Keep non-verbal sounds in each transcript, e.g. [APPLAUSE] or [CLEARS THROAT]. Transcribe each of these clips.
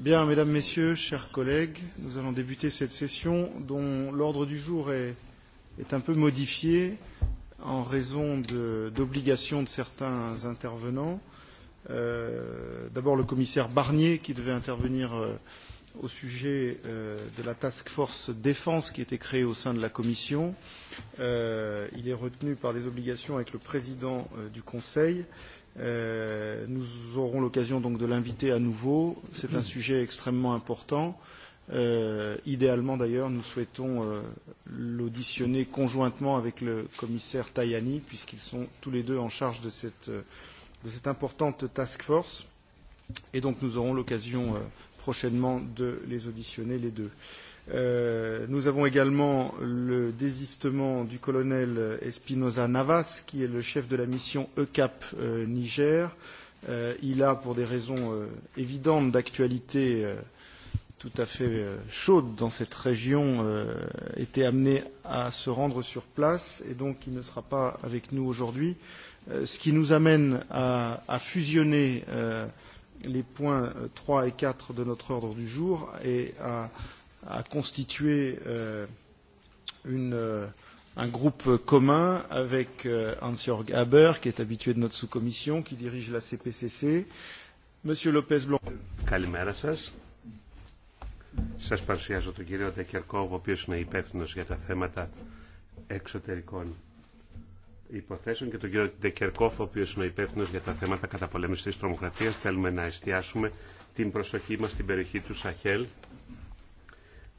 Bien, mesdames, messieurs, chers collègues, nous allons débuter cette session dont l'ordre du jour est, est un peu modifié en raison d'obligations de, certains intervenants. Euh, D'abord le commissaire Barnier qui devait intervenir au sujet de la task force défense qui était créée au sein de la commission. Il est retenu par des obligations avec le président du Conseil Nous aurons l'occasion donc de l'inviter à nouveau. C'est un sujet extrêmement important. Idéalement d'ailleurs, nous souhaitons l'auditionner conjointement avec le commissaire Tajani, puisqu'ils sont tous les deux en charge de cette importante task force. Et donc nous aurons l'occasion prochainement de les auditionner les deux. Nous avons également le désistement du colonel Espinoza Navas, qui est le chef de la mission ECAP Niger. Il a, pour des raisons évidentes d'actualité tout à fait chaude dans cette région, été amené à se rendre sur place et donc il ne sera pas avec nous aujourd'hui. Ce qui nous amène à fusionner les points 3 et 4 de notre ordre du jour et à à euh, euh, un groupe commun avec euh, Hans-Jörg Haber, qui est habitué de notre sous-commission, qui dirige la CPCC. Monsieur Lopez Blanc. Καλημέρα σας. Σας παρουσιάζω τον κύριο Τεκερκόβ, ο οποίο είναι υπεύθυνο για τα θέματα εξωτερικών υποθέσεων και τον κύριο Τεκερκόφ, ο οποίο είναι υπεύθυνο για τα θέματα καταπολέμησης της τρομοκρατίας. Θέλουμε να εστιάσουμε την προσοχή μας στην περιοχή του Σαχέλ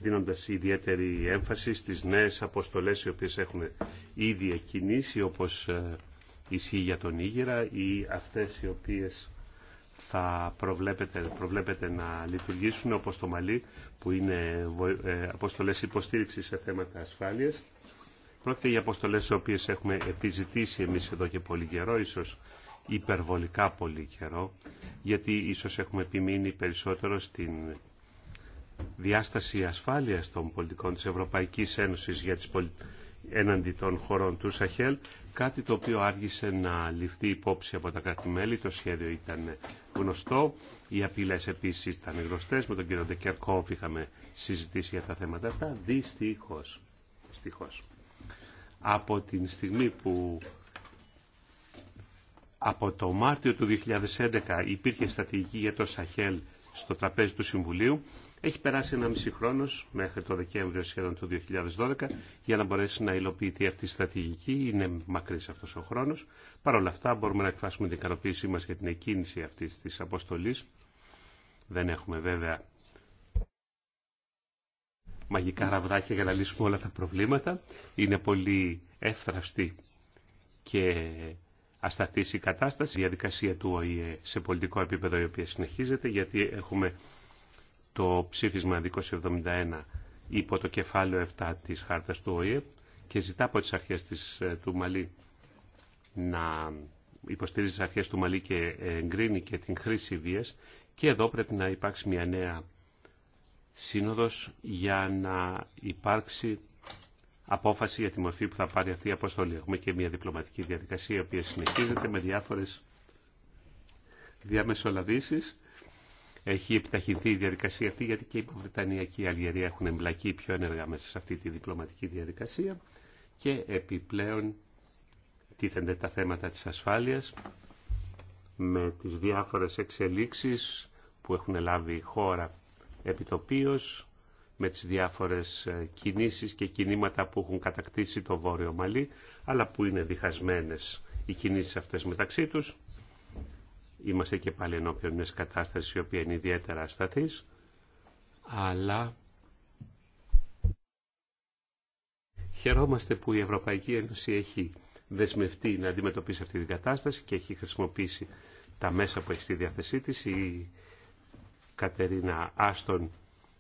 δίνοντας ιδιαίτερη έμφαση στις νέες αποστολές οι οποίες έχουν ήδη εκκινήσει όπως ε, ισχύει για τον Ήγερα ή αυτές οι οποίες θα προβλέπετε, προβλέπετε να λειτουργήσουν όπως το Μαλί που είναι ε, αποστολές υποστήριξης σε θέματα ασφάλειας. Πρόκειται για αποστολές οι οποίες έχουμε επιζητήσει εμείς εδώ και πολύ καιρό, ίσως υπερβολικά πολύ καιρό, γιατί ίσως έχουμε επιμείνει περισσότερο στην διάσταση ασφάλειας των πολιτικών της Ευρωπαϊκής Ένωσης για τις πολι... έναντι των χωρών του Σαχέλ, κάτι το οποίο άργησε να ληφθεί υπόψη από τα κράτη-μέλη. Το σχέδιο ήταν γνωστό. Οι απειλές επίσης ήταν γνωστές. Με τον κύριο Ντεκερκόφ είχαμε συζητήσει για τα θέματα αυτά. Δυστυχώς. Δυστυχώς. Από την στιγμή που από το Μάρτιο του 2011 υπήρχε στρατηγική για το Σαχέλ στο τραπέζι του Συμβουλίου, έχει περάσει ένα μισή χρόνο μέχρι το Δεκέμβριο σχεδόν του 2012 για να μπορέσει να υλοποιηθεί αυτή η στρατηγική. Είναι μακρύ αυτό ο χρόνο. Παρ' όλα αυτά μπορούμε να εκφράσουμε την ικανοποίησή μα για την εκκίνηση αυτή τη αποστολή. Δεν έχουμε βέβαια μαγικά ραβδάκια για να λύσουμε όλα τα προβλήματα. Είναι πολύ εύθραυστη και ασταθής η κατάσταση. Η διαδικασία του ΟΗΕ σε πολιτικό επίπεδο η οποία συνεχίζεται γιατί έχουμε το ψήφισμα 271 υπό το κεφάλαιο 7 της χάρτας του ΟΗΕ και ζητά από τις αρχές ε, του Μαλή να υποστηρίζει τις αρχές του Μαλή και εγκρίνει και την χρήση βίας και εδώ πρέπει να υπάρξει μια νέα σύνοδος για να υπάρξει απόφαση για τη μορφή που θα πάρει αυτή η αποστολή. Έχουμε και μια διπλωματική διαδικασία η οποία συνεχίζεται με διάφορες διαμεσολαβήσεις έχει επιταχυνθεί η διαδικασία αυτή γιατί και η Βρετανία και η Αλγερία έχουν εμπλακεί πιο ενεργά μέσα σε αυτή τη διπλωματική διαδικασία και επιπλέον τίθενται τα θέματα της ασφάλειας με τις διάφορες εξελίξεις που έχουν λάβει η χώρα επιτοπίως με τις διάφορες ε, κινήσεις και κινήματα που έχουν κατακτήσει το Βόρειο Μαλί αλλά που είναι διχασμένες οι κινήσεις αυτές μεταξύ τους είμαστε και πάλι ενώπιον μιας κατάστασης η οποία είναι ιδιαίτερα ασταθής, αλλά χαιρόμαστε που η Ευρωπαϊκή Ένωση έχει δεσμευτεί να αντιμετωπίσει αυτή την κατάσταση και έχει χρησιμοποιήσει τα μέσα που έχει στη διάθεσή της. Η Κατερίνα Άστον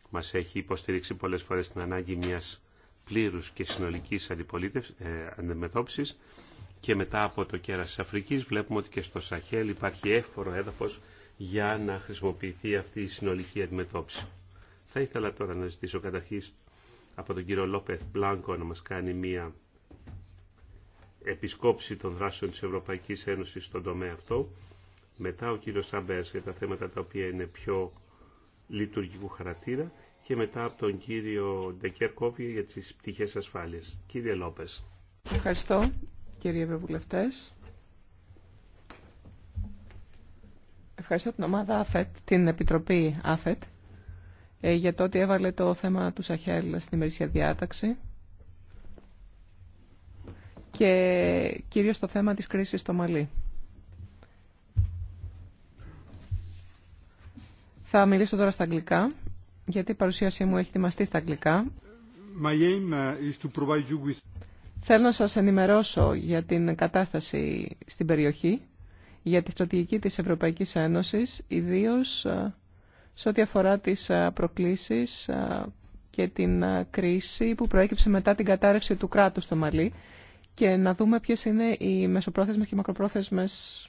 μας έχει υποστηρίξει πολλές φορές την ανάγκη μιας πλήρους και συνολικής ε, αντιμετώπισης και μετά από το κέρας της Αφρικής βλέπουμε ότι και στο Σαχέλ υπάρχει εύφορο έδαφος για να χρησιμοποιηθεί αυτή η συνολική αντιμετώπιση. Θα ήθελα τώρα να ζητήσω καταρχής από τον κύριο Λόπεθ Μπλάνκο να μας κάνει μία επισκόψη των δράσεων της Ευρωπαϊκής Ένωσης στον τομέα αυτό. Μετά ο κύριος Σαμπέρς για τα θέματα τα οποία είναι πιο λειτουργικού χαρακτήρα και μετά από τον κύριο Ντεκέρ για τις πτυχές ασφάλειας. Κύριε Λόπες. Ευχαριστώ κύριοι Ευρωβουλευτές. Ευχαριστώ την ομάδα ΑΦΕΤ, την Επιτροπή ΑΦΕΤ, ε, για το ότι έβαλε το θέμα του Σαχέλ στην ημερήσια διάταξη και κυρίως το θέμα της κρίσης στο Μαλί. Θα μιλήσω τώρα στα αγγλικά, γιατί η παρουσίασή μου έχει ετοιμαστεί στα αγγλικά. Uh, Θέλω να σας ενημερώσω για την κατάσταση στην περιοχή, για τη στρατηγική της Ευρωπαϊκής Ένωσης, ιδίως ε, σε ό,τι αφορά τις ε, προκλήσεις ε, και την κρίση που προέκυψε μετά την κατάρρευση του κράτους στο Μαλί και να δούμε ποιες είναι οι μεσοπρόθεσμες και μακροπρόθεσμες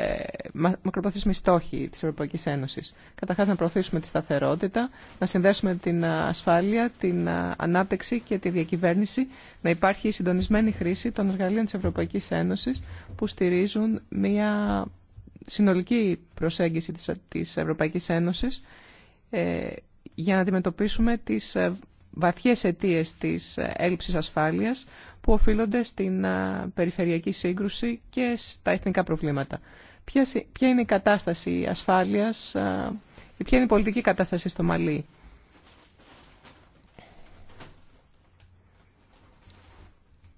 ε, μακροπροθέσιμοι στόχοι της Ευρωπαϊκής Ένωσης. Καταρχά να προωθήσουμε τη σταθερότητα, να συνδέσουμε την ε, ασφάλεια, την ε, ανάπτυξη και τη διακυβέρνηση, να υπάρχει συντονισμένη χρήση των εργαλείων της Ευρωπαϊκής Ένωσης που στηρίζουν μια συνολική προσέγγιση της Ευρωπαϊκής Ένωσης για να αντιμετωπίσουμε τις βαθιές αιτίες της έλλειψης ασφάλειας που οφείλονται στην περιφερειακή σύγκρουση και στα εθνικά προβλήματα ποια είναι η κατάσταση ασφάλειας και ποια είναι η πολιτική κατάσταση στο Μαλί.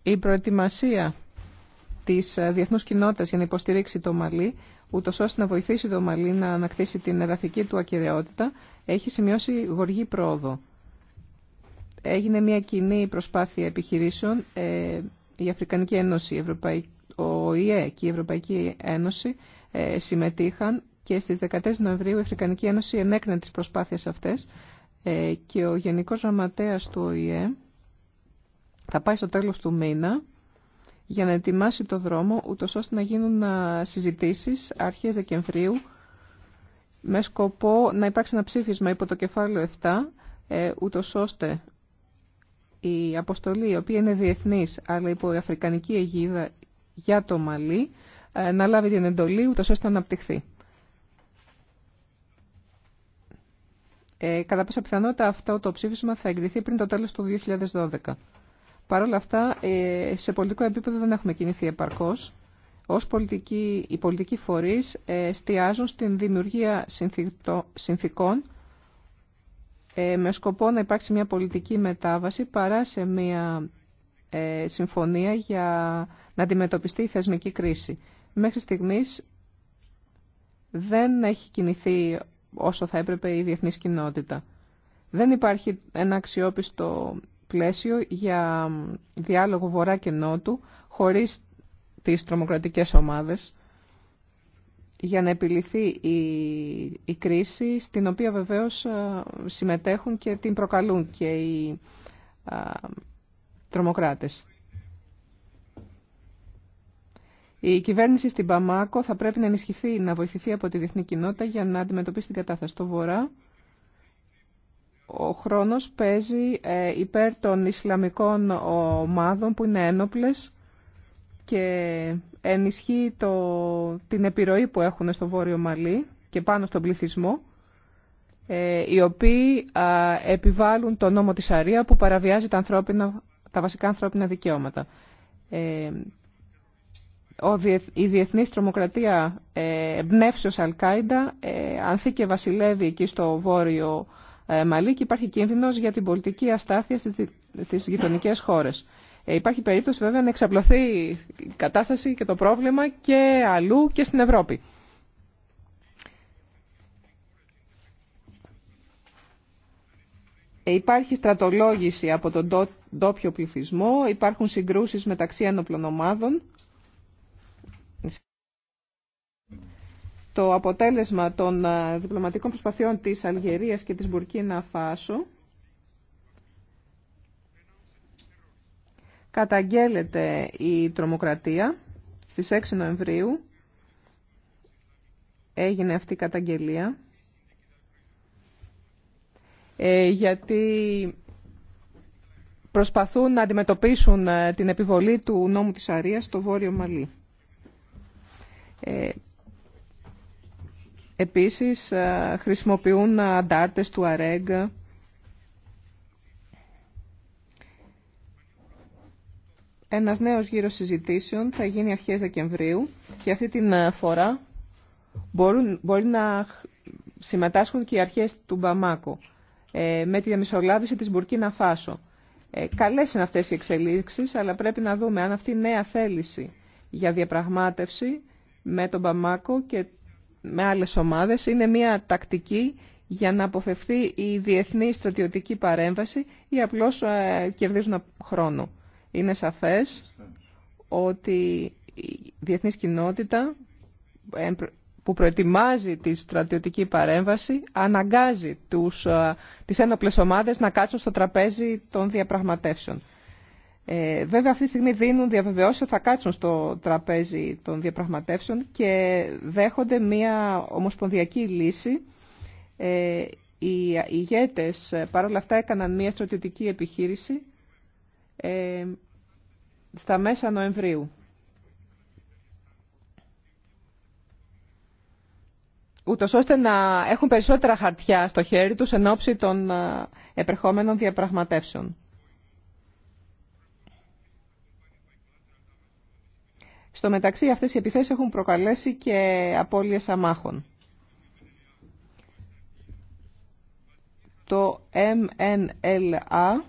Η προετοιμασία της διεθνούς κοινότητας για να υποστηρίξει το Μαλί, ούτως ώστε να βοηθήσει το Μαλί να ανακτήσει την εδαφική του ακυρεότητα, έχει σημειώσει γοργή πρόοδο. Έγινε μια κοινή προσπάθεια επιχειρήσεων, ε, η Αφρικανική Ένωση, η Ευρωπαϊκή ο ΙΕ και η Ευρωπαϊκή Ένωση ε, συμμετείχαν και στις 14 Νοεμβρίου η Αφρικανική Ένωση ενέκρινε τις προσπάθειες αυτές ε, και ο Γενικός Γραμματέας του ΟΗΕ θα πάει στο τέλος του μήνα για να ετοιμάσει το δρόμο, ούτω ώστε να γίνουν συζητήσεις αρχές Δεκεμβρίου με σκοπό να υπάρξει ένα ψήφισμα υπό το κεφάλαιο 7, ε, ούτω ώστε η αποστολή, η οποία είναι διεθνής, αλλά υπό η αφρικανική αιγίδα για το Μαλί, ε, να λάβει την εντολή ούτως ώστε να αναπτυχθεί. Ε, κατά πάσα πιθανότητα αυτό το ψήφισμα θα εγκριθεί πριν το τέλος του 2012. Παρ' όλα αυτά, ε, σε πολιτικό επίπεδο δεν έχουμε κινηθεί επαρκώς. Ως πολιτική, οι πολιτικοί φορείς ε, εστιάζουν στην δημιουργία συνθήκων ε, με σκοπό να υπάρξει μια πολιτική μετάβαση παρά σε μια ε, συμφωνία για να αντιμετωπιστεί η θεσμική κρίση. Μέχρι στιγμής δεν έχει κινηθεί όσο θα έπρεπε η διεθνής κοινότητα. Δεν υπάρχει ένα αξιόπιστο πλαίσιο για διάλογο βορρά και νότου χωρίς τις τρομοκρατικές ομάδες για να επιληθεί η, κρίση στην οποία βεβαίως ε, συμμετέχουν και την προκαλούν και οι α, ε, τρομοκράτες. Η κυβέρνηση στην Παμάκο θα πρέπει να ενισχυθεί, να βοηθηθεί από τη διεθνή κοινότητα για να αντιμετωπίσει την κατάσταση. Στο βορρά, ο χρόνος παίζει ε, υπέρ των Ισλαμικών ομάδων που είναι ένοπλες και ενισχύει το, την επιρροή που έχουν στο Βόρειο Μαλί και πάνω στον πληθυσμό, ε, οι οποίοι επιβάλλουν το νόμο της Αρία που παραβιάζει τα, τα βασικά ανθρώπινα δικαιώματα. Ε, η Διεθνή τρομοκρατια τρομοκρατία ε, εμπνεύσεως Αλ-Κάιντα ε, ανθεί και βασιλεύει εκεί στο βόρειο ε, Μαλί και υπάρχει κίνδυνος για την πολιτική αστάθεια στις γειτονικές χώρες. Υπάρχει περίπτωση βέβαια να εξαπλωθεί η κατάσταση και το πρόβλημα και αλλού και στην Ευρώπη. Υπάρχει στρατολόγηση από τον ντόπιο πληθυσμό, υπάρχουν συγκρούσεις μεταξύ ένοπλων ομάδων το αποτέλεσμα των ε, διπλωματικών προσπαθειών της Αλγερίας και της Μπουρκίνα Φάσο καταγγέλλεται η τρομοκρατία στις 6 Νοεμβρίου έγινε αυτή η καταγγελία ε, γιατί προσπαθούν να αντιμετωπίσουν ε, την επιβολή του νόμου της Αρίας στο Βόρειο Μαλί. Επίσης ε, χρησιμοποιούν ε, αντάρτες του ΑΡΕΓ Ένας νέος γύρος συζητήσεων θα γίνει αρχές Δεκεμβρίου και αυτή την ε, φορά μπορούν, μπορεί να συμμετάσχουν και οι αρχές του Μπαμάκο με τη διαμισολάβηση της Μπουρκίνα Φάσο. Καλέ καλές είναι αυτές οι εξελίξεις, αλλά πρέπει να δούμε αν αυτή η νέα θέληση για διαπραγμάτευση με τον Μπαμάκο και με άλλες ομάδες είναι μια τακτική για να αποφευθεί η διεθνή στρατιωτική παρέμβαση ή απλώς ε, κερδίζουν χρόνο. Είναι σαφές ότι η διεθνής κοινότητα που προετοιμάζει τη στρατιωτική παρέμβαση αναγκάζει τους, ε, τις ένοπλες ομάδες να κάτσουν στο τραπέζι των διαπραγματεύσεων. Ε, βέβαια αυτή τη στιγμή δίνουν διαβεβαιώσεις ότι θα κάτσουν στο τραπέζι των διαπραγματεύσεων και δέχονται μια ομοσπονδιακή λύση. Ε, οι ηγέτες παρόλα αυτά έκαναν μια στρατιωτική επιχείρηση ε, στα μέσα Νοεμβρίου. ούτω ώστε να έχουν περισσότερα χαρτιά στο χέρι τους εν ώψη των ε, επερχόμενων διαπραγματεύσεων. Στο μεταξύ αυτές οι επιθέσεις έχουν προκαλέσει και απώλειες αμάχων. Το MNLA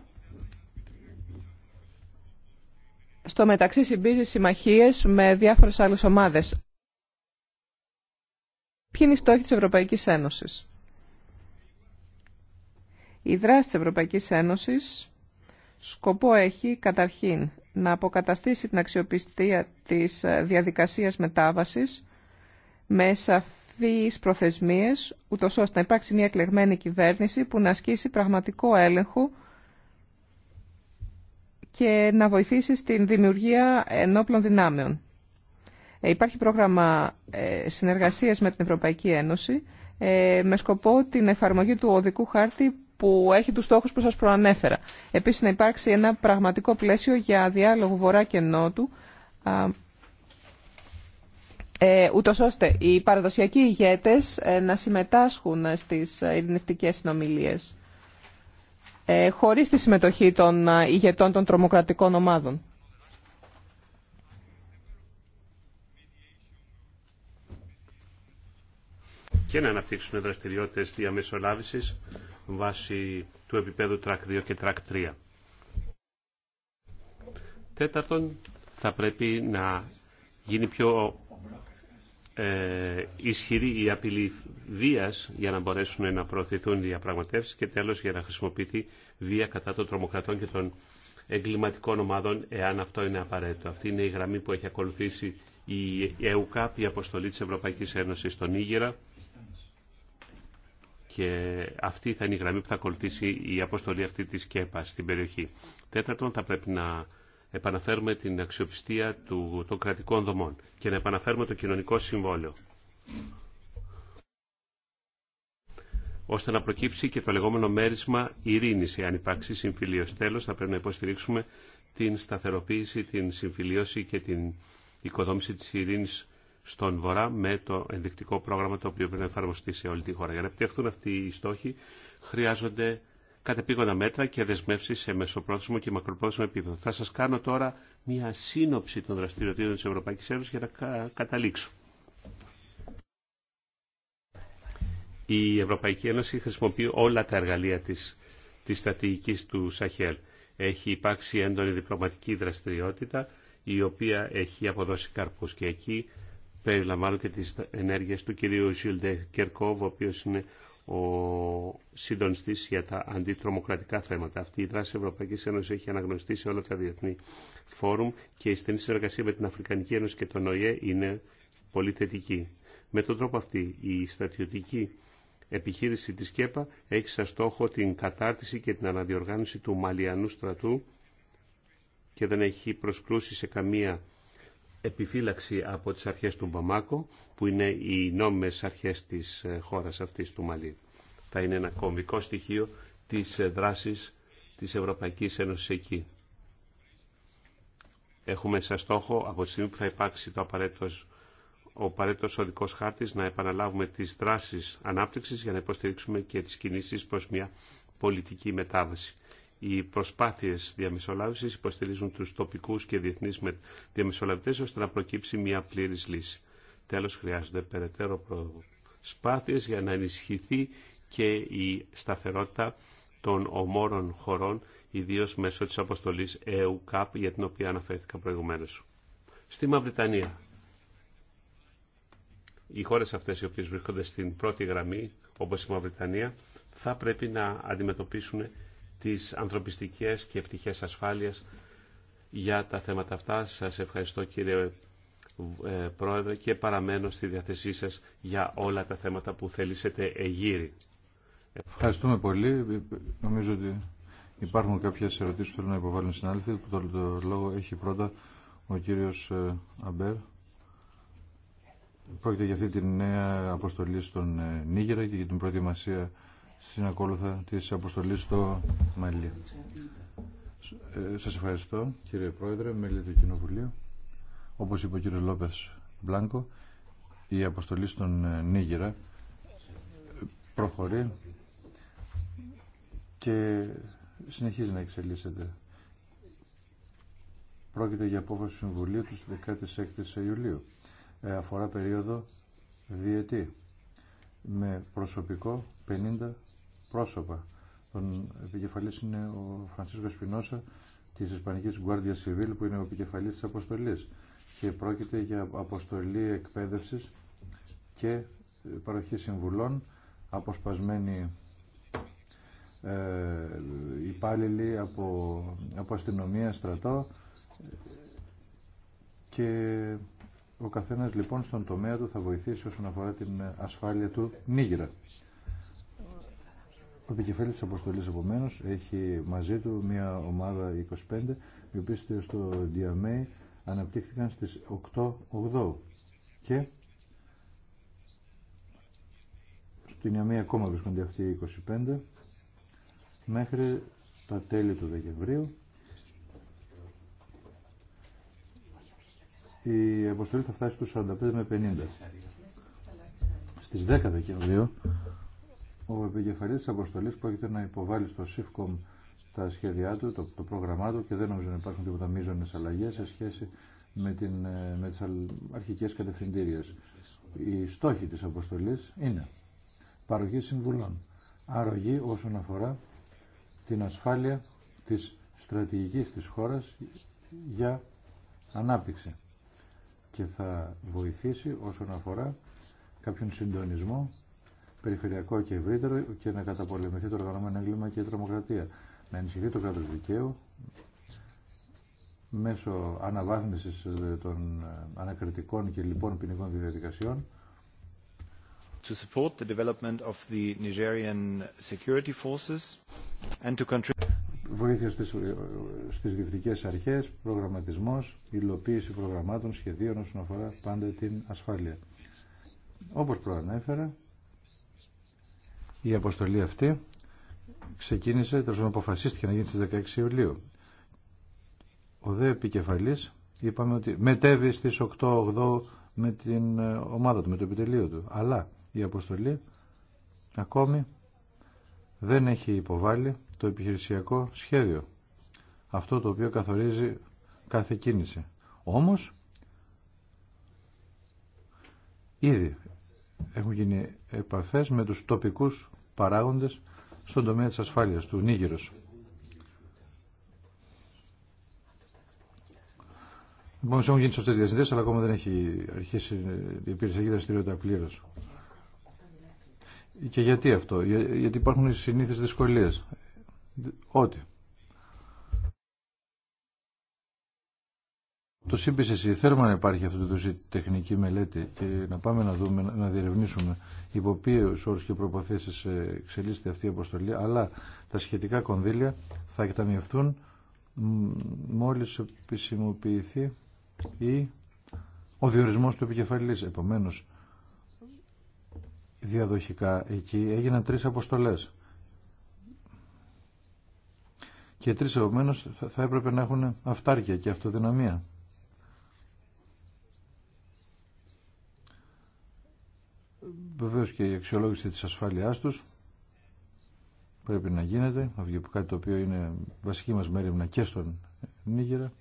στο μεταξύ συμπίζει συμμαχίες με διάφορες άλλες ομάδες. Ποιοι είναι οι στόχοι της Ευρωπαϊκής Ένωσης. Η δράση της Ευρωπαϊκής Ένωσης σκοπό έχει καταρχήν να αποκαταστήσει την αξιοπιστία της ε, διαδικασίας μετάβασης με σαφείς προθεσμίες, ούτως ώστε να υπάρξει μια εκλεγμένη κυβέρνηση που να ασκήσει πραγματικό έλεγχο και να βοηθήσει στην δημιουργία ενόπλων δυνάμεων. Ε, υπάρχει πρόγραμμα ε, συνεργασίας με την Ευρωπαϊκή Ένωση με σκοπό την εφαρμογή του οδικού χάρτη που έχει τους στόχους που σας προανέφερα. Επίσης να υπάρξει ένα πραγματικό πλαίσιο για διάλογο βορρά και νότου, ε, ούτως ώστε οι παραδοσιακοί ηγέτες ε, να συμμετάσχουν στις ειρηνευτικές συνομιλίες, ε, χωρίς τη συμμετοχή των ε, ηγετών των τρομοκρατικών ομάδων. και να αναπτύξουν δραστηριότητες διαμεσολάβησης βάσει του επίπεδου track 2 και track 3. Τέταρτον, θα πρέπει να γίνει πιο ε, ισχυρή η απειλή βίας για να μπορέσουν να προωθηθούν οι διαπραγματεύσει και τέλος για να χρησιμοποιηθεί βία κατά των τρομοκρατών και των εγκληματικών ομάδων εάν αυτό είναι απαραίτητο. Αυτή είναι η γραμμή που έχει ακολουθήσει η ΕΟΚΑΠ, η αποστολή της Ευρωπαϊκής Ένωσης στον Ήγερα και αυτή θα είναι η γραμμή που θα ακολουθήσει η αποστολή αυτή της ΚΕΠΑ στην περιοχή. Τέταρτον, θα πρέπει να επαναφέρουμε την αξιοπιστία του, των κρατικών δομών και να επαναφέρουμε το κοινωνικό συμβόλαιο. ώστε να προκύψει και το λεγόμενο μέρισμα ειρηνη εάν υπάρξει συμφιλίωση. τέλο. θα πρέπει να υποστηρίξουμε την σταθεροποίηση, την συμφιλίωση και την οικοδόμηση τη ειρήνη στον Βορρά με το ενδεικτικό πρόγραμμα το οποίο πρέπει να εφαρμοστεί σε όλη τη χώρα. Για να επιτευχθούν αυτοί οι στόχοι χρειάζονται κατεπίγοντα μέτρα και δεσμεύσει σε μεσοπρόθεσμο και μακροπρόθεσμο επίπεδο. Θα σα κάνω τώρα μια σύνοψη των δραστηριοτήτων τη Ευρωπαϊκή Ένωση για να καταλήξω. Η Ευρωπαϊκή Ένωση χρησιμοποιεί όλα τα εργαλεία της, της στρατηγικής του Σαχέλ. Έχει υπάρξει έντονη διπλωματική δραστηριότητα η οποία έχει αποδώσει καρπούς και εκεί περιλαμβάνω και τις ενέργειες του κυρίου Ζιλντε Κερκόβ, ο οποίος είναι ο συντονιστής για τα αντιτρομοκρατικά θέματα. Αυτή η δράση Ευρωπαϊκής Ένωσης έχει αναγνωριστεί σε όλα τα διεθνή φόρουμ και η στενή συνεργασία με την Αφρικανική Ένωση και τον ΟΗΕ είναι πολύ θετική. Με τον τρόπο αυτή η στατιωτική επιχείρηση της ΚΕΠΑ έχει σαν στόχο την κατάρτιση και την αναδιοργάνωση του Μαλιανού στρατού και δεν έχει προσκλούσει σε καμία επιφύλαξη από τις αρχές του Μπαμάκο, που είναι οι νόμιμες αρχές της ε, χώρας αυτής του Μαλή. Θα είναι ένα κομβικό στοιχείο της ε, δράσης της Ευρωπαϊκής Ένωσης εκεί. Έχουμε σαν στόχο από τη στιγμή που θα υπάρξει το απαραίτητος, ο απαραίτητο οδικό χάρτη να επαναλάβουμε τι δράσει ανάπτυξη για να υποστηρίξουμε και τι κινήσει προ μια πολιτική μετάβαση οι προσπάθειες διαμεσολάβησης υποστηρίζουν τους τοπικούς και διεθνείς διαμεσολαβητές ώστε να προκύψει μια πλήρης λύση. Τέλος, χρειάζονται περαιτέρω προσπάθειες για να ενισχυθεί και η σταθερότητα των ομόρων χωρών, ιδίω μέσω της αποστολής ΕΟΚΑΠ, για την οποία αναφέρθηκα προηγουμένως. Στη Μαυριτανία, οι χώρες αυτές οι οποίες βρίσκονται στην πρώτη γραμμή, όπως η Μαυριτανία, θα πρέπει να αντιμετωπίσουν τις ανθρωπιστικές και πτυχές ασφάλειας για τα θέματα αυτά. Σας ευχαριστώ κύριε ε, Πρόεδρε και παραμένω στη διάθεσή σας για όλα τα θέματα που θελήσετε εγείρη. Ευχαριστούμε πολύ. Νομίζω ότι υπάρχουν κάποιες ερωτήσεις που θέλουν να υποβάλουν συνάδελφοι. Που το, το λόγο έχει πρώτα ο κύριος ε, Αμπέρ. Πρόκειται για αυτή τη νέα αποστολή στον ε, Νίγερα και για την προετοιμασία συνακόλουθα της αποστολής στο Μαλί. Ε, σας ευχαριστώ κύριε Πρόεδρε, μέλη του Κοινοβουλίου. Όπως είπε ο κύριος Λόπες Μπλάνκο, η αποστολή στον ε, Νίγηρα ε, προχωρεί και συνεχίζει να εξελίσσεται. Πρόκειται για απόφαση Συμβουλίου του 16 Ιουλίου. Ε, αφορά περίοδο διετή με προσωπικό 50 πρόσωπα των επικεφαλής είναι ο Φρανσίσκο Σπινόσα της Ισπανικής Guardia Civil που είναι ο επικέφαλή της αποστολής και πρόκειται για αποστολή εκπαίδευσης και παροχή συμβουλών αποσπασμένοι ε, υπάλληλοι από, από αστυνομία, στρατό και ο καθένας λοιπόν στον τομέα του θα βοηθήσει όσον αφορά την ασφάλεια του Νίγηρα. Ο επικεφαλής της αποστολής επομένω έχει μαζί του μια ομάδα 25 οι οποίες στο DMA αναπτύχθηκαν στις 8 8 και στην ΙΑΜΗ ακόμα βρίσκονται αυτοί οι 25 μέχρι τα τέλη του Δεκεμβρίου η αποστολή θα φτάσει στους 45 με 50. Στις 10 Δεκεμβρίου ο επικεφαλής της αποστολής πρόκειται να υποβάλει στο ΣΥΦΚΟΜ τα σχέδιά του, το, το πρόγραμμά του και δεν νομίζω να υπάρχουν τίποτα μείζονες αλλαγές σε σχέση με, την, ε, με τις αρχικές κατευθυντήριες. Οι στόχοι της αποστολής είναι παροχή συμβουλών, αρρωγή όσον αφορά την ασφάλεια της στρατηγικής της χώρας για ανάπτυξη και θα βοηθήσει όσον αφορά κάποιον συντονισμό περιφερειακό και ευρύτερο και να καταπολεμηθεί το οργανωμένο έγκλημα και η τρομοκρατία. Να ενισχυθεί το κράτο δικαίου μέσω αναβάθμισης ε, των ε, ανακριτικών και λοιπόν ποινικών διαδικασιών to support the development of the Nigerian security forces and to contribute Βοήθεια στις, ε, στις αρχές, προγραμματισμός, υλοποίηση προγραμμάτων, σχεδίων όσον αφορά πάντα την ασφάλεια. Όπως προανέφερα, η αποστολή αυτή ξεκίνησε, πάντων αποφασίστηκε να γίνει στις 16 Ιουλίου. Ο δε επικεφαλής είπαμε ότι μετέβη στις 8-8 με την ε, ομάδα του, με το επιτελείο του. Αλλά η αποστολή ακόμη δεν έχει υποβάλει το επιχειρησιακό σχέδιο. Αυτό το οποίο καθορίζει κάθε κίνηση. Όμως, ήδη έχουν γίνει επαφές με τους τοπικούς παράγοντες στον τομέα της ασφάλειας του Νίγηρος. να έχουν γίνει σωστέ διασυνδέσει, αλλά ακόμα δεν έχει αρχίσει η υπηρεσιακή δραστηριότητα πλήρω. Και γιατί αυτό, γιατί υπάρχουν συνήθεις δυσκολίες. Ότι το σύμπησε εσύ. Θέλουμε να υπάρχει αυτή τεχνική μελέτη και να πάμε να δούμε, να διερευνήσουμε υπό ποιου ορους και προποθεσεις ε, εξελίσσεται αυτή η αποστολή. Αλλά τα σχετικά κονδύλια θα εκταμιευτούν μόλις επισημοποιηθεί ή ο διορισμός του επικεφαλής επομένως διαδοχικά εκεί έγιναν τρεις αποστολέ. Και τρεις επομένως θα έπρεπε να έχουν αυτάρκεια και αυτοδυναμία. Βεβαίω και η αξιολόγηση της ασφάλειάς τους πρέπει να γίνεται, κάτι το οποίο είναι βασική μας μέρημνα και στον Νίγηρα.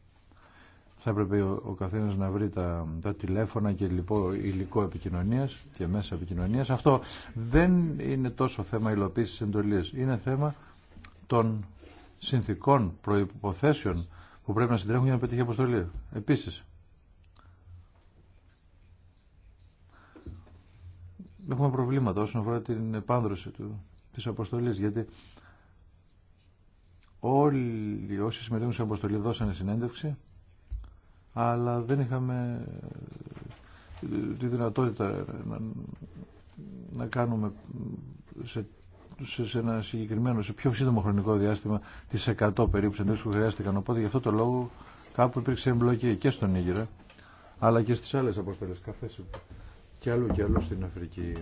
Θα έπρεπε ο, ο καθένας να βρει τα, τα τηλέφωνα και λοιπόν υλικό επικοινωνία και μέσα επικοινωνία. Αυτό δεν είναι τόσο θέμα υλοποίησης εντολής. Είναι θέμα των συνθήκων, προϋποθέσεων που πρέπει να συντρέχουν για να πετύχει αποστολή. Επίση. έχουμε προβλήματα όσον αφορά την επάνδρωση του, της αποστολής, γιατί όλοι όσοι συμμετέχουν σε αποστολή δώσανε συνέντευξη, αλλά δεν είχαμε ε, τη δυνατότητα να, να κάνουμε σε, σε, σε, ένα συγκεκριμένο, σε πιο σύντομο χρονικό διάστημα τις 100 περίπου συνέντευξη που χρειάστηκαν. Οπότε γι' αυτό το λόγο κάπου υπήρξε εμπλοκή και στον Ήγηρα, αλλά και στις άλλες αποστολές. Καφές και άλλο και άλλο στην Αφρική.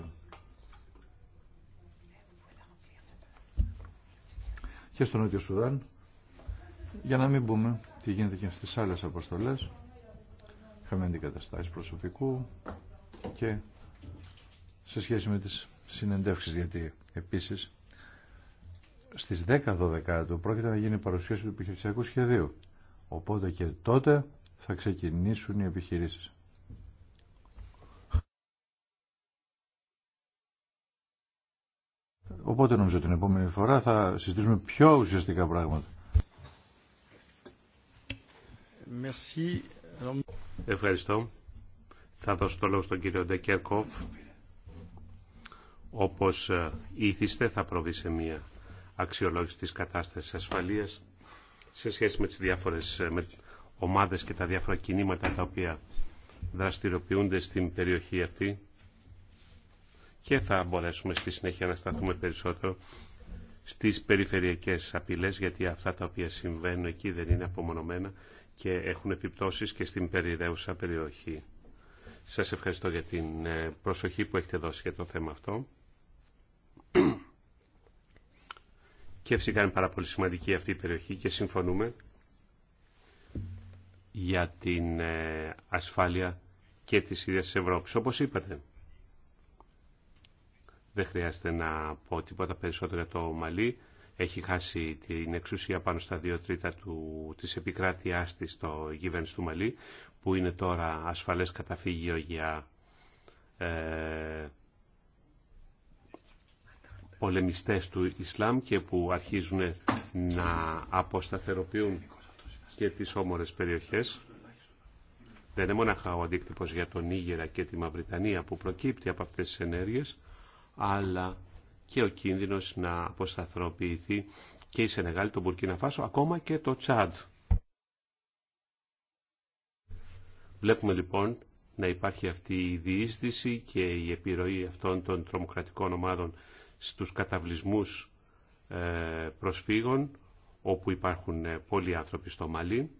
Και στο Νότιο Σουδάν, για να μην πούμε τι γίνεται και στις άλλες αποστολές, είχαμε αντικαταστάσεις προσωπικού και σε σχέση με τις συνεντεύξεις, γιατί επίσης στις 10-12 του πρόκειται να γίνει παρουσίαση του επιχειρησιακού σχεδίου. Οπότε και τότε θα ξεκινήσουν οι επιχειρήσεις. Οπότε νομίζω την επόμενη φορά θα συζητήσουμε πιο ουσιαστικά πράγματα. Ευχαριστώ. Θα δώσω το λόγο στον κύριο Ντεκέρκοφ. Όπως ε, ήθιστε θα προβεί σε μια αξιολόγηση της κατάστασης ασφαλείας σε σχέση με τις διάφορες ε, με ομάδες και τα διάφορα κινήματα τα οποία δραστηριοποιούνται στην περιοχή αυτή και θα μπορέσουμε στη συνέχεια να σταθούμε περισσότερο στις περιφερειακές απειλές γιατί αυτά τα οποία συμβαίνουν εκεί δεν είναι απομονωμένα και έχουν επιπτώσεις και στην περιραίουσα περιοχή. Σας ευχαριστώ για την ε, προσοχή που έχετε δώσει για το θέμα αυτό. Και φυσικά είναι πάρα πολύ σημαντική αυτή η περιοχή και συμφωνούμε για την ε, ασφάλεια και της ίδιας της Ευρώπης. Όπως είπατε, δεν χρειάζεται να πω τίποτα περισσότερο για το Μαλί. Έχει χάσει την εξουσία πάνω στα δύο τρίτα του, της επικράτειάς της στο κυβέρνηση του Μαλί, που είναι τώρα ασφαλές καταφύγιο για ε, πολεμιστές του Ισλάμ και που αρχίζουν να αποσταθεροποιούν και τις όμορες περιοχές. Δεν είναι μόνο ο αντίκτυπο για τον Ήγερα και τη Μαυριτανία που προκύπτει από αυτές τις ενέργειες, αλλά και ο κίνδυνος να αποσταθροποιηθεί και η Σενεγάλη, το Μπουρκίνα Φάσο, ακόμα και το Τσάντ. Βλέπουμε λοιπόν να υπάρχει αυτή η διείσδυση και η επιρροή αυτών των τρομοκρατικών ομάδων στους καταβλισμούς ε, προσφύγων, όπου υπάρχουν ε, πολλοί άνθρωποι στο Μαλί.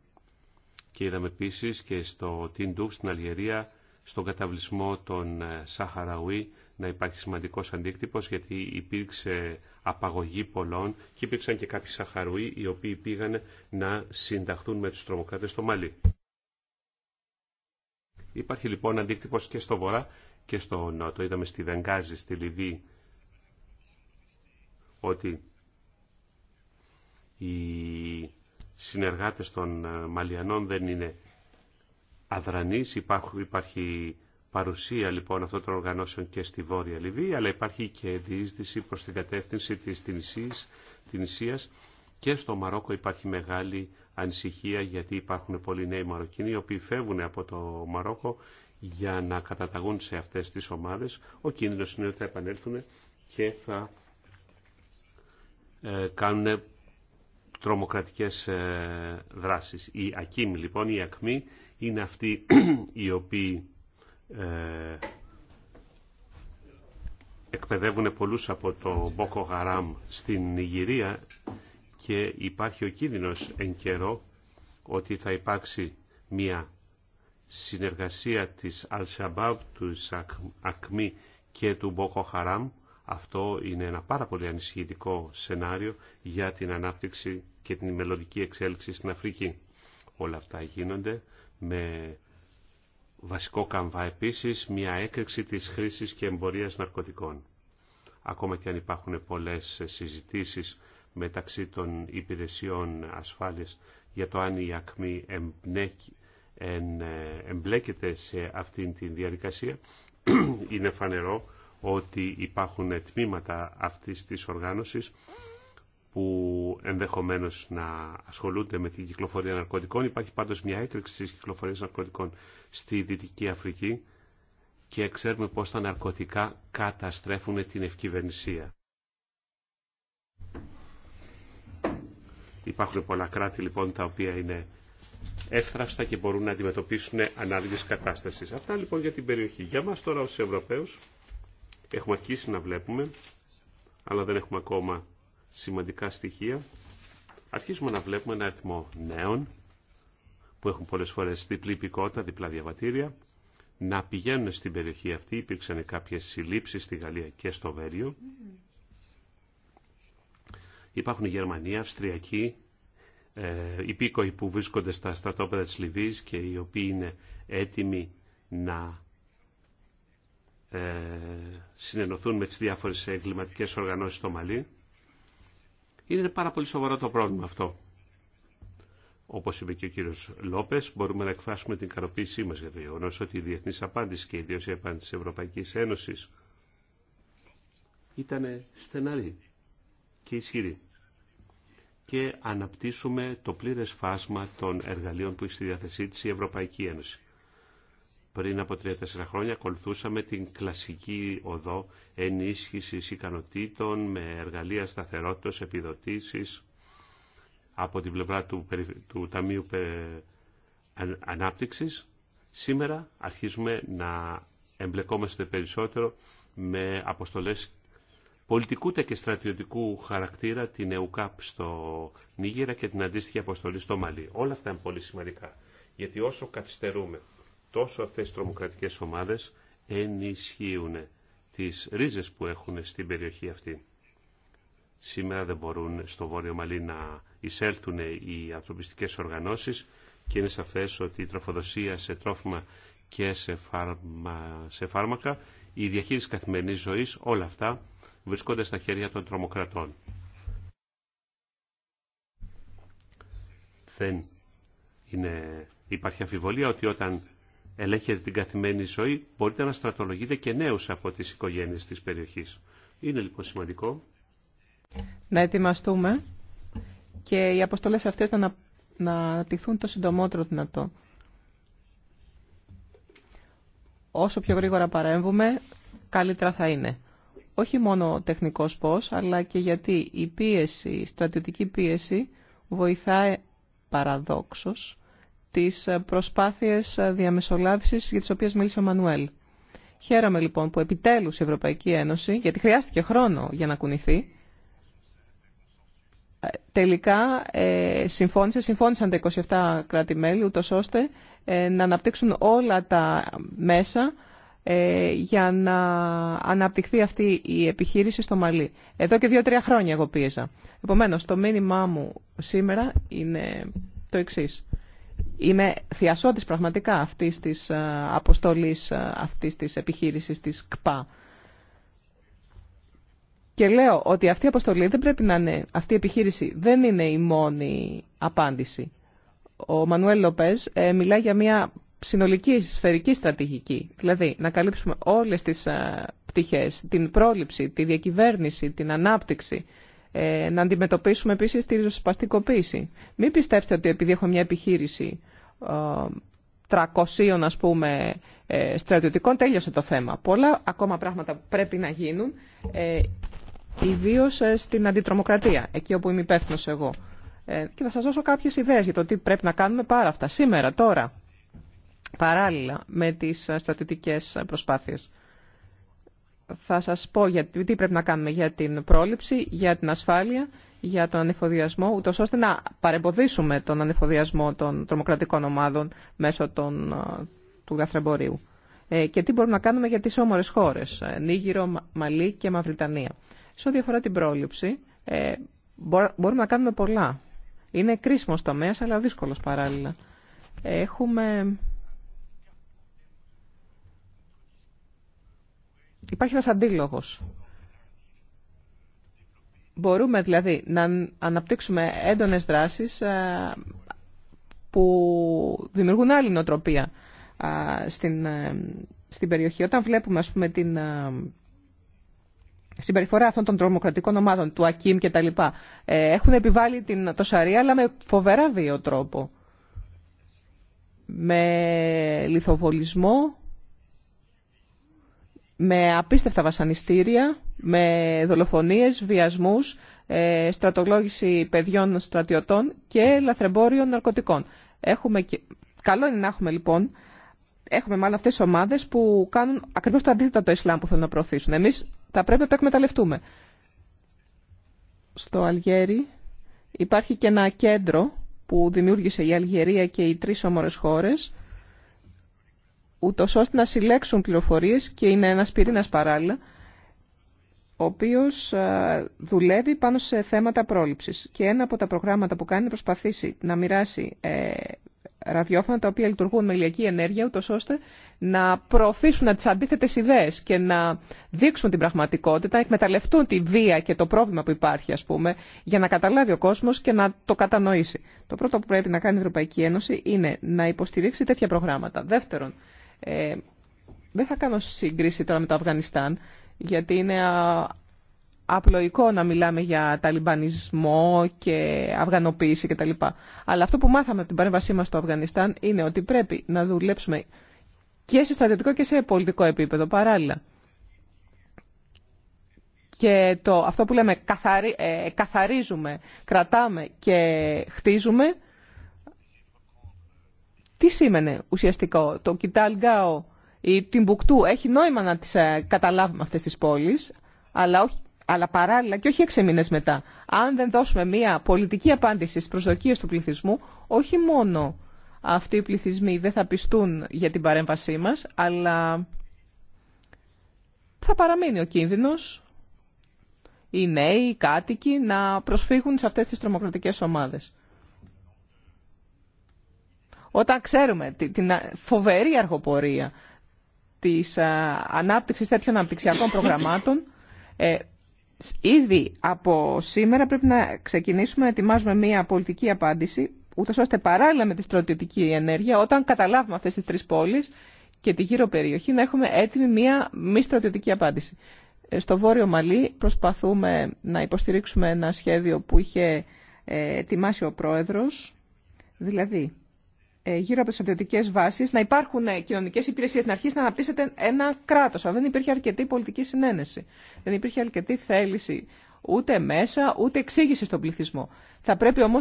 Και είδαμε επίσης και στο Τιντούφ στην Αλγερία, στον καταβλισμό των ε, Σαχαραουί, να υπάρχει σημαντικός αντίκτυπος γιατί υπήρξε απαγωγή πολλών και υπήρξαν και κάποιοι Σαχαρούι οι οποίοι πήγαν να συνταχθούν με τους τρομοκράτες στο Μαλί. Υπάρχει λοιπόν αντίκτυπος και στο Βορρά και στο Νότο. Είδαμε στη Βενγκάζη, στη Λιβύη ότι οι συνεργάτες των ε, Μαλιανών δεν είναι αδρανείς, υπάρχει παρουσία λοιπόν αυτών των οργανώσεων και στη Βόρεια Λιβύη, αλλά υπάρχει και διείσδυση προς την κατεύθυνση της Τινησίας, και στο Μαρόκο υπάρχει μεγάλη ανησυχία γιατί υπάρχουν πολλοί νέοι Μαροκινοί οι οποίοι φεύγουν από το Μαρόκο για να καταταγούν σε αυτές τις ομάδες. Ο κίνδυνος είναι ότι θα επανέλθουν και θα ε, κάνουν τρομοκρατικές ε, δράσεις. Η ΑΚΙΜ λοιπόν, η ΑΚΜΗ είναι αυτοί [CLEARS THROAT] οι οποίοι ε, εκπαιδεύουν πολλούς από το Μπόκο Γαράμ στην Ιγυρία και υπάρχει ο κίνδυνος εν καιρό ότι θα υπάρξει μια συνεργασία της Al-Shabaab, του Ακμή και του Μπόκο Χαράμ. Αυτό είναι ένα πάρα πολύ ανησυχητικό σενάριο για την ανάπτυξη και την μελλοντική εξέλιξη στην Αφρική. Όλα αυτά γίνονται με βασικό καμβά επίσης μια έκρηξη της χρήσης και εμπορίας ναρκωτικών. Ακόμα και αν υπάρχουν πολλές συζητήσεις μεταξύ των υπηρεσιών ασφάλειας για το αν η ΑΚΜΗ ε, εμπλέκεται σε αυτήν την διαδικασία, [CLEARS THROAT] είναι φανερό ότι υπάρχουν τμήματα αυτής της οργάνωσης που ενδεχομένως να ασχολούνται με την κυκλοφορία ναρκωτικών. Υπάρχει πάντως μια έκρηξη της κυκλοφορίας ναρκωτικών στη Δυτική Αφρική και ξέρουμε πώς τα ναρκωτικά καταστρέφουν την ευκυβερνησία. Υπάρχουν πολλά κράτη λοιπόν τα οποία είναι εύθραυστα και μπορούν να αντιμετωπίσουν ανάλογες κατάστασης. Αυτά λοιπόν για την περιοχή. Για μας τώρα ως Ευρωπαίους έχουμε αρχίσει να βλέπουμε, αλλά δεν έχουμε ακόμα σημαντικά στοιχεία. Αρχίζουμε να βλέπουμε ένα αριθμό νέων που έχουν πολλές φορές διπλή υπηκότητα, διπλά διαβατήρια, να πηγαίνουν στην περιοχή αυτή. Υπήρξαν κάποιες συλλήψεις στη Γαλλία και στο Βέλιο. Υπάρχουν οι Γερμανοί, Αυστριακοί, ε, υπήκοοι που βρίσκονται στα στρατόπεδα της Λιβύης και οι οποίοι είναι έτοιμοι να ε, συνενωθούν με τις διάφορες εγκληματικές οργανώσεις στο Μαλί. Είναι πάρα πολύ σοβαρό το πρόβλημα αυτό. Όπω είπε και ο κύριο Λόπε, μπορούμε να εκφράσουμε την καροποίησή μα για το γεγονό ότι η διεθνή απάντηση και ιδίω η απάντηση τη Ευρωπαϊκή Ένωση ήταν στεναρή και ισχυρή. Και αναπτύσσουμε το πλήρε φάσμα των εργαλείων που έχει στη διάθεσή τη η Ευρωπαϊκή Ένωση. Πριν από 3-4 χρόνια ακολουθούσαμε την κλασική οδό ενίσχυσης ικανοτήτων με εργαλεία σταθερότητας, επιδοτήσεις από την πλευρά του, του Ταμείου Ανάπτυξης. Σήμερα αρχίζουμε να εμπλεκόμαστε περισσότερο με αποστολές πολιτικού και στρατιωτικού χαρακτήρα, την ΕΟΚΑΠ στο Νίγηρα και την αντίστοιχη αποστολή στο Μαλί. Όλα αυτά είναι πολύ σημαντικά, γιατί όσο καθυστερούμε τόσο αυτές οι τρομοκρατικές ομάδες ενισχύουν τις ρίζες που έχουν στην περιοχή αυτή. Σήμερα δεν μπορούν στο Βόρειο Μαλή να εισέλθουν οι ανθρωπιστικές οργανώσεις και είναι σαφές ότι η τροφοδοσία σε τρόφιμα και σε, φάρμα, σε φάρμακα, η διαχείριση καθημερινής ζωής, όλα αυτά βρισκόνται στα χέρια των τρομοκρατών. Δεν είναι, υπάρχει αμφιβολία ότι όταν ελέγχετε την καθημερινή ζωή, μπορείτε να στρατολογείτε και νέους από τις οικογένειες της περιοχής. Είναι λοιπόν σημαντικό. Να ετοιμαστούμε και οι αποστολές αυτές να, να αναπτυχθούν το συντομότερο δυνατό. Όσο πιο γρήγορα παρέμβουμε, καλύτερα θα είναι. Όχι μόνο τεχνικός πώς, αλλά και γιατί η πίεση, η στρατιωτική πίεση βοηθάει παραδόξως τις προσπάθειες διαμεσολάβησης για τις οποίες μίλησε ο Μανουέλ. Χαίρομαι λοιπόν που επιτέλους η Ευρωπαϊκή Ένωση, γιατί χρειάστηκε χρόνο για να κουνηθεί, ε, τελικά ε, συμφώνησε, συμφώνησαν τα 27 κράτη-μέλη, ούτως ώστε ε, να αναπτύξουν όλα τα μέσα για να αναπτυχθεί αυτή η επιχείρηση στο Μαλί. Εδώ και δύο-τρία χρόνια εγώ πίεζα. Επομένως, το μήνυμά μου σήμερα είναι το εξής. Είμαι θειασότης πραγματικά αυτής της ε, αποστολής, ε, αυτής της επιχείρησης της ΚΠΑ. Και λέω ότι αυτή η αποστολή δεν πρέπει να είναι, αυτή η επιχείρηση δεν είναι η μόνη απάντηση. Ο Μανουέλ Λοπέζ ε, μιλά για μια συνολική σφαιρική στρατηγική, δηλαδή να καλύψουμε όλες τις πτυχές, την πρόληψη, τη διακυβέρνηση, την ανάπτυξη, ε, να αντιμετωπίσουμε επίσης τη ριζοσπαστικοποίηση. Μην πιστεύετε ότι επειδή έχω μια επιχείρηση ε, 300 ας πούμε ε, στρατιωτικών τέλειωσε το θέμα. Πολλά ακόμα πράγματα πρέπει να γίνουν, ε, ιδίω ε, στην αντιτρομοκρατία, εκεί όπου είμαι υπεύθυνο εγώ. Ε, και θα σας δώσω κάποιες ιδέες για το τι πρέπει να κάνουμε πάρα αυτά σήμερα, τώρα, παράλληλα με τις στρατιωτικές προσπάθειες θα σας πω για, τι πρέπει να κάνουμε για την πρόληψη, για την ασφάλεια, για τον ανεφοδιασμό, ούτω ώστε να παρεμποδίσουμε τον ανεφοδιασμό των τρομοκρατικών ομάδων μέσω των, του γαθρεμπορίου. Ε, και τι μπορούμε να κάνουμε για τις όμορες χώρες, ε, Νίγηρο, Μαλή και Μαυριτανία. Σε ό,τι αφορά την πρόληψη, ε, μπορούμε να κάνουμε πολλά. Είναι κρίσιμος τομέας, αλλά δύσκολος παράλληλα. Έχουμε υπάρχει ένας αντίλογος. Μπορούμε δηλαδή να αναπτύξουμε έντονες δράσεις ε, που δημιουργούν άλλη νοοτροπία ε, στην, ε, στην περιοχή. Όταν βλέπουμε, ας πούμε, την συμπεριφορά αυτών των τρομοκρατικών ομάδων, του ΑΚΙΜ και τα λοιπά, έχουν επιβάλει την, το Σαρία, αλλά με φοβερά βίο τρόπο. Με λιθοβολισμό, με απίστευτα βασανιστήρια, με δολοφονίες, βιασμούς, ε, στρατολόγηση παιδιών στρατιωτών και λαθρεμπόριο ναρκωτικών. Έχουμε Καλό είναι να έχουμε λοιπόν, έχουμε μάλλον αυτές τις ομάδες που κάνουν ακριβώς το αντίθετο από το Ισλάμ που θέλουν να προωθήσουν. Εμείς θα πρέπει να το εκμεταλλευτούμε. Στο Αλγέρι υπάρχει και ένα κέντρο που δημιούργησε η Αλγερία και οι τρεις όμορες χώρες ούτω ώστε να συλλέξουν πληροφορίες και είναι ένας πυρήνας παράλληλα, ο οποίος ε, δουλεύει πάνω σε θέματα πρόληψης. Και ένα από τα προγράμματα που κάνει προσπαθήσει να μοιράσει ε, ραδιόφωνα τα οποία λειτουργούν με ηλιακή ενέργεια, ούτω ώστε να προωθήσουν τι αντίθετε ιδέε και να δείξουν την πραγματικότητα, να εκμεταλλευτούν τη βία και το πρόβλημα που υπάρχει, α πούμε, για να καταλάβει ο κόσμο και να το κατανοήσει. Το πρώτο που πρέπει να κάνει η Ευρωπαϊκή Ένωση είναι να υποστηρίξει τέτοια προγράμματα. Δεύτερον, ε, δεν θα κάνω σύγκριση τώρα με το Αφγανιστάν, γιατί είναι απλοϊκό να μιλάμε για ταλιμπανισμό και αυγανοποίηση κτλ. Αλλά αυτό που μάθαμε από την παρέμβασή μας στο Αφγανιστάν είναι ότι πρέπει να δουλέψουμε και σε στρατιωτικό και σε πολιτικό επίπεδο παράλληλα. Και το, αυτό που λέμε ε, καθαρίζουμε, κρατάμε και χτίζουμε τι σήμαινε ουσιαστικό το Γκάο ή την Μπουκτού. Έχει νόημα να τις ε, καταλάβουμε αυτές τις πόλεις, αλλά, αλλά παράλληλα και όχι έξι μήνες μετά. Αν δεν δώσουμε μια πολιτική απάντηση στις προσδοκίες του πληθυσμού, όχι μόνο αυτοί οι πληθυσμοί δεν θα πιστούν για την παρέμβασή μας, αλλά θα παραμείνει ο κίνδυνος οι νέοι, οι κάτοικοι να προσφύγουν σε αυτές τις τρομοκρατικές ομάδες. Όταν ξέρουμε την φοβερή αργοπορία της ανάπτυξης τέτοιων αναπτυξιακών προγραμμάτων, ε, ήδη από σήμερα πρέπει να ξεκινήσουμε να ετοιμάζουμε μια πολιτική απάντηση, ούτω ώστε παράλληλα με τη στρατιωτική ενέργεια, όταν καταλάβουμε αυτές τις τρεις πόλεις και τη γύρω περιοχή, να έχουμε έτοιμη μια μη στρατιωτική απάντηση. Ε, στο Βόρειο Μαλί προσπαθούμε να υποστηρίξουμε ένα σχέδιο που είχε ε, ετοιμάσει ο πρόεδρος, δηλαδή ε, γύρω από τι στρατιωτικέ βάσει να υπάρχουν ε, κοινωνικέ υπηρεσίε, να αρχίσει να αναπτύσσεται ένα κράτο. Αλλά δεν υπήρχε αρκετή πολιτική συνένεση. Δεν υπήρχε αρκετή θέληση ούτε μέσα ούτε εξήγηση στον πληθυσμό. Θα πρέπει όμω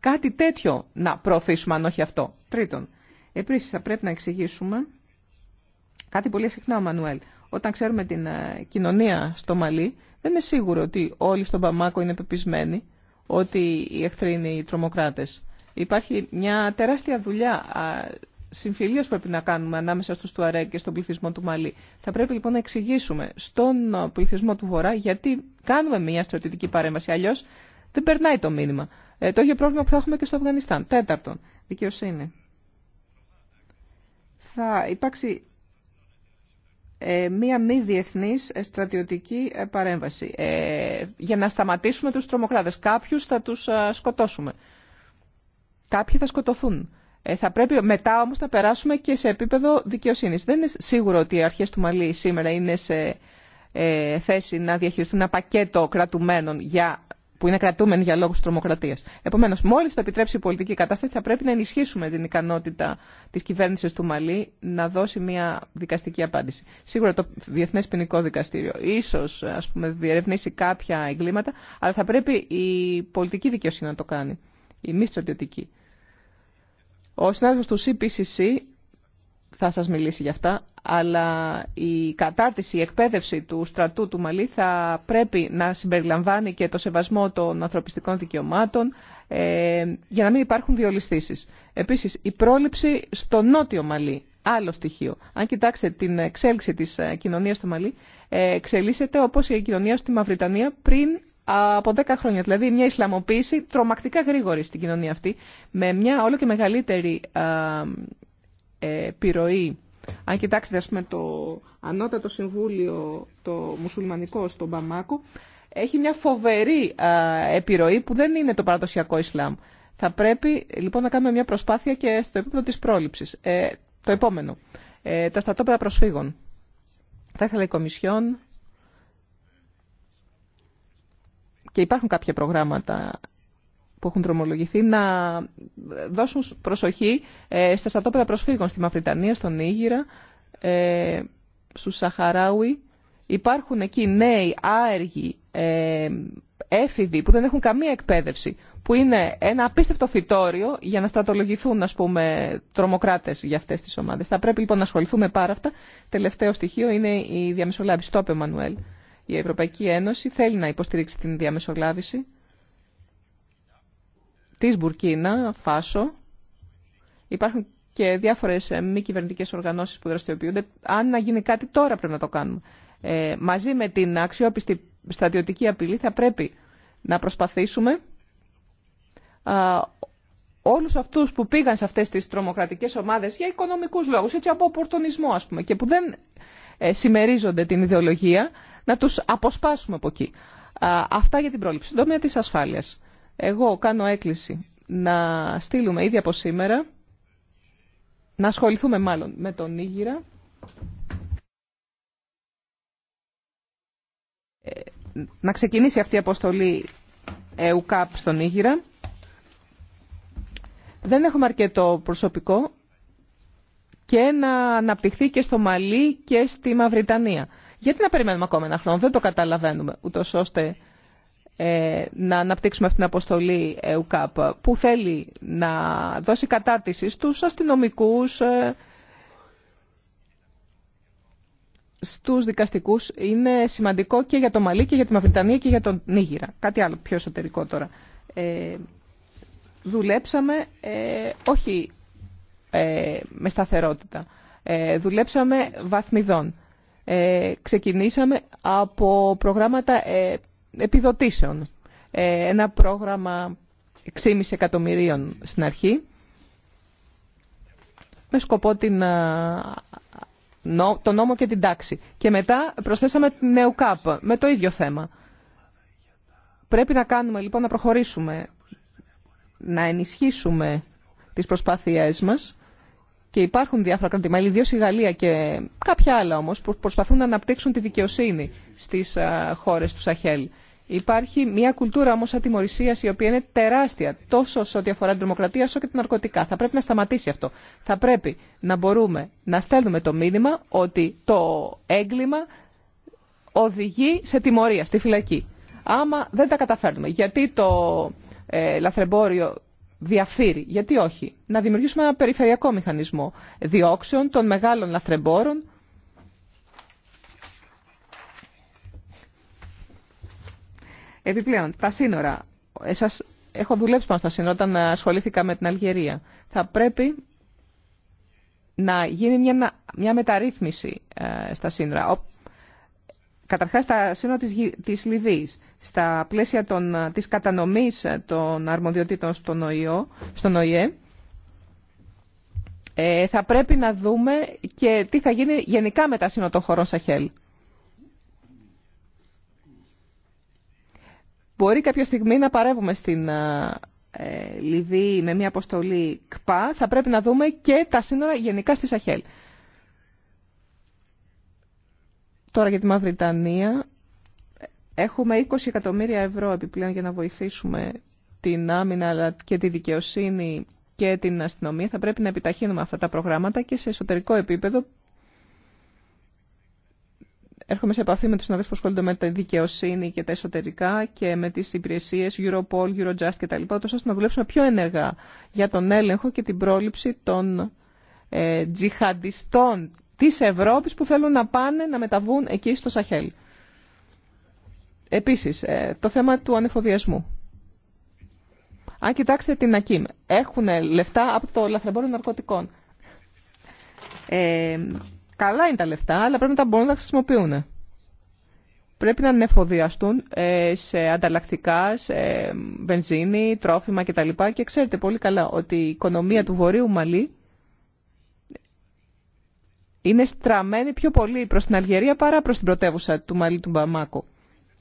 κάτι τέτοιο να προωθήσουμε, αν όχι αυτό. Τρίτον, επίση θα πρέπει να εξηγήσουμε κάτι πολύ συχνά ο Μανουέλ. Όταν ξέρουμε την ε, κοινωνία στο Μαλί, δεν είναι σίγουρο ότι όλοι στον Παμάκο είναι πεπισμένοι ότι οι εχθροί είναι οι τρομοκράτες. Υπάρχει μια τεράστια δουλειά συμφιλίως πρέπει να κάνουμε ανάμεσα στους Τουαρέ και στον πληθυσμό του Μαλή. Θα πρέπει λοιπόν να εξηγήσουμε στον πληθυσμό του Βορρά γιατί κάνουμε μια στρατιωτική παρέμβαση, αλλιώ, δεν περνάει το μήνυμα. Ε, το ίδιο πρόβλημα που θα έχουμε και στο Αφγανιστάν. Τέταρτον, δικαιοσύνη. Θα υπάρξει ε, μία μη διεθνής ε, στρατιωτική ε, παρέμβαση ε, για να σταματήσουμε τους τρομοκράτες. Κάποιους θα τους σκοτώσουμε. Κάποιοι θα σκοτωθούν. Ε, θα πρέπει μετά όμως να περάσουμε και σε επίπεδο δικαιοσύνης. Δεν είναι σίγουρο ότι οι αρχές του Μαλή σήμερα είναι σε ε, θέση να διαχειριστούν ένα πακέτο κρατουμένων για, που είναι κρατούμενοι για λόγους τρομοκρατίας. Επομένως, μόλις θα επιτρέψει η πολιτική κατάσταση θα πρέπει να ενισχύσουμε την ικανότητα της κυβέρνησης του Μαλή να δώσει μια δικαστική απάντηση. Σίγουρα το Διεθνές Ποινικό Δικαστήριο ίσως ας πούμε, διερευνήσει κάποια εγκλήματα, αλλά θα πρέπει η πολιτική δικαιοσύνη να το κάνει, η μη στρατιωτική. Ο συνάδελφος του CPCC θα σας μιλήσει για αυτά, αλλά η κατάρτιση, η εκπαίδευση του στρατού του Μαλή θα πρέπει να συμπεριλαμβάνει και το σεβασμό των ανθρωπιστικών δικαιωμάτων ε, για να μην υπάρχουν διολυστήσεις. Επίσης, η πρόληψη στο νότιο Μαλή, άλλο στοιχείο. Αν κοιτάξετε την εξέλιξη της ε, κοινωνίας του Μαλή, ε, εξελίσσεται όπως η κοινωνία στη Μαυριτανία πριν από 10 χρόνια. Δηλαδή μια Ισλαμοποίηση τρομακτικά γρήγορη στην κοινωνία αυτή, με μια όλο και μεγαλύτερη ε, επιρροή. Αν κοιτάξετε, ας πούμε, το Ανώτατο Συμβούλιο, το Μουσουλμανικό στον Παμάκο, έχει μια φοβερή επιρροή που δεν είναι το παραδοσιακό Ισλάμ. Θα πρέπει λοιπόν να κάνουμε μια προσπάθεια και στο επίπεδο της πρόληψης. Ε, το επόμενο, ε, τα στρατόπεδα προσφύγων. Θα ήθελα η Κομισιόν και υπάρχουν κάποια προγράμματα που έχουν τρομολογηθεί να δώσουν προσοχή ε, στα στρατόπεδα προσφύγων στη Μαυριτανία, στον Ήγυρα, ε, στους Σαχαράουι. Υπάρχουν εκεί νέοι, άεργοι, ε, έφηβοι που δεν έχουν καμία εκπαίδευση, που είναι ένα απίστευτο φυτόριο για να στρατολογηθούν, ας πούμε, τρομοκράτες για αυτές τις ομάδες. Θα πρέπει λοιπόν να ασχοληθούμε πάρα αυτά. Τελευταίο στοιχείο είναι η διαμεσολάβηση. Το Μανουέλ. Η Ευρωπαϊκή Ένωση θέλει να υποστηρίξει την διαμεσολάβηση της Μπουρκίνα, Φάσο. Υπάρχουν και διάφορες ε, μη κυβερνητικέ οργανώσεις που δραστηριοποιούνται. Αν να γίνει κάτι τώρα πρέπει να το κάνουμε. Ε, μαζί με την αξιόπιστη στρατιωτική απειλή θα πρέπει να προσπαθήσουμε α, όλους αυτούς που πήγαν σε αυτές τις τρομοκρατικές ομάδες για οικονομικούς λόγους, έτσι από οπορτονισμό ας πούμε, και που δεν ε, συμμερίζονται την ιδεολογία, να τους αποσπάσουμε από εκεί. Αυτά για την πρόληψη. Στον τομέα της ασφάλειας. Εγώ κάνω έκκληση να στείλουμε ήδη από σήμερα, να ασχοληθούμε μάλλον με τον Ήγηρα, ε, να ξεκινήσει αυτή η αποστολή ΕΟΚΑΠ στον Ήγηρα. Δεν έχουμε αρκετό προσωπικό και να αναπτυχθεί και στο Μαλί και στη Μαυριτανία. Γιατί να περιμένουμε ακόμα ένα χρόνο, δεν το καταλαβαίνουμε, ούτω ώστε ε, να αναπτύξουμε αυτήν την αποστολή ΕΟΚΑΠ που θέλει να δώσει κατάρτιση στους αστυνομικούς, ε, στους δικαστικούς. Είναι σημαντικό και για το Μαλί και για τη Μαυριτανία και για τον Νίγηρα. Κάτι άλλο πιο εσωτερικό τώρα. Ε, δουλέψαμε, ε, όχι ε, με σταθερότητα. Ε, δουλέψαμε βαθμιδών. Ε, ξεκινήσαμε από προγράμματα επιδοτήσεων. ένα πρόγραμμα 6,5 εκατομμυρίων στην αρχή, με σκοπό την, το νόμο και την τάξη. Και μετά προσθέσαμε την ΕΟΚΑΠ με το ίδιο θέμα. Πρέπει να κάνουμε λοιπόν να προχωρήσουμε, να ενισχύσουμε τις προσπάθειές μας και υπάρχουν διάφορα κρατημέλη, ιδίω η Γαλλία και κάποια άλλα όμω, που προσπαθούν να αναπτύξουν τη δικαιοσύνη στι χώρε του Σαχέλ. Υπάρχει μια κουλτούρα όμω ατιμορρησία η οποία είναι τεράστια, τόσο σε ό,τι αφορά την τρομοκρατία όσο και την ναρκωτικά. Θα πρέπει να σταματήσει αυτό. Θα πρέπει να μπορούμε να στέλνουμε το μήνυμα ότι το έγκλημα οδηγεί σε τιμωρία, στη φυλακή. Άμα δεν τα καταφέρνουμε. Γιατί το ε, λαθρεμπόριο διαφύρει. Γιατί όχι. Να δημιουργήσουμε ένα περιφερειακό μηχανισμό διώξεων των μεγάλων λαθρεμπόρων Επιπλέον, τα σύνορα. Εσάς έχω δουλέψει πάνω στα σύνορα όταν ασχολήθηκα με την Αλγερία. Θα πρέπει να γίνει μια, μια μεταρρύθμιση ε, στα σύνορα καταρχάς στα σύνορα της, της Λιβύης, στα πλαίσια των, ε, της κατανομής ε, των αρμοδιοτήτων στον, ΟΗΟ, στον ΟΗΕ, ε, θα πρέπει να δούμε και τι θα γίνει γενικά μετά τα σύνορα των χωρών Σαχέλ. Μπορεί κάποια στιγμή να παρεύουμε στην ε, Λιβύη με μια αποστολή ΚΠΑ, θα πρέπει να δούμε και τα σύνορα γενικά στη Σαχέλ. Τώρα για τη Μαυριτανία έχουμε 20 εκατομμύρια ευρώ επιπλέον για να βοηθήσουμε την άμυνα αλλά και τη δικαιοσύνη και την αστυνομία. Θα πρέπει να επιταχύνουμε αυτά τα προγράμματα και σε εσωτερικό επίπεδο έρχομαι σε επαφή με τους συναδέλφους που ασχολούνται με τη δικαιοσύνη και τα εσωτερικά και με τις υπηρεσίες Europol, Eurojust κτλ. ώστε να δουλέψουμε πιο ενεργά για τον έλεγχο και την πρόληψη των ε, τζιχαντιστών Τη Ευρώπης που θέλουν να πάνε να μεταβούν εκεί στο Σαχέλ. Επίσης, ε, το θέμα του ανεφοδιασμού. Αν κοιτάξετε την ΑΚΙΜ, έχουν λεφτά από το λαθρεμπόριο ναρκωτικών. Ε, καλά είναι τα λεφτά, αλλά πρέπει να τα μπορούν να χρησιμοποιούν. Πρέπει να ανεφοδιαστούν ε, σε ανταλλακτικά, σε ε, βενζίνη, τρόφιμα κτλ. Και ξέρετε πολύ καλά ότι η οικονομία του Βορείου Μαλή είναι στραμμένη πιο πολύ προς την Αλγερία παρά προς την πρωτεύουσα του Μαλή του Μπαμάκο.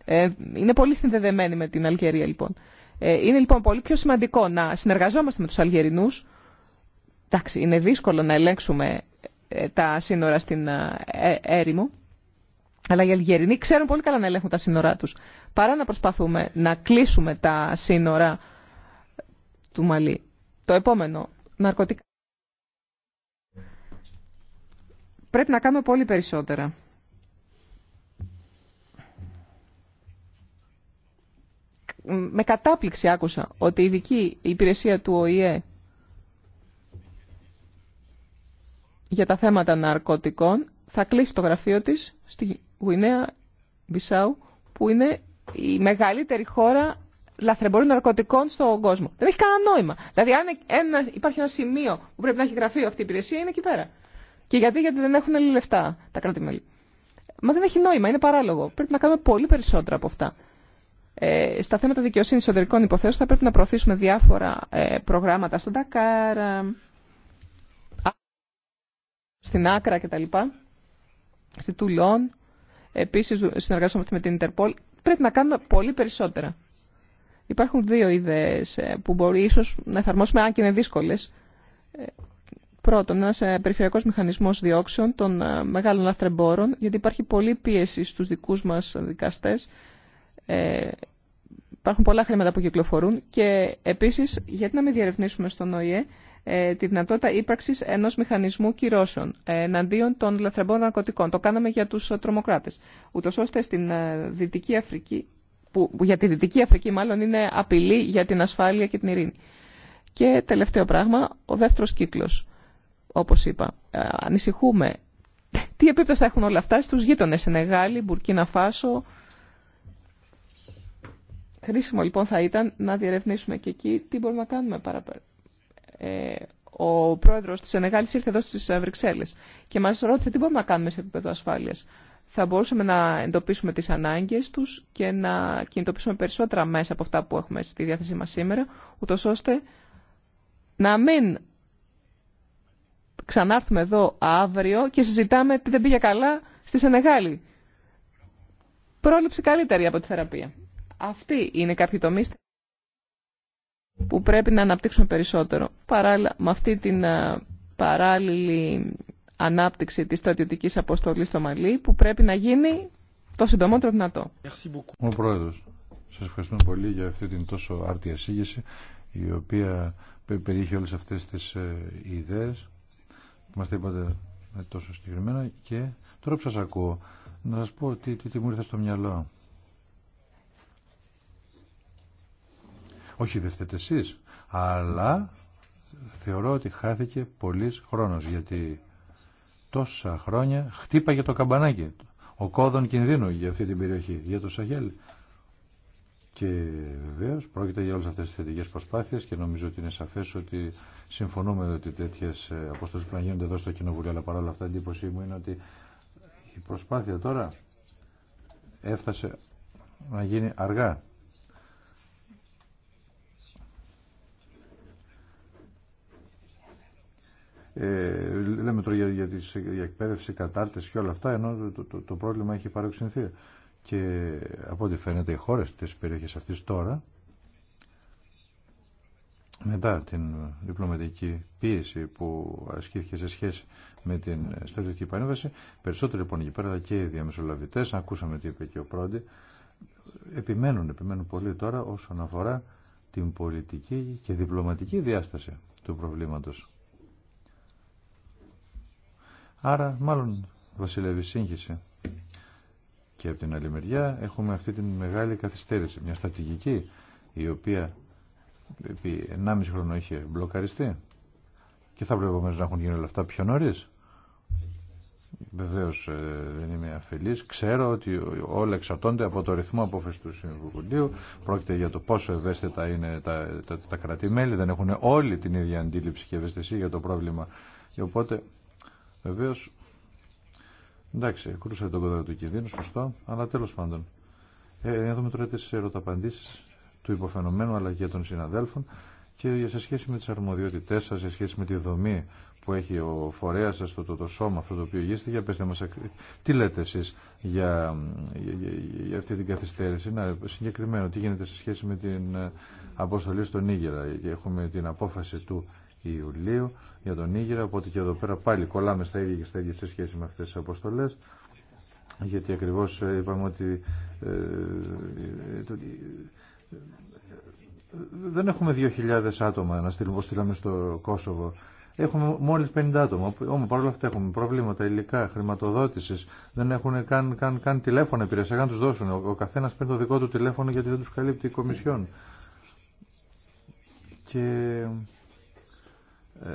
Ε, είναι πολύ συνδεδεμένη με την Αλγερία λοιπόν. Ε, είναι λοιπόν πολύ πιο σημαντικό να συνεργαζόμαστε με τους Αλγερινούς. Εντάξει, είναι δύσκολο να ελέγξουμε ε, τα σύνορα στην ε, ε, έρημο. Αλλά οι Αλγερινοί ξέρουν πολύ καλά να ελέγχουν τα σύνορά τους. Παρά να προσπαθούμε να κλείσουμε τα σύνορα του Μαλή. Το επόμενο, ναρκωτικά. Πρέπει να κάνουμε πολύ περισσότερα. Με κατάπληξη άκουσα ότι η ειδική υπηρεσία του ΟΗΕ για τα θέματα ναρκωτικών θα κλείσει το γραφείο της στη Γουινέα Μπισάου που είναι η μεγαλύτερη χώρα λαθρεμπορού ναρκωτικών στον κόσμο. Δεν έχει κανένα νόημα. Δηλαδή, αν υπάρχει ένα σημείο που πρέπει να έχει γραφείο αυτή η υπηρεσία, είναι εκεί πέρα. Και γιατί, γιατί δεν έχουν λεφτά τα κράτη-μέλη. Μα δεν έχει νόημα, είναι παράλογο. Πρέπει να κάνουμε πολύ περισσότερα από αυτά. Ε, στα θέματα δικαιοσύνη εσωτερικών υποθέσεων θα πρέπει να προωθήσουμε διάφορα ε, προγράμματα στον Τακάρ, στην Άκρα κτλ. Στη Τουλόν. Επίση, συνεργαζόμαστε με την Ιντερπολ. Πρέπει να κάνουμε πολύ περισσότερα. Υπάρχουν δύο ιδέε ε, που μπορεί ίσω να εφαρμόσουμε, αν και είναι δύσκολε. Ε, Πρώτον, ένα ε, περιφερειακό μηχανισμό διώξεων των ε, μεγάλων λαθρεμπόρων, γιατί υπάρχει πολλή πίεση στου δικού μα δικαστέ. Ε, υπάρχουν πολλά χρήματα που κυκλοφορούν. Και επίση, γιατί να μην διαρευνήσουμε στον ΟΗΕ ε, τη δυνατότητα ύπαρξη ενό μηχανισμού κυρώσεων ε, εναντίον των λαθρεμπόρων ναρκωτικών. Το κάναμε για του τρομοκράτε. Ούτω ώστε στην Δυτική Αφρική, που για τη Δυτική Αφρική μάλλον είναι απειλή για την ασφάλεια και την ειρήνη. Και τελευταίο πράγμα, ο δεύτερος κύκλος όπως είπα, ε, ανησυχούμε τι επίπτωση θα έχουν όλα αυτά στους γείτονες Σενεγάλη, Μπουρκίνα Φάσο. Χρήσιμο λοιπόν θα ήταν να διερευνήσουμε και εκεί τι μπορούμε να κάνουμε παραπέρα. Ε, ο πρόεδρος της Σενεγάλης ήρθε εδώ στις ε, Βρυξέλλες και μας ρώτησε τι μπορούμε να κάνουμε σε επίπεδο ασφάλειας. Θα μπορούσαμε να εντοπίσουμε τις ανάγκες τους και να κινητοποιήσουμε περισσότερα μέσα από αυτά που έχουμε στη διάθεσή μας σήμερα, ούτως ώστε να μην ξανάρθουμε εδώ αύριο και συζητάμε τι δεν πήγε καλά στη Σενεγάλη. Πρόληψη καλύτερη από τη θεραπεία. Αυτή είναι κάποιοι τομή που πρέπει να αναπτύξουμε περισσότερο. Παράλληλα με αυτή την παράλληλη ανάπτυξη της στρατιωτικής αποστολής στο Μαλί που πρέπει να γίνει το συντομότερο δυνατό. Ο Πρόεδρος, σας ευχαριστούμε πολύ για αυτή την τόσο άρτια σύγχυση η οποία περιείχε όλες αυτές τις ε, ιδέες μας τα είπατε τόσο συγκεκριμένα και τώρα που σας ακούω να σας πω τι, τι, τι μου ήρθε στο μυαλό. Όχι δεν φταίτε εσείς, αλλά θεωρώ ότι χάθηκε πολλής χρόνος γιατί τόσα χρόνια χτύπαγε το καμπανάκι ο κόδων κινδύνου για αυτή την περιοχή, για το Σαχέλ. Και βεβαίω πρόκειται για όλε αυτέ τι θετικέ προσπάθειε και νομίζω ότι είναι σαφέ ότι συμφωνούμε ότι τέτοιε ε, αποστολέ πρέπει να γίνονται εδώ στο Κοινοβούλιο. Αλλά παρόλα αυτά, η εντύπωσή μου είναι ότι η προσπάθεια τώρα έφτασε να γίνει αργά. Ε, λέμε τώρα για, για, εκπαίδευση, κατάρτιση και όλα αυτά, ενώ το, το, το πρόβλημα έχει παρεξενθεί και από ό,τι φαίνεται οι χώρες της περιοχής αυτής τώρα μετά την διπλωματική πίεση που ασκήθηκε σε σχέση με την στρατιωτική επανέβαση, περισσότεροι λοιπόν εκεί πέρα και οι διαμεσολαβητέ, ακούσαμε τι είπε και ο πρώτη, επιμένουν, επιμένουν πολύ τώρα όσον αφορά την πολιτική και διπλωματική διάσταση του προβλήματος. Άρα μάλλον βασιλεύει σύγχυση. Και από την άλλη μεριά έχουμε αυτή την μεγάλη καθυστέρηση, μια στρατηγική η οποία επί 1,5 χρόνο είχε μπλοκαριστεί και θα πρέπει να έχουν γίνει όλα αυτά πιο νωρί. Βεβαίω ε, δεν είμαι αφελή. Ξέρω ότι όλα εξαρτώνται από το ρυθμό απόφαση του Συμβουλίου. Πρόκειται για το πόσο ευαίσθητα είναι τα, τα, τα Δεν έχουν όλοι την ίδια αντίληψη και ευαισθησία για το πρόβλημα. Οπότε βεβαίω Εντάξει, κρούσατε τον κόδωνα του κινδύνου, σωστό, αλλά τέλο πάντων. Ε, να δούμε τώρα τι ερωταπαντήσει του υποφαινομένου αλλά και των συναδέλφων και σε σχέση με τι αρμοδιότητέ σα, σε σχέση με τη δομή που έχει ο φορέα σα, το, σώμα αυτό το οποίο γίνεται, για πετε μα, τι λέτε εσεί για, για, αυτή την καθυστέρηση. Να, συγκεκριμένο, τι γίνεται σε σχέση με την ε, αποστολή στον Νίγηρα. Έχουμε την απόφαση του Ιουλίου για τον Ήγηρα, οπότε και εδώ πέρα πάλι κολλάμε στα ίδια και στα ίδια σε σχέση με αυτές τις αποστολές γιατί ακριβώς ε, είπαμε ότι ε, ε, δεν έχουμε 2.000 άτομα να στείλουμε, στείλαμε στο Κόσοβο. Έχουμε μόλις 50 άτομα, όμως παρόλα αυτά έχουμε προβλήματα υλικά, χρηματοδότησης, δεν έχουν καν, καν, καν να τους δώσουν. Ο, ο καθένας παίρνει το δικό του τηλέφωνο γιατί δεν τους καλύπτει η Κομισιόν. Και ε,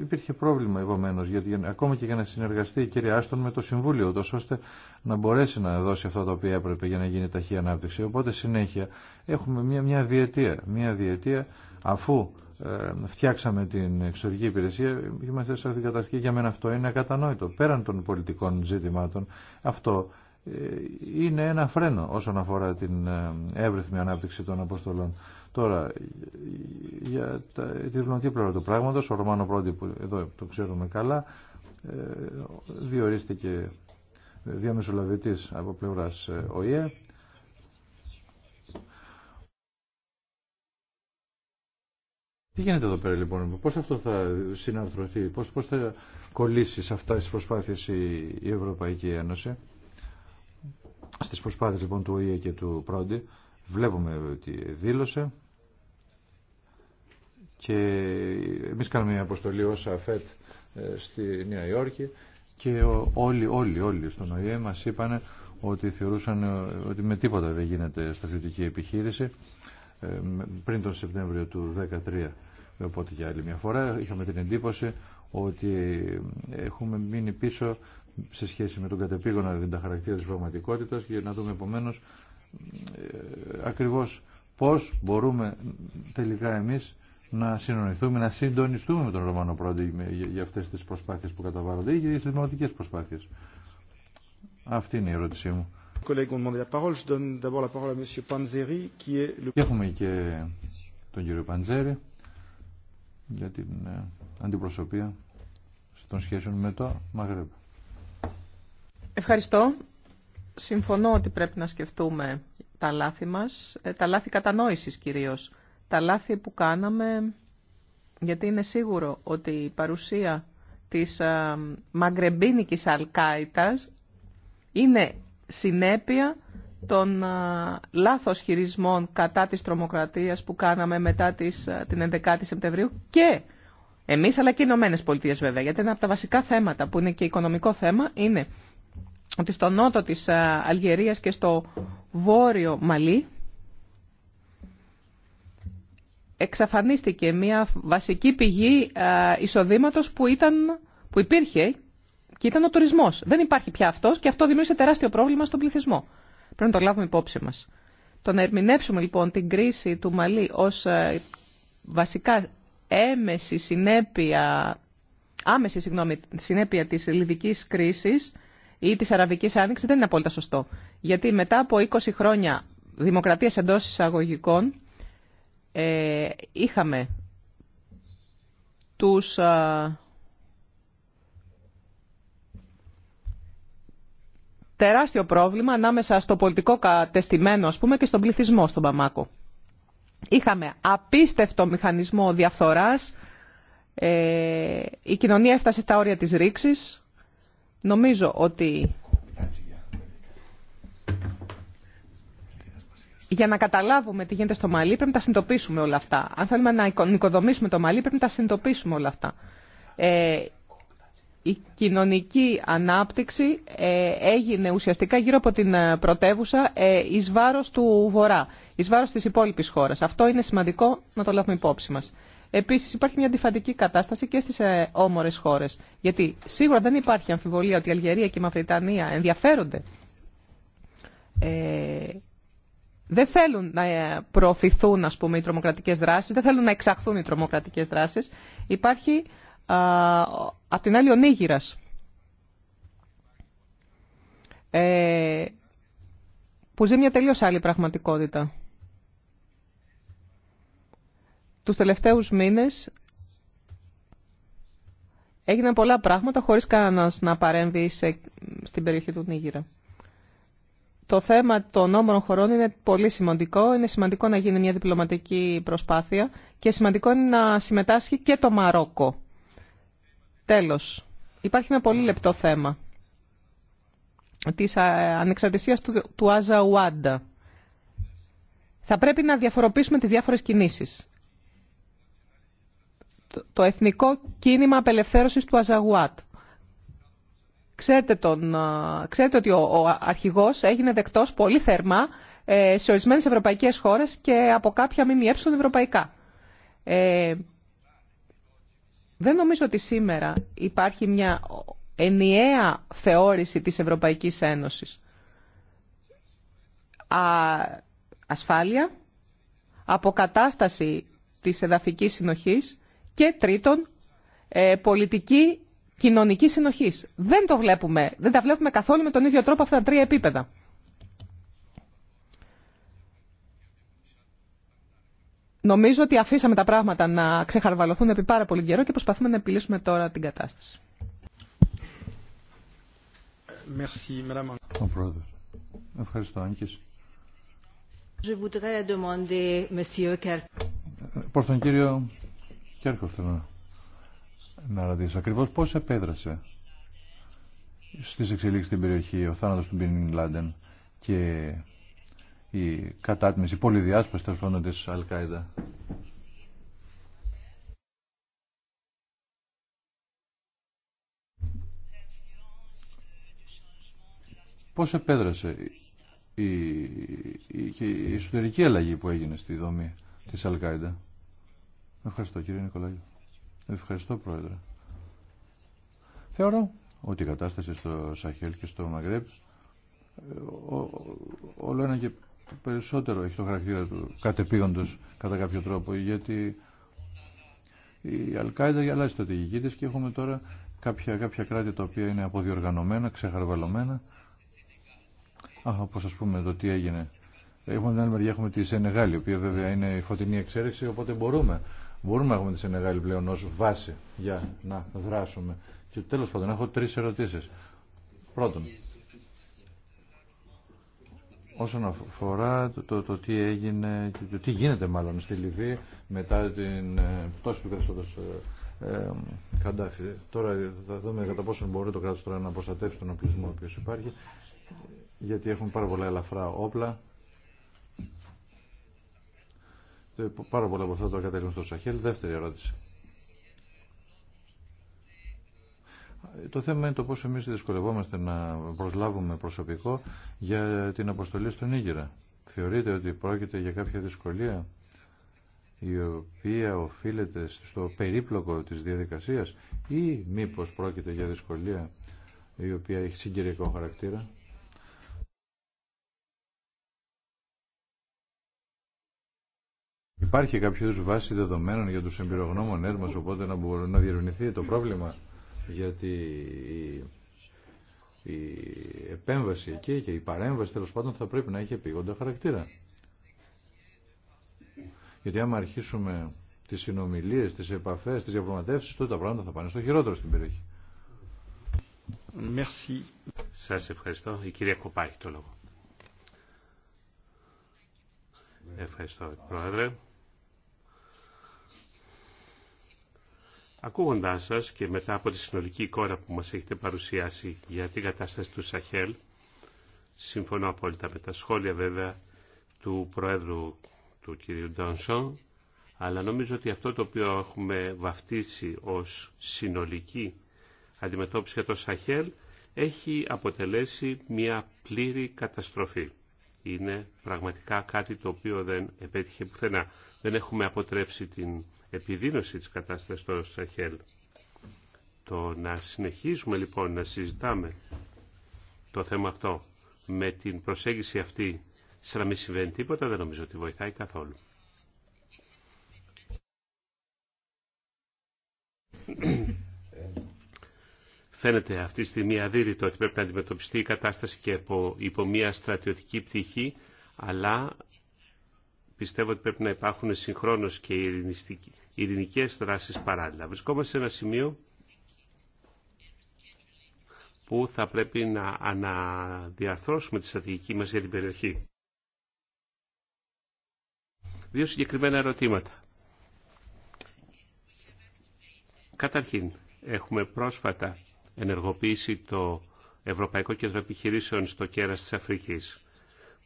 υπήρχε πρόβλημα επομένω, γιατί ακόμα και για να συνεργαστεί η κυρία Άστον με το Συμβούλιο, τόσο ώστε να μπορέσει να δώσει αυτό το οποίο έπρεπε για να γίνει ταχύ ανάπτυξη. Οπότε συνέχεια έχουμε μια, μια διετία. Μια διετία αφού ε, φτιάξαμε την εξωτερική υπηρεσία, είμαστε σε αυτήν την κατασκευή. Για μένα αυτό είναι ακατανόητο. Πέραν των πολιτικών ζητημάτων, αυτό ε, είναι ένα φρένο όσον αφορά την ε, εύρυθμη ανάπτυξη των αποστολών. Τώρα, για τα, τη διπλωματική πλευρά του πράγματος, ο Ρωμάνο Πρόντι που εδώ το ξέρουμε καλά, ε, διορίστηκε διαμεσολαβητής από πλευράς ε, ΟΗΕ. Τι γίνεται εδώ πέρα λοιπόν, πώς αυτό θα συναρθρωθεί, πώς, πώς θα κολλήσει σε αυτά τις προσπάθειες η, Ευρωπαϊκή Ένωση, στις προσπάθειες λοιπόν του ΟΗΕ και του Πρόντι, βλέπουμε ότι δήλωσε και εμείς κάναμε μια αποστολή ως ΑΦΕΤ ε, στη Νέα Υόρκη και όλοι, όλοι, όλοι στον ΟΗΕ μας είπαν ότι θεωρούσαν ε, ότι με τίποτα δεν γίνεται στρατιωτική επιχείρηση ε, πριν τον Σεπτέμβριο του 2013. Οπότε για άλλη μια φορά είχαμε την εντύπωση ότι έχουμε μείνει πίσω σε σχέση με τον κατεπήγονα δεν δηλαδή τα χαρακτήρα της πραγματικότητας και να δούμε επομένω ακριβώς πώς μπορούμε τελικά εμείς να συνοηθούμε, να συντονιστούμε με τον Ρωμανό Πρόντι για αυτές τις προσπάθειες που καταβάλλονται ή για τις δημοτικές προσπάθειες. Αυτή είναι η ερώτησή μου. Έχουμε και τον κύριο Παντζέρη για την ε, αντιπροσωπεία των σχέσεων με το Μαγρέπ. Ευχαριστώ. Συμφωνώ ότι πρέπει να σκεφτούμε τα λάθη μας, ε, τα λάθη κατανόησης κυρίως τα λάθη που κάναμε, γιατί είναι σίγουρο ότι η παρουσία της μαγκρεμπίνικης αλκάιτας είναι συνέπεια των λάθος χειρισμών κατά της τρομοκρατίας που κάναμε μετά την 11η Σεπτεμβρίου και εμείς αλλά και οι Ηνωμένες Πολιτείες βέβαια. Γιατί ένα από τα βασικά θέματα που είναι και οικονομικό θέμα είναι ότι στο νότο της Αλγερίας και στο βόρειο Μαλή εξαφανίστηκε μια βασική πηγή ε, εισοδήματος που, που υπήρχε και ήταν ο τουρισμός. Δεν υπάρχει πια αυτός και αυτό δημιούργησε τεράστιο πρόβλημα στον πληθυσμό. Πρέπει να το λάβουμε υπόψη μας. Το να ερμηνεύσουμε λοιπόν την κρίση του Μαλή ως ε, βασικά έμεση συνέπεια, άμεση συγγνώμη, συνέπεια της λιβικής κρίσης ή της αραβικής άνοιξης δεν είναι απόλυτα σωστό. Γιατί μετά από 20 χρόνια δημοκρατίας εντός εισαγωγικών ε, είχαμε τους τεράστιο πρόβλημα ανάμεσα στο πολιτικό κατεστημένο ας πούμε και στον πληθυσμό στον Παμάκο. Είχαμε απίστευτο μηχανισμό διαφθοράς, ε, η κοινωνία έφτασε στα όρια της ρήξης. Νομίζω ότι για να καταλάβουμε τι γίνεται στο Μαλί, πρέπει να τα συνειδητοποιήσουμε όλα αυτά. Αν θέλουμε να οικοδομήσουμε το Μαλί, πρέπει να τα συνειδητοποιήσουμε όλα αυτά. Ε, η κοινωνική ανάπτυξη ε, έγινε ουσιαστικά γύρω από την ε, πρωτεύουσα ε, εις βάρος του Βορρά, εις βάρος της υπόλοιπης χώρας. Αυτό είναι σημαντικό να το λάβουμε υπόψη μας. Επίσης υπάρχει μια αντιφαντική κατάσταση και στις ε, όμορες χώρες. Γιατί σίγουρα δεν υπάρχει αμφιβολία ότι η Αλγερία και η Μαυριτανία ενδιαφέρονται ε, δεν θέλουν να ε, προωθηθούν ας πούμε, οι τρομοκρατικέ δράσεις, δεν θέλουν να εξαχθούν οι τρομοκρατικέ δράσεις. Υπάρχει απ' την άλλη ο Ε, που ζει μια τελείως άλλη πραγματικότητα. Τους τελευταίους μήνες έγιναν πολλά πράγματα χωρίς κανένας να παρέμβει σε, στην περιοχή του Νίγηρα. Το θέμα των όμορων χωρών είναι πολύ σημαντικό. Είναι σημαντικό να γίνει μια διπλωματική προσπάθεια και σημαντικό είναι να συμμετάσχει και το Μαρόκο. Τέλος, υπάρχει ένα πολύ λεπτό θέμα της ε, ανεξαρτησίας του, του Αζαουάντα. Θα πρέπει να διαφοροποιήσουμε τις διάφορες κινήσεις. Το, Εθνικό Κίνημα Απελευθέρωσης του Αζαουάντα. Ξέρετε, τον, ξέρετε ότι ο, ο αρχηγός έγινε δεκτός πολύ θερμά ε, σε ορισμένες ευρωπαϊκές χώρες και από κάποια ΜΜΕ ευρωπαϊκά. Ε, δεν νομίζω ότι σήμερα υπάρχει μια ενιαία θεώρηση της Ευρωπαϊκής Ένωσης. Α, ασφάλεια, αποκατάσταση της εδαφικής συνοχής και τρίτον, ε, πολιτική Κοινωνική συνοχή. Δεν, το βλέπουμε, δεν τα βλέπουμε καθόλου με τον ίδιο τρόπο αυτά τα τρία επίπεδα. Νομίζω ότι αφήσαμε τα πράγματα να ξεχαρβαλωθούν επί πάρα πολύ καιρό και προσπαθούμε να επιλύσουμε τώρα την κατάσταση. Ευχαριστώ, ε, τον κύριο Κέρκοφ θέλω να να ρωτήσω ακριβώ πώ επέδρασε στις εξελίξεις στην περιοχή ο θάνατος του Μπιν Λάντεν και η κατάτμιση, η πολυδιάσπαση τέλος πάντων Αλκάιδα. Πώς επέδρασε η, η, η εσωτερική αλλαγή που έγινε στη δομή της Αλκάιδα. Ευχαριστώ κύριε Νικολάγιο. Ευχαριστώ Πρόεδρε. Θεωρώ ότι η κατάσταση στο Σαχέλ και στο Μαγκρέπ ε, όλο ένα και περισσότερο έχει το χαρακτήρα του κατεπίοντος κατά κάποιο τρόπο γιατί η Αλκάιντα αλλάζει στρατηγική της και έχουμε τώρα κάποια, κάποια κράτη τα οποία είναι αποδιοργανωμένα, ξεχαρβαλωμένα Α, όπως ας πούμε το τι έγινε Έχουμε την άλλη μεριά, έχουμε τη Σενεγάλη, η οποία βέβαια είναι η φωτεινή εξαίρεση, οπότε μπορούμε Μπορούμε να έχουμε τη Σενεγάλη πλέον ως βάση για να δράσουμε. Και τέλος πάντων έχω τρεις ερωτήσεις. Πρώτον, όσον αφορά το, το, τι έγινε, το, το, τι γίνεται μάλλον στη Λιβύη μετά την ε, πτώση του καθεστώτος ε, ε, Καντάφη. Τώρα θα δούμε κατά πόσο μπορεί το κράτος τώρα να προστατεύσει τον οπλισμό ο οποίος υπάρχει, γιατί έχουν πάρα πολλά ελαφρά όπλα Πάρα πολλά από αυτά τα καταλήγουν στο Σαχέλ. Δεύτερη ερώτηση. Το θέμα είναι το πώ εμείς δυσκολευόμαστε να προσλάβουμε προσωπικό για την αποστολή στον Ήγηρα. Θεωρείτε ότι πρόκειται για κάποια δυσκολία η οποία οφείλεται στο περίπλοκο της διαδικασίας ή μήπως πρόκειται για δυσκολία η οποία έχει συγκυριακό χαρακτήρα. Υπάρχει κάποιο βάση δεδομένων για τους εμπειρογνώμονε μα, οπότε να μπορεί να διερευνηθεί το πρόβλημα, γιατί η, η επέμβαση εκεί και η παρέμβαση τέλο πάντων θα πρέπει να έχει επίγοντα χαρακτήρα. Γιατί άμα αρχίσουμε τις συνομιλίε, τις επαφές, τις διαπραγματεύσει, τότε τα πράγματα θα πάνε στο χειρότερο στην περιοχή. Merci. ευχαριστώ. Η κυρία Κοπά το λόγο. Ευχαριστώ, Πρόεδρε. Ακούγοντάς σας και μετά από τη συνολική εικόνα που μας έχετε παρουσιάσει για την κατάσταση του Σαχέλ, συμφωνώ απόλυτα με τα σχόλια βέβαια του Προέδρου του κ. Ντανσόν, αλλά νομίζω ότι αυτό το οποίο έχουμε βαφτίσει ως συνολική αντιμετώπιση για το Σαχέλ έχει αποτελέσει μια πλήρη καταστροφή. Είναι πραγματικά κάτι το οποίο δεν επέτυχε πουθενά. Δεν έχουμε αποτρέψει την επιδείνωση της κατάστασης στο Σαχέλ. Το να συνεχίσουμε λοιπόν να συζητάμε το θέμα αυτό με την προσέγγιση αυτή σαν να μην συμβαίνει τίποτα δεν νομίζω ότι βοηθάει καθόλου. Φαίνεται αυτή τη στιγμή αδύρυτο ότι πρέπει να αντιμετωπιστεί η κατάσταση και υπό, υπό μια στρατιωτική πτυχή, αλλά πιστεύω ότι πρέπει να υπάρχουν συγχρόνως και ειρηνιστικοί ειρηνικέ δράσει παράλληλα. Βρισκόμαστε σε ένα σημείο που θα πρέπει να αναδιαρθρώσουμε τη στρατηγική μας για την περιοχή. Δύο συγκεκριμένα ερωτήματα. Καταρχήν, έχουμε πρόσφατα ενεργοποίησει το Ευρωπαϊκό Κέντρο Επιχειρήσεων στο κέρας της Αφρικής.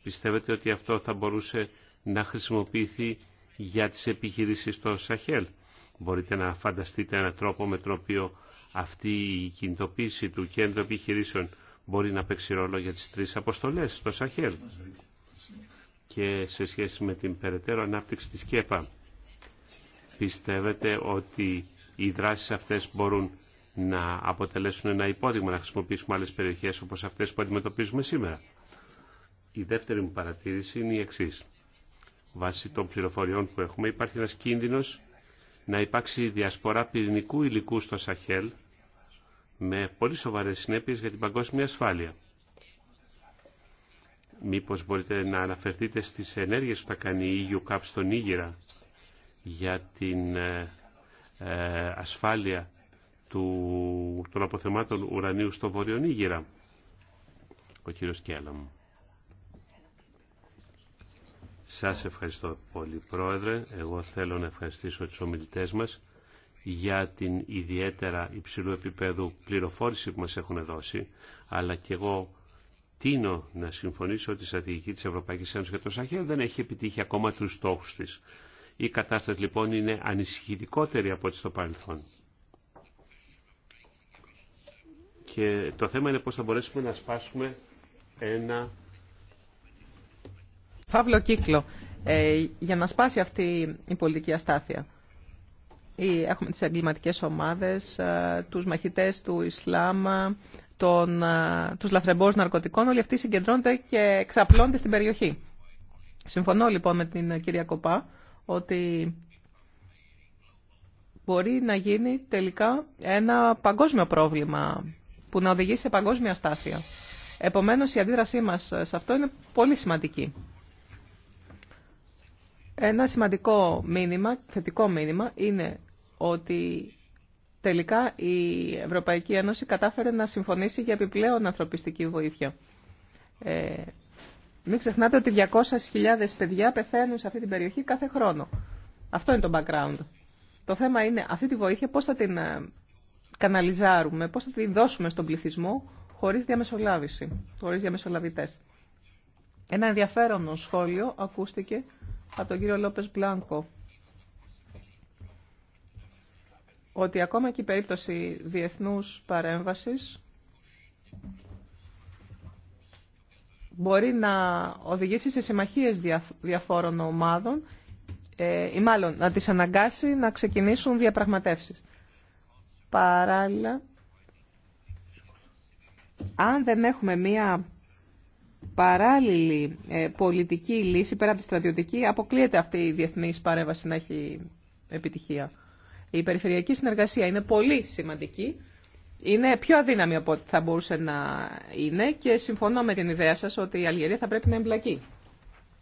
Πιστεύετε ότι αυτό θα μπορούσε να χρησιμοποιηθεί για τις επιχειρήσεις στο Σαχέλ. Μπορείτε να φανταστείτε έναν τρόπο με τον οποίο αυτή η κινητοποίηση του κέντρου επιχειρήσεων μπορεί να παίξει ρόλο για τις τρεις αποστολές στο Σαχέλ και σε σχέση με την περαιτέρω ανάπτυξη της ΚΕΠΑ. Πιστεύετε ότι οι δράσεις αυτές μπορούν να αποτελέσουν ένα υπόδειγμα να χρησιμοποιήσουμε άλλες περιοχές όπως αυτές που αντιμετωπίζουμε σήμερα. Η δεύτερη μου παρατήρηση είναι η εξής βάσει των πληροφοριών που έχουμε, υπάρχει ένας κίνδυνος να υπάρξει διασπορά πυρηνικού υλικού στο Σαχέλ με πολύ σοβαρές συνέπειες για την παγκόσμια ασφάλεια. Μήπως μπορείτε να αναφερθείτε στις ενέργειες που θα κάνει η EU στον Ήγηρα για την ε, ε, ασφάλεια του, των αποθεμάτων ουρανίου στο Βόρειο Νίγηρα. Ο κύριος Κέλαμ. Σας ευχαριστώ πολύ Πρόεδρε. Εγώ θέλω να ευχαριστήσω τους ομιλητές μας για την ιδιαίτερα υψηλού επίπεδου πληροφόρηση που μας έχουν δώσει, αλλά και εγώ τίνω να συμφωνήσω ότι η στρατηγική της Ευρωπαϊκής Ένωσης για το Σαχέλ δεν έχει επιτύχει ακόμα τους στόχους της. Η κατάσταση λοιπόν είναι ανησυχητικότερη από ό,τι στο παρελθόν. Και το θέμα είναι πώς θα μπορέσουμε να σπάσουμε ένα φαύλο κύκλο ε, για να σπάσει αυτή η πολιτική αστάθεια. έχουμε τις εγκληματικές ομάδες, ε, τους μαχητές του Ισλάμ, ε, τον, τους λαθρεμπόρους ναρκωτικών, όλοι αυτοί συγκεντρώνονται και εξαπλώνται στην περιοχή. Συμφωνώ λοιπόν με την κυρία Κοπά ότι μπορεί να γίνει τελικά ένα παγκόσμιο πρόβλημα που να οδηγήσει σε παγκόσμια αστάθεια. Επομένως η αντίδρασή μας σε αυτό είναι πολύ σημαντική. Ένα σημαντικό μήνυμα, θετικό μήνυμα, είναι ότι τελικά η Ευρωπαϊκή Ένωση κατάφερε να συμφωνήσει για επιπλέον ανθρωπιστική βοήθεια. Ε, μην ξεχνάτε ότι 200.000 παιδιά πεθαίνουν σε αυτή την περιοχή κάθε χρόνο. Αυτό είναι το background. Το θέμα είναι αυτή τη βοήθεια πώς θα την ε, καναλιζάρουμε, πώς θα την δώσουμε στον πληθυσμό χωρίς διαμεσολάβηση, χωρίς διαμεσολαβητές. Ένα ενδιαφέρον σχόλιο ακούστηκε από τον κύριο Λόπες Μπλάνκο ότι ακόμα και η περίπτωση διεθνούς παρέμβασης μπορεί να οδηγήσει σε συμμαχίες διαφόρων ομάδων ε, ή μάλλον να τις αναγκάσει να ξεκινήσουν διαπραγματεύσεις. Παράλληλα, αν δεν έχουμε μία παράλληλη ε, πολιτική λύση πέρα από τη στρατιωτική αποκλείεται αυτή η διεθνής παρέμβαση να έχει επιτυχία. Η περιφερειακή συνεργασία είναι πολύ σημαντική. Είναι πιο αδύναμη από ό,τι θα μπορούσε να είναι και συμφωνώ με την ιδέα σας ότι η Αλγερία θα πρέπει να εμπλακεί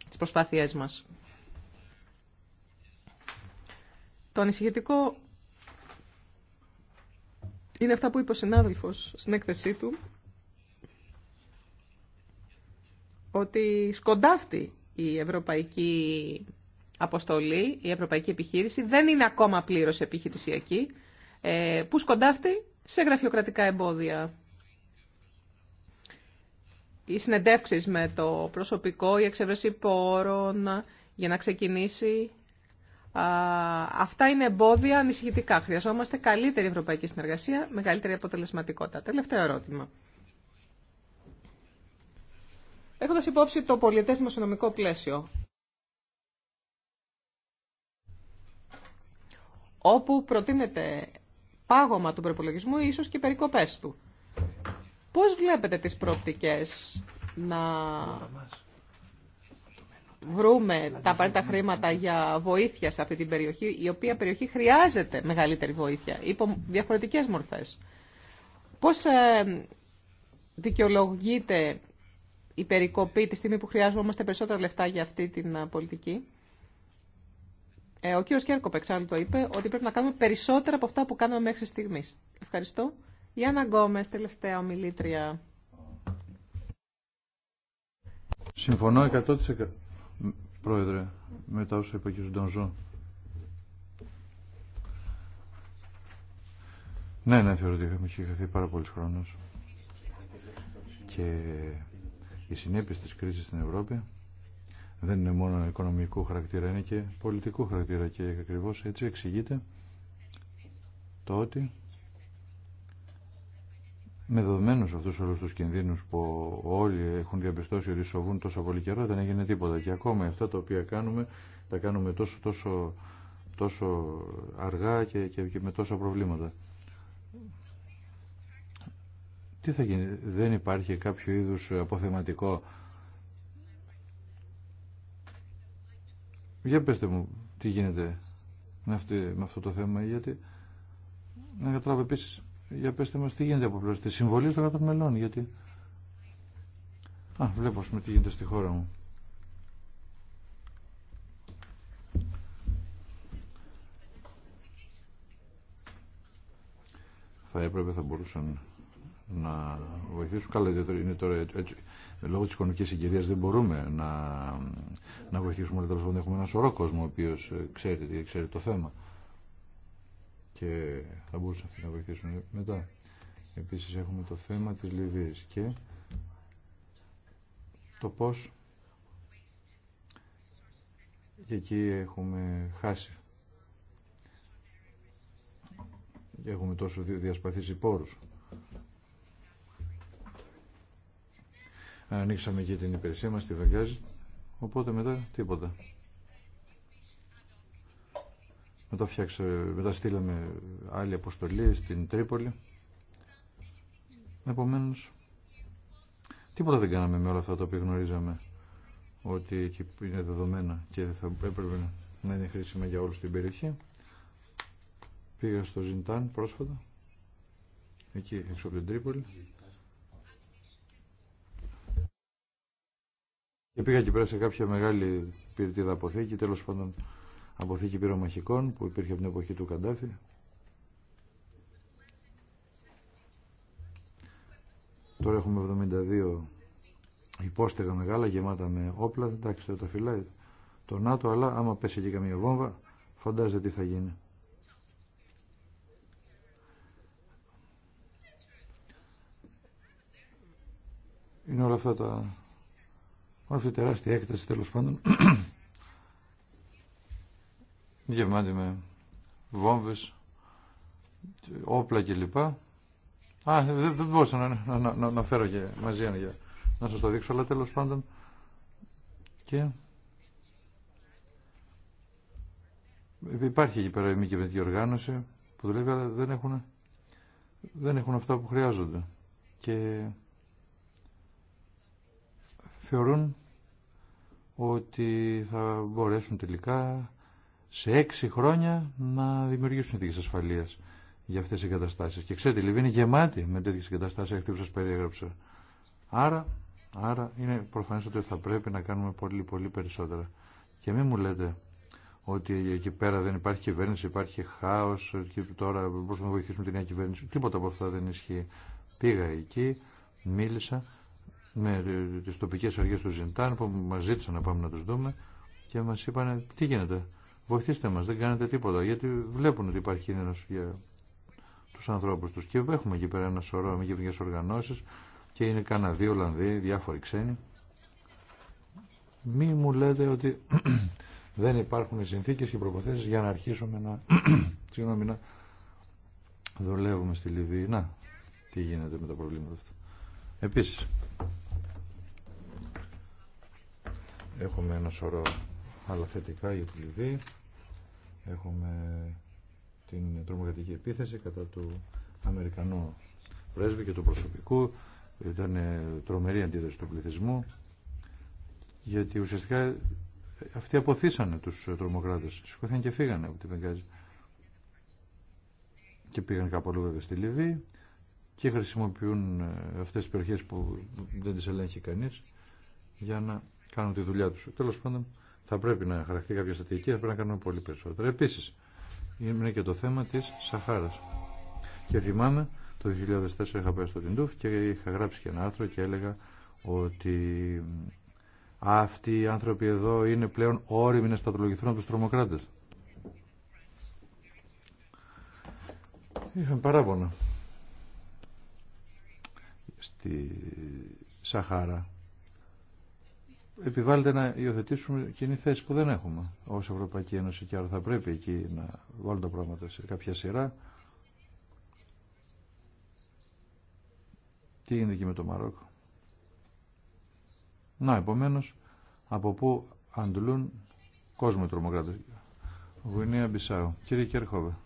τις προσπάθειές μας. Το ανησυχητικό είναι αυτά που είπε ο συνάδελφος στην έκθεσή του ότι σκοντάφτη η ευρωπαϊκή αποστολή, η ευρωπαϊκή επιχείρηση, δεν είναι ακόμα πλήρως επιχειρησιακή, ε, που σκοντάφτει σε γραφειοκρατικά εμπόδια. Οι συνεντεύξεις με το προσωπικό, η εξεύρεση πόρων για να ξεκινήσει αυτά είναι εμπόδια ανησυχητικά. Χρειαζόμαστε καλύτερη ευρωπαϊκή συνεργασία, μεγαλύτερη αποτελεσματικότητα. Τελευταίο ερώτημα έχοντας υπόψη το πολιετές δημοσιονομικό πλαίσιο. όπου προτείνεται πάγωμα του προπολογισμού ή ίσως και περικοπές του. Πώς βλέπετε τις προοπτικές να βρούμε τα απαραίτητα χρήματα για βοήθεια σε αυτή την περιοχή, η οποία περιοχή χρειάζεται μεγαλύτερη βοήθεια, υπό διαφορετικές μορφές. Πώς ε, δικαιολογείται η περικοπή τη στιγμή που χρειάζομαστε περισσότερα λεφτά για αυτή την πολιτική. Ε, ο κύριος Κέρκοπ το είπε ότι πρέπει να κάνουμε περισσότερα από αυτά που κάναμε μέχρι στιγμής. Ευχαριστώ. Η Άννα Γκόμες, τελευταία ομιλήτρια. Συμφωνώ 100% πρόεδρε με τα όσα είπε ο κ. Ναι, ναι, θεωρώ ότι είχαμε χαθεί πάρα πολλοί χρόνος. Και οι συνέπειε τη κρίση στην Ευρώπη δεν είναι μόνο οικονομικού χαρακτήρα, είναι και πολιτικού χαρακτήρα και ακριβώ έτσι εξηγείται το ότι με δεδομένου αυτού όλου του κινδύνου που όλοι έχουν διαπιστώσει ότι σοβούν τόσο πολύ καιρό, δεν έγινε τίποτα. Και ακόμα αυτά τα οποία κάνουμε, τα κάνουμε τόσο, τόσο, τόσο αργά και, και με τόσα προβλήματα τι θα γίνει, δεν υπάρχει κάποιο είδους αποθεματικό. Για πέστε μου τι γίνεται με, με αυτό το θέμα, γιατί να καταλάβω επίση, για πέστε μας τι γίνεται από πλευρά τη συμβολή των κάτω γιατί α, βλέπω με τι γίνεται στη χώρα μου. Θα έπρεπε, θα μπορούσαν να βοηθήσουν. Καλά, είναι τώρα, έτσι, λόγω τη οικονομική συγκυρία δεν μπορούμε να, να βοηθήσουμε, αλλά τέλο έχουμε ένα σωρό κόσμο ο οποίο ε, ξέρει, ξέρει το θέμα και θα μπορούσαν αυτοί να βοηθήσουν ε, μετά. Επίση έχουμε το θέμα τη Λιβύη και το πώ και εκεί έχουμε χάσει. Έχουμε τόσο διασπαθήσει πόρους. ανοίξαμε και την υπηρεσία μας, τη Βαγκάζη, οπότε μετά τίποτα. Μετά, φτιάξε, μετά στείλαμε άλλη αποστολή στην Τρίπολη. Επομένως, τίποτα δεν κάναμε με όλα αυτά τα οποία γνωρίζαμε ότι εκεί είναι δεδομένα και θα έπρεπε να είναι χρήσιμα για όλους την περιοχή. Πήγα στο Ζιντάν πρόσφατα, εκεί έξω από την Τρίπολη Και πήγα και πέρα σε κάποια μεγάλη πυρτίδα αποθήκη, τέλος πάντων αποθήκη πυρομαχικών που υπήρχε από την εποχή του Καντάφη. Τώρα έχουμε 72 υπόστεγα μεγάλα γεμάτα με όπλα. Εντάξει, θα τα φυλάει το ΝΑΤΟ, αλλά άμα πέσει και καμία βόμβα, φαντάζεται τι θα γίνει. Είναι όλα αυτά τα αυτή τη τεράστια έκταση τέλος πάντων [CLEARS THROAT] γεμάτη με βόμβες, όπλα κλπ. Α, δεν μπορούσα να, φέρω και μαζί για να σας το δείξω, αλλά τέλος πάντων και υπάρχει εκεί πέρα η μη κυβερνητική οργάνωση που δουλεύει, αλλά δεν έχουν, δεν έχουν αυτά που χρειάζονται. Και θεωρούν ότι θα μπορέσουν τελικά σε έξι χρόνια να δημιουργήσουν συνθήκες ασφαλείας για αυτές τις εγκαταστάσεις. Και ξέρετε, η Λιβύη είναι γεμάτη με τέτοιες εγκαταστάσεις αυτή που σας περιέγραψα. Άρα, άρα είναι προφανές ότι θα πρέπει να κάνουμε πολύ πολύ περισσότερα. Και μην μου λέτε ότι εκεί πέρα δεν υπάρχει κυβέρνηση, υπάρχει χάος και τώρα μπορούμε να βοηθήσουμε την νέα κυβέρνηση. Τίποτα από αυτά δεν ισχύει. Πήγα εκεί, μίλησα με ναι, τι τοπικέ αρχέ του Ζιντάν που μα ζήτησαν να πάμε να του δούμε και μα είπαν τι γίνεται, βοηθήστε μα, δεν κάνετε τίποτα γιατί βλέπουν ότι υπάρχει κίνδυνος για τους ανθρώπους τους και έχουμε εκεί πέρα ένα σωρό με οργανώσει και είναι δύο Ολλανδοί, διάφοροι ξένοι. Μη μου λέτε ότι [CLEARS THROAT] δεν υπάρχουν συνθήκε και προποθέσει για να αρχίσουμε να, [CLEARS THROAT] συγγνώμη, να δουλεύουμε στη Λιβύη. Να, τι γίνεται με τα προβλήματα αυτά. Επίσης, Έχουμε ένα σωρό άλλα θετικά για τη Λιβύη. Έχουμε την τρομοκρατική επίθεση κατά του Αμερικανού πρέσβη και του προσωπικού. Ήταν τρομερή αντίδραση του πληθυσμού. Γιατί ουσιαστικά αυτοί αποθήσανε τους τρομοκράτες. Σηκώθηκαν και φύγανε από την Πενγκάζη. Και πήγαν κάπου αλλού βέβαια στη Λιβύη και χρησιμοποιούν ε, αυτές τις περιοχές που δεν τις ελέγχει κανείς για να κάνουν τη δουλειά του. Τέλο πάντων θα πρέπει να χαραχτεί κάποια στατική, θα πρέπει να κάνουμε πολύ περισσότερο. Επίση, είναι και το θέμα της Σαχάρας. Και θυμάμαι το 2004 είχα πάει στο Τιντούφ και είχα γράψει και ένα άρθρο και έλεγα ότι αυτοί οι άνθρωποι εδώ είναι πλέον όριμοι να στατολογηθούν από του Τρομοκράτε. Είχαν παράπονα στη Σαχάρα επιβάλλεται να υιοθετήσουμε κοινή θέση που δεν έχουμε ω Ευρωπαϊκή Ένωση και άρα θα πρέπει εκεί να βάλουν τα πράγματα σε κάποια σειρά. Τι γίνεται και με το Μαρόκο. Να, επομένω, από πού αντλούν κόσμο τρομοκράτε. Γουινία Μπισάου. Κύριε Κέρχοβε.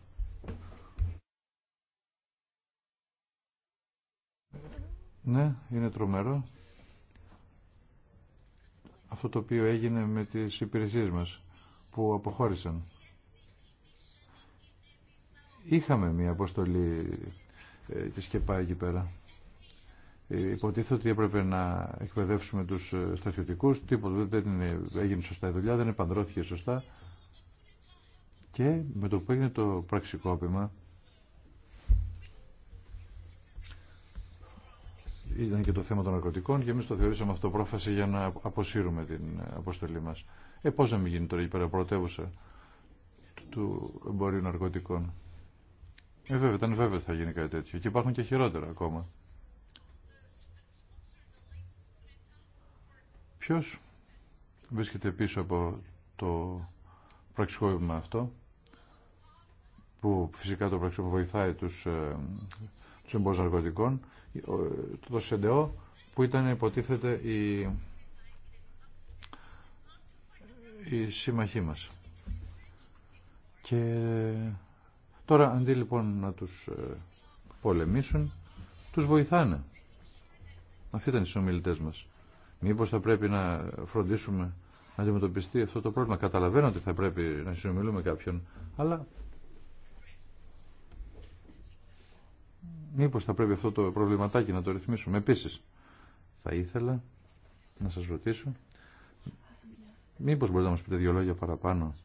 Ναι, είναι τρομερό αυτό το οποίο έγινε με τις υπηρεσίες μας που αποχώρησαν. Είχαμε μία αποστολή ε, της ΚΕΠΑ εκεί πέρα. Ε, υποτίθεται ότι έπρεπε να εκπαιδεύσουμε τους ε, στρατιωτικούς, τίποτα δεν είναι, έγινε σωστά η δουλειά, δεν επανδρώθηκε σωστά. Και με το που έγινε το πραξικόπημα, ήταν και το θέμα των ναρκωτικών και εμεί το θεωρήσαμε αυτό πρόφαση για να αποσύρουμε την αποστολή μα. Ε, πώς να μην γίνει τώρα η πέρα του εμπορίου ναρκωτικών. Ε, βέβαια, ήταν βέβαια θα γίνει κάτι τέτοιο. Και υπάρχουν και χειρότερα ακόμα. Ποιο βρίσκεται πίσω από το πραξικόπημα αυτό, που φυσικά το πραξικόπημα βοηθάει τους ε, του εμπόρους ναρκωτικών, το ΣΕΝΤΕΟ, που ήταν υποτίθεται η, η σύμμαχή μας. Και τώρα αντί λοιπόν να τους ε, πολεμήσουν, τους βοηθάνε. Αυτοί ήταν οι συνομιλητές μας. Μήπως θα πρέπει να φροντίσουμε να αντιμετωπιστεί αυτό το πρόβλημα. Καταλαβαίνω ότι θα πρέπει να συνομιλούμε κάποιον, αλλά Μήπως θα πρέπει αυτό το προβληματάκι να το ρυθμίσουμε. Επίσης, θα ήθελα να σας ρωτήσω, μήπως μπορείτε να μας πείτε δύο λόγια παραπάνω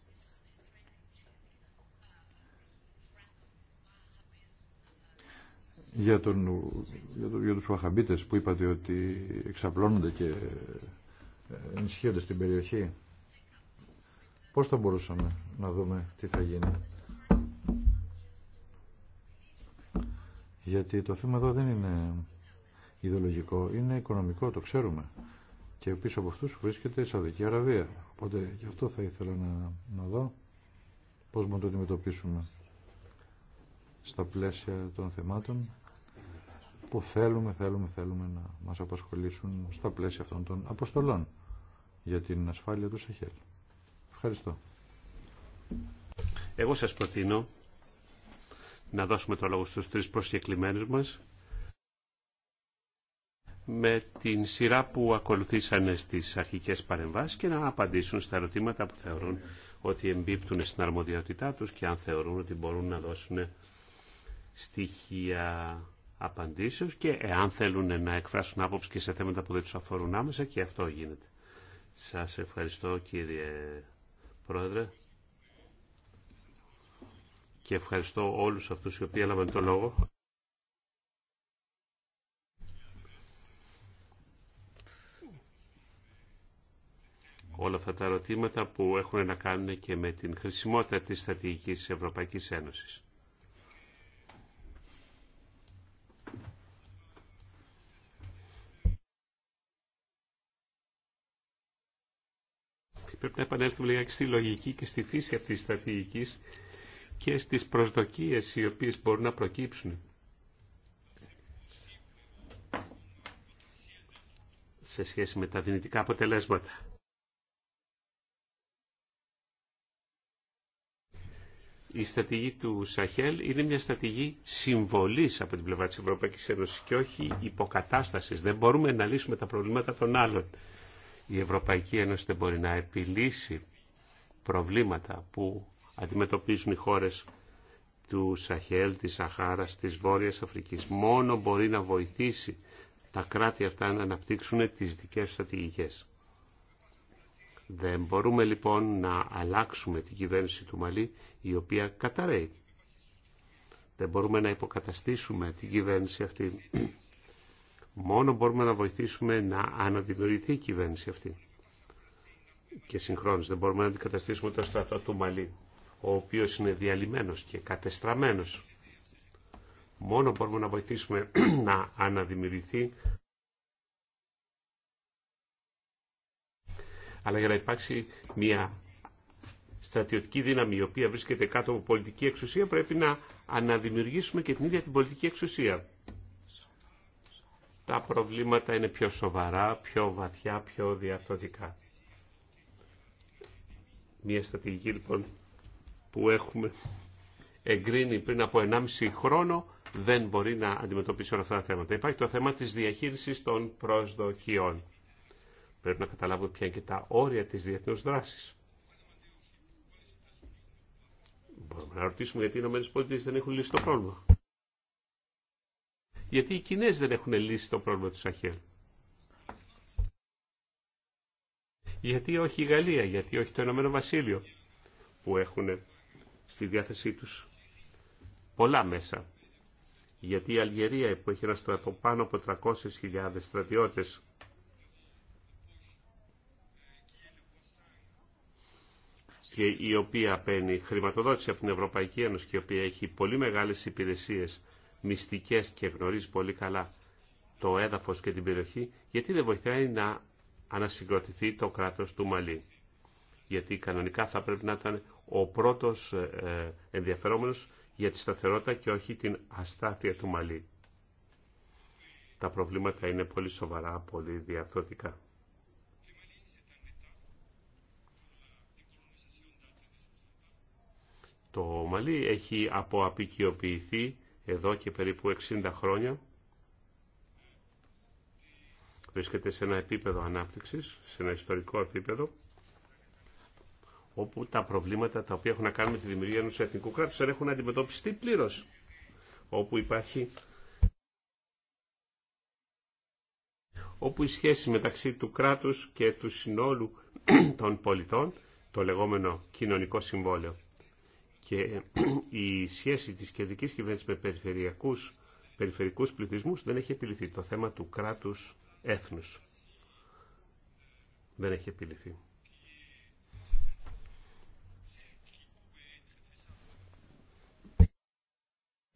για, τον, για, για τους Βαχαμπίτες που είπατε ότι εξαπλώνονται και ε, ενισχύονται στην περιοχή. Πώς θα μπορούσαμε να δούμε τι θα γίνει. γιατί το θέμα εδώ δεν είναι ιδεολογικό, είναι οικονομικό, το ξέρουμε. Και πίσω από αυτούς βρίσκεται η Σαουδική Αραβία. Οπότε γι' αυτό θα ήθελα να, να δω πώς μπορούμε να το αντιμετωπίσουμε στα πλαίσια των θεμάτων που θέλουμε, θέλουμε, θέλουμε να μας απασχολήσουν στα πλαίσια αυτών των αποστολών για την ασφάλεια του Σαχέλ. Ευχαριστώ. Εγώ σας προτείνω να δώσουμε το λόγο στους τρεις προσκεκλημένους μας με την σειρά που ακολουθήσανε στις αρχικές παρεμβάσεις και να απαντήσουν στα ερωτήματα που θεωρούν ότι εμπίπτουν στην αρμοδιότητά τους και αν θεωρούν ότι μπορούν να δώσουν στοιχεία απαντήσεως και εάν θέλουν να εκφράσουν άποψη και σε θέματα που δεν τους αφορούν άμεσα και αυτό γίνεται. Σας ευχαριστώ κύριε Πρόεδρε και ευχαριστώ όλους αυτούς οι οποίοι έλαβαν το λόγο. Όλα αυτά τα ερωτήματα που έχουν να κάνουν και με την χρησιμότητα της στρατηγικής της Ευρωπαϊκής Ένωσης. Πρέπει να επανέλθουμε και στη λογική και στη φύση αυτής της στρατηγικής και στις προσδοκίες οι οποίες μπορούν να προκύψουν σε σχέση με τα δυνητικά αποτελέσματα. Η στρατηγή του Σαχέλ είναι μια στρατηγή συμβολής από την πλευρά της Ευρωπαϊκής Ένωσης και όχι υποκατάστασης. Δεν μπορούμε να λύσουμε τα προβλήματα των άλλων. Η Ευρωπαϊκή Ένωση δεν μπορεί να επιλύσει προβλήματα που αντιμετωπίζουν οι χώρες του Σαχέλ, της Σαχάρας, της Βόρειας Αφρικής. Μόνο μπορεί να βοηθήσει τα κράτη αυτά να αναπτύξουν τις δικές στρατηγικές. Δεν μπορούμε λοιπόν να αλλάξουμε την κυβέρνηση του Μαλή, η οποία καταραίει. Δεν μπορούμε να υποκαταστήσουμε την κυβέρνηση αυτή. Μόνο μπορούμε να βοηθήσουμε να αναδημιουργηθεί η κυβέρνηση αυτή. Και συγχρόνως δεν μπορούμε να αντικαταστήσουμε το στρατό του Μαλή ο οποίος είναι διαλυμένος και κατεστραμμένος. Μόνο μπορούμε να βοηθήσουμε [CLEARS THROAT] να αναδημιουργηθεί αλλά για να υπάρξει μια στρατιωτική δύναμη η οποία βρίσκεται κάτω από πολιτική εξουσία πρέπει να αναδημιουργήσουμε και την ίδια την πολιτική εξουσία. Τα προβλήματα είναι πιο σοβαρά, πιο βαθιά, πιο διαρθωτικά. Μια στρατηγική λοιπόν που έχουμε εγκρίνει πριν από 1,5 χρόνο δεν μπορεί να αντιμετωπίσει όλα αυτά τα θέματα. Υπάρχει το θέμα της διαχείρισης των προσδοκιών. Πρέπει να καταλάβουμε ποια είναι και τα όρια της διεθνούς δράσης. Μπορούμε να ρωτήσουμε γιατί οι ΗΠΑ δεν έχουν λύσει το πρόβλημα. Γιατί οι Κινέζοι δεν έχουν λύσει το πρόβλημα του Σαχέλ. Γιατί όχι η Γαλλία, γιατί όχι το Ηνωμένο Βασίλειο που έχουν στη διάθεσή τους πολλά μέσα. Γιατί η Αλγερία που έχει ένα στρατό πάνω από 300.000 στρατιώτες και η οποία παίρνει χρηματοδότηση από την Ευρωπαϊκή Ένωση και η οποία έχει πολύ μεγάλες υπηρεσίες μυστικές και γνωρίζει πολύ καλά το έδαφος και την περιοχή, γιατί δεν βοηθάει να ανασυγκροτηθεί το κράτος του Μαλή. Γιατί κανονικά θα πρέπει να ήταν ο πρώτος ε, ε, ενδιαφερόμενος για τη σταθερότητα και όχι την αστάθεια του Μαλή. Τα προβλήματα είναι πολύ σοβαρά, πολύ διαρθρωτικά. Το Μαλλί έχει αποαπικιοποιηθεί εδώ και περίπου 60 χρόνια. Βρίσκεται σε ένα επίπεδο ανάπτυξης, σε ένα ιστορικό επίπεδο, όπου τα προβλήματα τα οποία έχουν να κάνουν με τη δημιουργία ενός εθνικού κράτους δεν έχουν αντιμετωπιστεί πλήρως, όπου υπάρχει όπου η σχέση μεταξύ του κράτους και του συνόλου [CLEARS THROAT] των πολιτών, το λεγόμενο κοινωνικό συμβόλαιο, και [CLEARS THROAT] η σχέση της κεντρικής κυβέρνησης με περιφερειακούς, περιφερειακούς πληθυσμούς δεν έχει επιληθεί. Το θέμα του κράτους έθνους δεν έχει επιληθεί.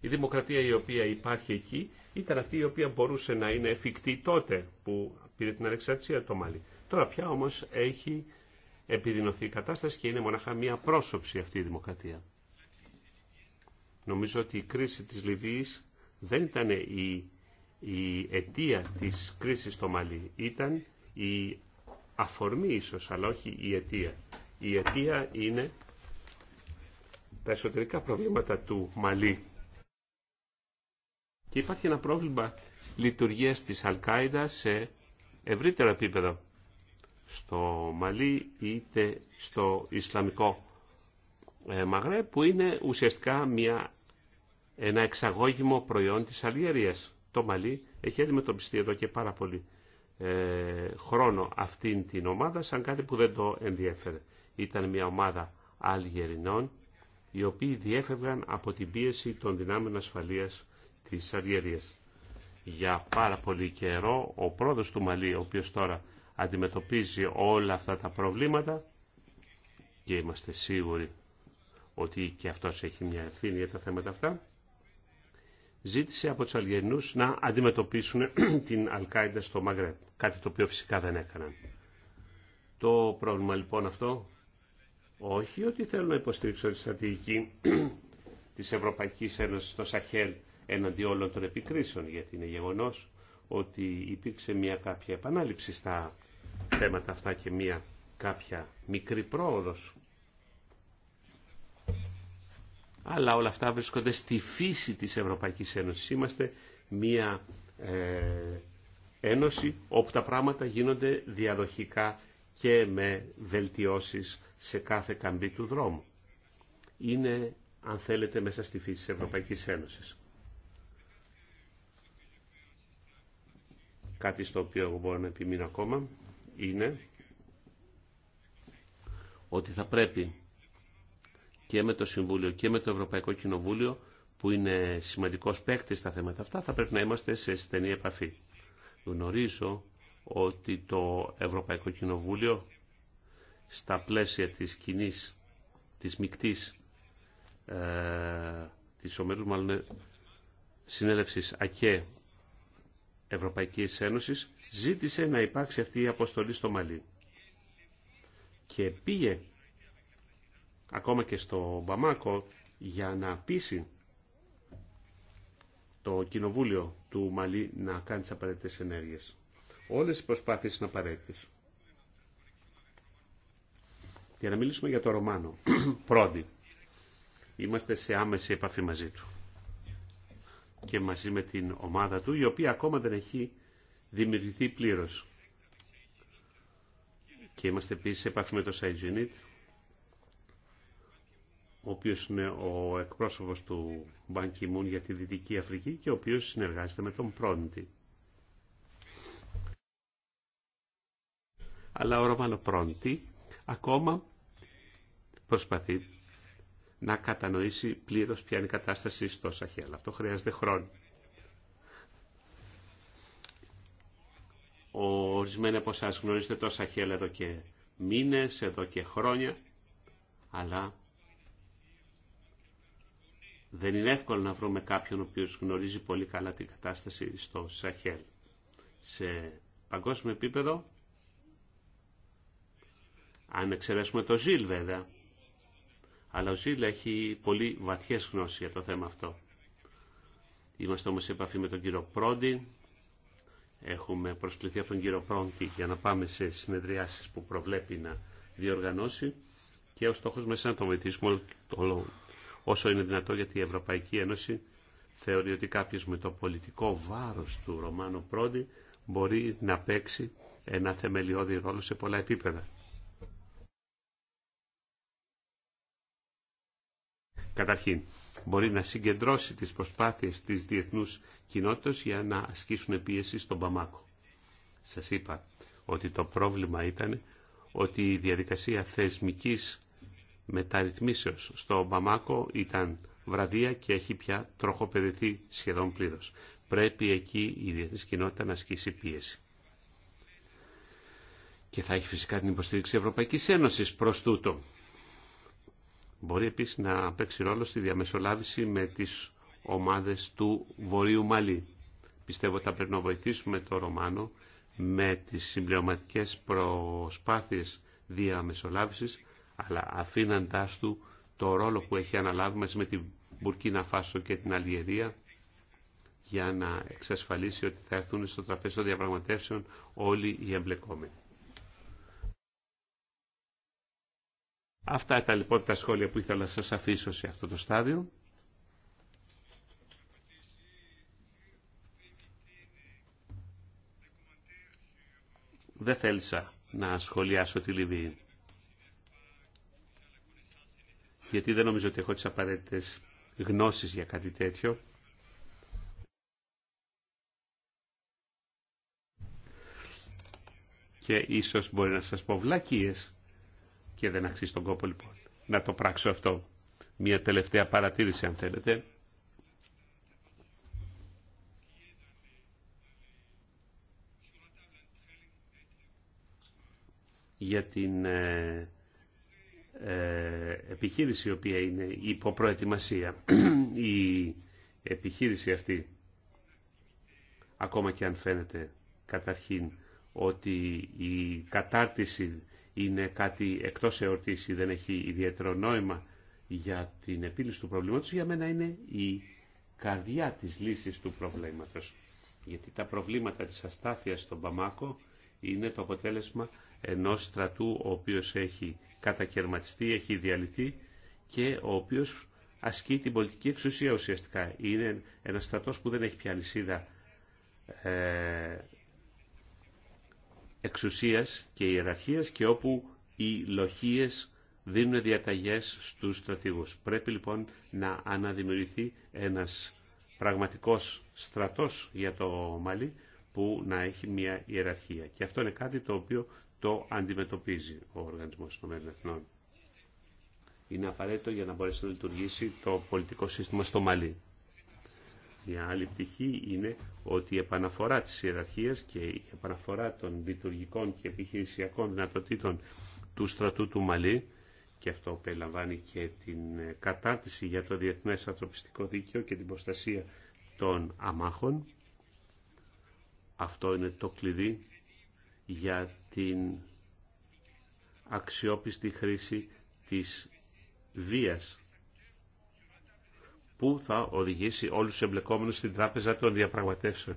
Η δημοκρατία η οποία υπάρχει εκεί ήταν αυτή η οποία μπορούσε να είναι εφικτή τότε που πήρε την ανεξαρτησία το Μάλι. Τώρα πια όμως έχει επιδεινωθεί η κατάσταση και είναι μονάχα μία πρόσωψη αυτή η δημοκρατία. Νομίζω ότι η κρίση της Λιβύης δεν ήταν η, η αιτία της κρίσης στο Μαλί. Ήταν η αφορμή ίσως, αλλά όχι η αιτία. Η αιτία είναι τα εσωτερικά προβλήματα του Μαλί και υπάρχει ένα πρόβλημα λειτουργίας της Αλκάιδα σε ευρύτερο επίπεδο. Στο Μαλί είτε στο Ισλαμικό ε, Μαγρέ που είναι ουσιαστικά μια, ένα εξαγώγημο προϊόν της Αλγερίας. Το Μαλή έχει αντιμετωπιστεί εδώ και πάρα πολύ ε, χρόνο αυτήν την ομάδα σαν κάτι που δεν το ενδιέφερε. Ήταν μια ομάδα Αλγερινών οι οποίοι διέφευγαν από την πίεση των δυνάμεων ασφαλείας της Αλγερίας. Για πάρα πολύ καιρό ο πρόεδρος του Μαλή, ο οποίος τώρα αντιμετωπίζει όλα αυτά τα προβλήματα και είμαστε σίγουροι ότι και αυτός έχει μια ευθύνη για τα θέματα αυτά, ζήτησε από τους Αλγερινούς να αντιμετωπίσουν [CLEARS THROAT] την Αλκάιντα στο Μαγκρέπ, κάτι το οποίο φυσικά δεν έκαναν. Το πρόβλημα λοιπόν αυτό, όχι ότι θέλουν να υποστηρίξουν τη στρατηγική [CLEARS THROAT] της Ευρωπαϊκής Ένωσης στο Σαχέλ έναντι όλων των επικρίσεων, γιατί είναι γεγονός ότι υπήρξε μια κάποια επανάληψη στα θέματα αυτά και μια κάποια μικρή πρόοδος. Αλλά όλα αυτά βρίσκονται στη φύση της Ευρωπαϊκής Ένωσης. Είμαστε μια ε, ένωση όπου τα πράγματα γίνονται διαδοχικά και με βελτιώσεις σε κάθε καμπή του δρόμου. Είναι, αν θέλετε, μέσα στη φύση της Ευρωπαϊκής Ένωσης. Κάτι στο οποίο εγώ μπορώ να επιμείνω ακόμα είναι ότι θα πρέπει και με το Συμβούλιο και με το Ευρωπαϊκό Κοινοβούλιο που είναι σημαντικός παίκτη στα θέματα αυτά θα πρέπει να είμαστε σε στενή επαφή. Γνωρίζω ότι το Ευρωπαϊκό Κοινοβούλιο στα πλαίσια της κοινή της μικτής ε, της ομέρους μάλλον συνέλευσης ΑΚΕ Ευρωπαϊκής Ένωσης ζήτησε να υπάρξει αυτή η αποστολή στο Μαλί. Και πήγε ακόμα και στο Μπαμάκο για να πείσει το κοινοβούλιο του Μαλί να κάνει τι απαραίτητε ενέργειε. Όλε οι προσπάθειε είναι απαραίτητε. Για να μιλήσουμε για το Ρωμάνο, [CLEARS THROAT] πρώτη. Είμαστε σε άμεση επαφή μαζί του και μαζί με την ομάδα του, η οποία ακόμα δεν έχει δημιουργηθεί πλήρως. Και είμαστε επίσης σε επαφή με τον Σαϊτζινίτ, ο οποίος είναι ο εκπρόσωπος του Ban moon για τη Δυτική Αφρική και ο οποίος συνεργάζεται με τον Πρόντι. Αλλά ο Ρωμανοπρόντι ακόμα προσπαθεί να κατανοήσει πλήρως ποια είναι η κατάσταση στο Σαχέλ. Αυτό χρειάζεται χρόνο. Ορισμένοι από εσάς γνωρίζετε το Σαχέλ εδώ και μήνες, εδώ και χρόνια, αλλά δεν είναι εύκολο να βρούμε κάποιον ο οποίος γνωρίζει πολύ καλά την κατάσταση στο Σαχέλ. Σε παγκόσμιο επίπεδο, αν εξαιρέσουμε το Ζιλ βέβαια, αλλά ο Ζήλ έχει πολύ βαθιές γνώσεις για το θέμα αυτό. Είμαστε όμως σε επαφή με τον κύριο Πρόντι. Έχουμε προσκληθεί από τον κύριο Πρόντι για να πάμε σε συνεδριάσεις που προβλέπει να διοργανώσει. Και ο στόχος μας είναι να το βοηθήσουμε όσο είναι δυνατό γιατί η Ευρωπαϊκή Ένωση θεωρεί ότι κάποιο με το πολιτικό βάρος του Ρωμάνου Πρόντι μπορεί να παίξει ένα θεμελιώδη ρόλο σε πολλά επίπεδα. Καταρχήν, μπορεί να συγκεντρώσει τις προσπάθειες της διεθνούς κοινότητας για να ασκήσουν πίεση στον Παμάκο. Σας είπα ότι το πρόβλημα ήταν ότι η διαδικασία θεσμικής μεταρρυθμίσεως στο Παμάκο ήταν βραδία και έχει πια τροχοπεδεθεί σχεδόν πλήρως. Πρέπει εκεί η διεθνής κοινότητα να ασκήσει πίεση. Και θα έχει φυσικά την υποστήριξη Ευρωπαϊκής Ένωσης προς τούτο. Μπορεί επίσης να παίξει ρόλο στη διαμεσολάβηση με τις ομάδες του Βορείου Μαλή. Πιστεύω ότι θα πρέπει να βοηθήσουμε το Ρωμάνο με τις συμπληρωματικές προσπάθειες διαμεσολάβησης, αλλά αφήναντάς του το ρόλο που έχει αναλάβει μαζί με την Μπουρκίνα Φάσο και την Αλγερία για να εξασφαλίσει ότι θα έρθουν στο τραπέζι των διαπραγματεύσεων όλοι οι εμπλεκόμενοι. Αυτά τα λοιπόν τα σχόλια που ήθελα να σας αφήσω σε αυτό το στάδιο. Δεν θέλησα να σχολιάσω τη Λιβύη. Γιατί δεν νομίζω ότι έχω τις απαραίτητες γνώσεις για κάτι τέτοιο. Και ίσως μπορεί να σας πω βλακίες και δεν αξίζει τον κόπο λοιπόν να το πράξω αυτό. Μια τελευταία παρατήρηση αν θέλετε. για την ε, ε επιχείρηση η οποία είναι υπό προετοιμασία. η επιχείρηση αυτή, ακόμα και αν φαίνεται καταρχήν ότι η κατάρτιση είναι κάτι εκτός εορτής ή δεν έχει ιδιαίτερο νόημα για την επίλυση του προβλήματος, για μένα είναι η καρδιά της λύσης του προβλήματος. Γιατί τα προβλήματα της αστάθειας στον Παμάκο είναι το αποτέλεσμα ενός στρατού ο οποίος έχει κατακαιρματιστεί, έχει διαλυθεί και ο οποίος ασκεί την πολιτική εξουσία ουσιαστικά. Είναι ένας στρατός που δεν έχει πια λυσίδα ε, εξουσίας και ιεραρχίας και όπου οι λοχίες δίνουν διαταγές στους στρατηγούς. Πρέπει λοιπόν να αναδημιουργηθεί ένας πραγματικός στρατός για το Μαλί που να έχει μια ιεραρχία. Και αυτό είναι κάτι το οποίο το αντιμετωπίζει ο Οργανισμός των Εθνών. Είναι απαραίτητο για να μπορέσει να λειτουργήσει το πολιτικό σύστημα στο Μαλί. Μια άλλη πτυχή είναι ότι η επαναφορά της ιεραρχίας και η επαναφορά των λειτουργικών και επιχειρησιακών δυνατοτήτων του στρατού του Μαλή και αυτό περιλαμβάνει και την ε, κατάρτιση για το Διεθνές Ανθρωπιστικό Δίκαιο και την προστασία των αμάχων. Αυτό είναι το κλειδί για την αξιόπιστη χρήση της βίας που θα οδηγήσει όλους τους εμπλεκόμενους στην τράπεζα των διαπραγματεύσεων.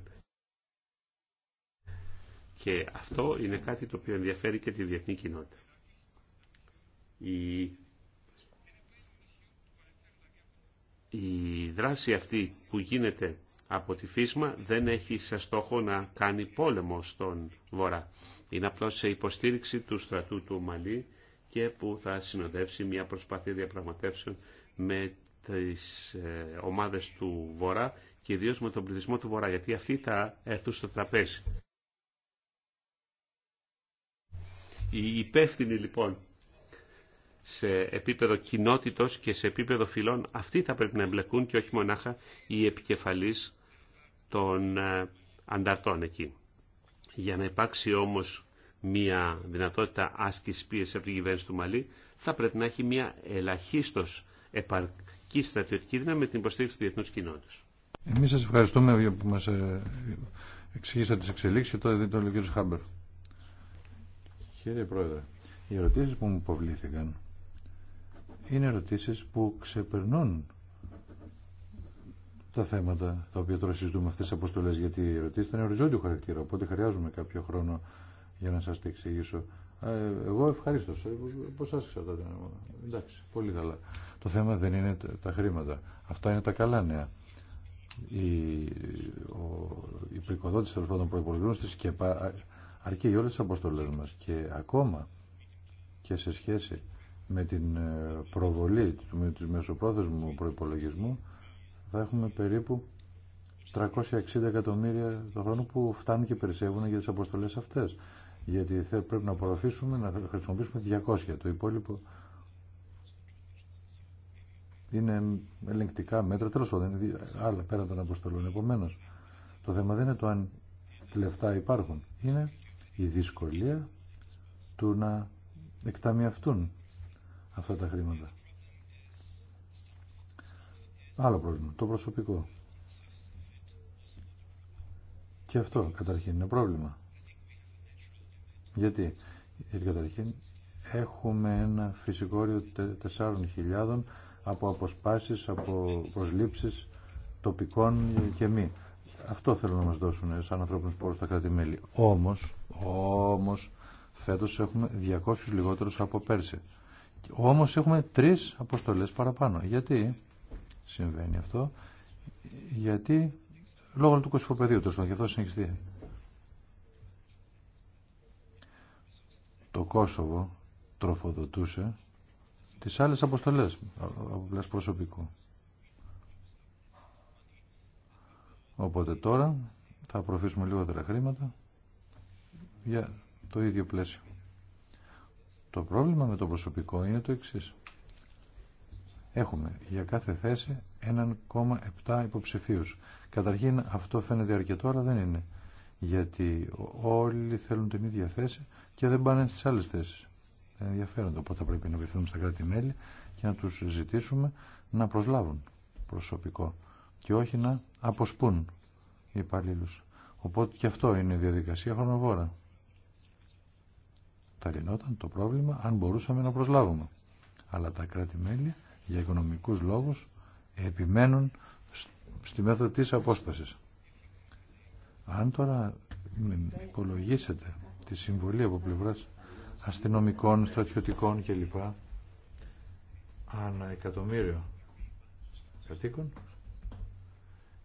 Και αυτό είναι κάτι το οποίο ενδιαφέρει και τη διεθνή κοινότητα. Η, δράση αυτή που γίνεται από τη φύσμα δεν έχει σε στόχο να κάνει πόλεμο στον Βορρά. Είναι απλώς σε υποστήριξη του στρατού του Μαλή και που θα συνοδεύσει μια προσπάθεια διαπραγματεύσεων με τις ε, ομάδες του Βορρά και ιδίω με τον πληθυσμό του Βορρά, γιατί αυτοί θα έρθουν στο τραπέζι. Οι υπεύθυνοι λοιπόν σε επίπεδο κοινότητος και σε επίπεδο φυλών, αυτοί θα πρέπει να εμπλεκούν και όχι μονάχα οι επικεφαλής των ε, ανταρτών εκεί. Για να υπάρξει όμως μια δυνατότητα άσκηση πίεση από την κυβέρνηση του Μαλή, θα πρέπει να έχει μια ελαχίστως επαρκή στρατιωτική δύναμη με την υποστήριξη του διεθνού κοινότητα. Εμεί σα ευχαριστούμε που μα ε, εξηγήσατε τι εξελίξει και τώρα έδινε τον κύριο Χάμπερ. Κύριε Πρόεδρε, οι ερωτήσει που μου υποβλήθηκαν είναι ερωτήσει που ξεπερνούν τα θέματα τα οποία τώρα συζητούμε αυτέ τι αποστολέ. γιατί οι ερωτήσει ήταν οριζόντιου χαρακτήρα οπότε χρειάζομαι κάποιο χρόνο για να σα τα εξηγήσω ε, εγώ ευχαρίστω. Ε, Πώ σα εξαρτάται. Εντάξει, πολύ καλά. Το θέμα δεν είναι τα χρήματα. Αυτά είναι τα καλά νέα. Η, ο, η πρικοδότηση τέλο πάντων τη ΚΕΠΑ αρκεί για όλε τι αποστολέ μα και ακόμα και σε σχέση με την ε, προβολή του, μεσοπρόθεσμου προπολογισμού θα έχουμε περίπου 360 εκατομμύρια το χρόνο που φτάνουν και περισσεύουν για τις αποστολές αυτές γιατί θα πρέπει να απορροφήσουμε να χρησιμοποιήσουμε 200. Το υπόλοιπο είναι ελεγκτικά μέτρα, τέλος πάντων, άλλα πέρα των αποστολών. Επομένως, το θέμα δεν είναι το αν λεφτά υπάρχουν, είναι η δυσκολία του να εκταμιαυτούν αυτά τα χρήματα. Άλλο πρόβλημα, το προσωπικό. Και αυτό καταρχήν είναι πρόβλημα. Γιατί, γιατί καταρχήν έχουμε ένα φυσικό όριο 4.000 από αποσπάσεις, από προσλήψεις τοπικών και μη. Αυτό θέλω να μας δώσουν σαν ανθρώπινους πόρους τα κράτη-μέλη. Όμως, όμως, φέτος έχουμε 200 λιγότερους από πέρσι. Όμως έχουμε τρεις αποστολές παραπάνω. Γιατί συμβαίνει αυτό, γιατί λόγω του κοσυφοπεδίου τόσο, γι' αυτό συνεχιστεί το Κόσοβο τροφοδοτούσε τις άλλες αποστολές από προσωπικού. Οπότε τώρα θα προωθήσουμε λιγότερα χρήματα για το ίδιο πλαίσιο. Το πρόβλημα με το προσωπικό είναι το εξής. Έχουμε για κάθε θέση 1,7 υποψηφίους. Καταρχήν αυτό φαίνεται αρκετό αλλά δεν είναι. Γιατί όλοι θέλουν την ίδια θέση και δεν πάνε στις άλλες θέσει. Δεν ενδιαφέρονται. Οπότε πρέπει να βρεθούμε στα κράτη-μέλη και να τους ζητήσουμε να προσλάβουν προσωπικό και όχι να αποσπούν οι υπαλλήλου. Οπότε και αυτό είναι η διαδικασία χρονοβόρα. Θα λυνόταν το πρόβλημα αν μπορούσαμε να προσλάβουμε. Αλλά τα κράτη-μέλη για οικονομικού λόγους επιμένουν στη μέθοδο της απόσπασης. Αν τώρα υπολογίσετε τη συμβολή από πλευράς αστυνομικών, στρατιωτικών κλπ. Ανά εκατομμύριο κατοίκων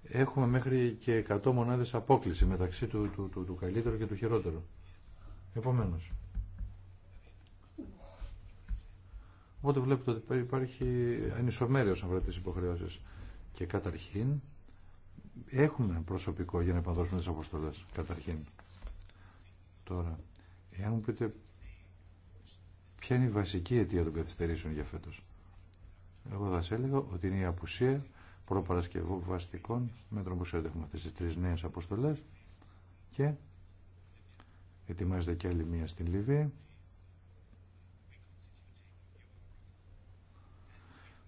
έχουμε μέχρι και 100 μονάδες απόκληση μεταξύ του, του, του, του καλύτερου και του χειρότερου. Επομένως. Οπότε βλέπετε ότι υπάρχει ανισομέρειο όσον αφορά τις υποχρεώσεις. Και καταρχήν έχουμε προσωπικό για να επανδώσουμε τι αποστολέ. Καταρχήν. Τώρα, εάν μου πείτε ποια είναι η βασική αιτία των καθυστερήσεων για φέτος. Εγώ θα σας έλεγα ότι είναι η απουσία βαστικών μέτρων που ξέρετε έχουμε αυτές τις τρεις νέες αποστολές και ετοιμάζεται και άλλη μία στην Λιβύη.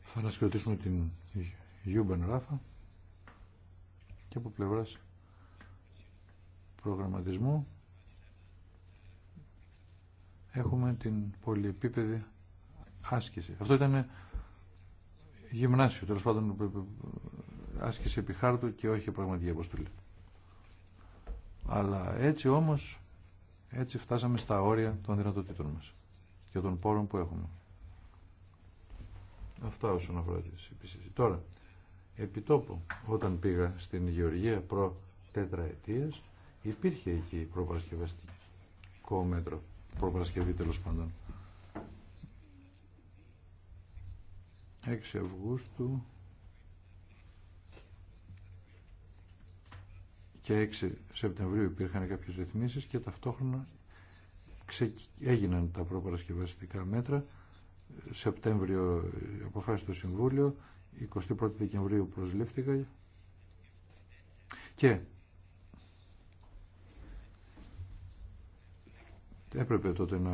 Θα ανασκοτήσουμε την Γιούμπεν Ράφα και από πλευράς προγραμματισμού έχουμε την πολυεπίπεδη άσκηση. Αυτό ήταν γυμνάσιο, τέλο πάντων άσκηση επί χάρτου και όχι πραγματική αποστολή. Αλλά έτσι όμως, έτσι φτάσαμε στα όρια των δυνατοτήτων μας και των πόρων που έχουμε. Αυτά όσον αφορά τις επίσης. Τώρα, επιτόπου όταν πήγα στην Γεωργία προ τέτρα τετραετίας, υπήρχε εκεί προπαρασκευαστικό μέτρο προπαρασκευή τέλο πάντων. 6 Αυγούστου και 6 Σεπτεμβρίου υπήρχαν κάποιες ρυθμίσεις και ταυτόχρονα έγιναν τα προπαρασκευαστικά μέτρα. Σεπτέμβριο αποφάσισε το Συμβούλιο, 21 Δεκεμβρίου προσλήφθηκα και έπρεπε τότε να...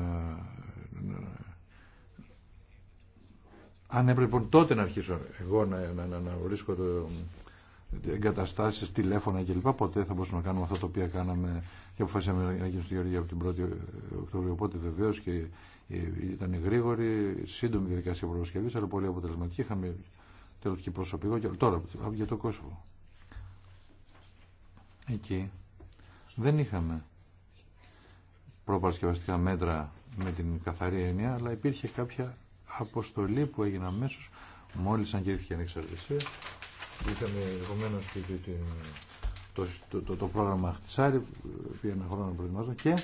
Αν έπρεπε λοιπόν τότε να αρχίσω εγώ να, να, να, να βρίσκω το, εγκαταστάσει, τηλέφωνα κλπ. Ποτέ θα μπορούσαμε να κάνουμε αυτά τα οποία κάναμε και αποφασίσαμε να γίνουμε στη Γεωργία από την 1η Οκτωβρίου. Οπότε βεβαίω και ε, ήταν γρήγορη, σύντομη διαδικασία προσκευή, αλλά πολύ αποτελεσματική. Είχαμε τέλο και προσωπικό. τώρα για το κόσμο Εκεί δεν είχαμε προπαρασκευαστικά μέτρα με την καθαρή έννοια, αλλά υπήρχε κάποια αποστολή που έγινε αμέσω μόλι αγγελήθηκε η ανεξαρτησία. Είχαμε επομένω το, το, το, το, πρόγραμμα Χτισάρι, πήγε ένα χρόνο να προετοιμάζω και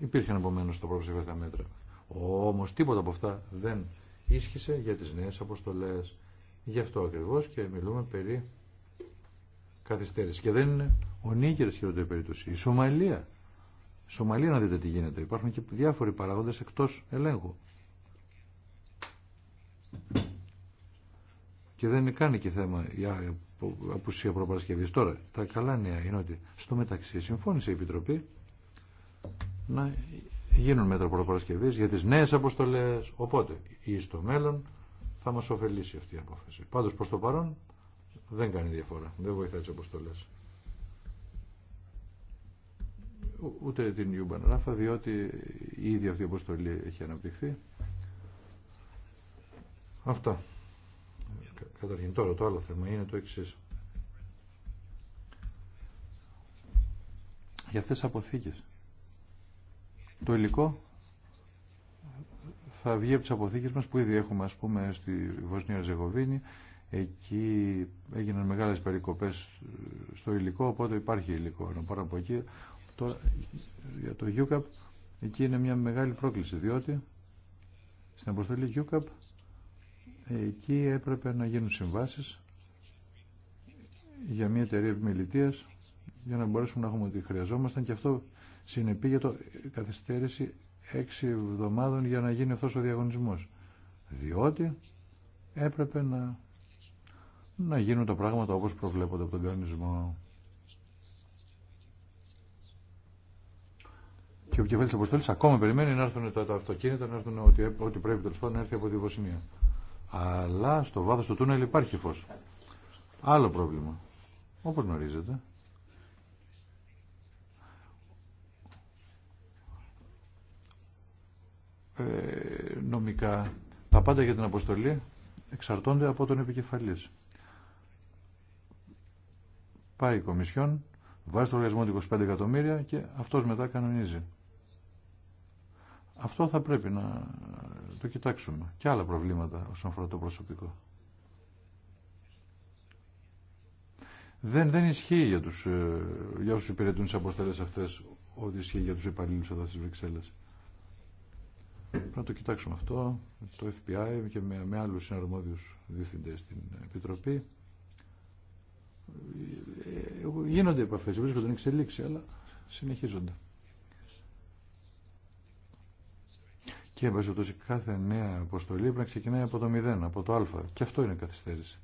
υπήρχαν επομένω τα προπαρασκευαστικά μέτρα. Όμω τίποτα από αυτά δεν ίσχυσε για τι νέε αποστολέ. Γι' αυτό ακριβώ και μιλούμε περί καθυστέρηση. Και δεν είναι ο Νίγερ χειρότερη περίπτωση. Η Σομαλία. Η Σομαλία να δείτε τι γίνεται. Υπάρχουν και διάφοροι παράγοντε εκτό ελέγχου. Και δεν κάνει και θέμα η απουσία προπαρασκευή. Τώρα, τα καλά νέα είναι ότι στο μεταξύ συμφώνησε η Επιτροπή να γίνουν μέτρα προπαρασκευή για τι νέε αποστολέ. Οπότε, ή στο μέλλον θα μας ωφελήσει αυτή η απόφαση. Πάντως προς το παρόν δεν κάνει διαφορά. Δεν βοηθάει τι αποστολέ. Ούτε την Ιούμπαν Ράφα, διότι η ίδια αυτή η αποστολή έχει αναπτυχθεί. Αυτά. Καταρχήν τώρα το άλλο θέμα είναι το εξή. Για αυτές τις αποθήκες. Το υλικό θα βγει από τις αποθήκες μας που ήδη έχουμε ας πούμε στη Βοσνία Ζεγοβίνη Εκεί έγιναν μεγάλες περικοπές στο υλικό, οπότε υπάρχει υλικό. από εκεί. για το UCAP, εκεί είναι μια μεγάλη πρόκληση, διότι στην αποστολή UCAP εκεί έπρεπε να γίνουν συμβάσεις για μια εταιρεία επιμελητίας για να μπορέσουμε να έχουμε ό,τι χρειαζόμασταν και αυτό συνεπεί για το καθυστέρηση έξι εβδομάδων για να γίνει αυτός ο διαγωνισμός. Διότι έπρεπε να να γίνουν τα πράγματα όπως προβλέπονται από τον κανονισμό. Και ο κεφαλή αποστολής ακόμα περιμένει να έρθουν τα, αυτοκίνητα, να έρθουν ό,τι, ό,τι πρέπει τέλο πάντων να έρθει από τη Βοσνία. Αλλά στο βάθος του τούνελ υπάρχει φως. Άλλο πρόβλημα. Όπως γνωρίζετε. Ε, νομικά τα πάντα για την αποστολή εξαρτώνται από τον επικεφαλής πάει η Κομισιόν, βάζει το λογαριασμό 25 εκατομμύρια και αυτός μετά κανονίζει. Αυτό θα πρέπει να το κοιτάξουμε. Και άλλα προβλήματα όσον αφορά το προσωπικό. Δεν, δεν ισχύει για, τους, ε, για όσους υπηρετούν τις αποστελές αυτές ό,τι ισχύει για τους υπαλλήλους εδώ στις Βρυξέλλες. Πρέπει να το κοιτάξουμε αυτό, το FBI και με, με άλλους συναρμόδιους διευθυντές στην Επιτροπή γίνονται επαφές, βρίσκονται εξελίξει, αλλά συνεχίζονται. Και εν πάση κάθε νέα αποστολή πρέπει να ξεκινάει από το 0, από το α. Και αυτό είναι καθυστέρηση.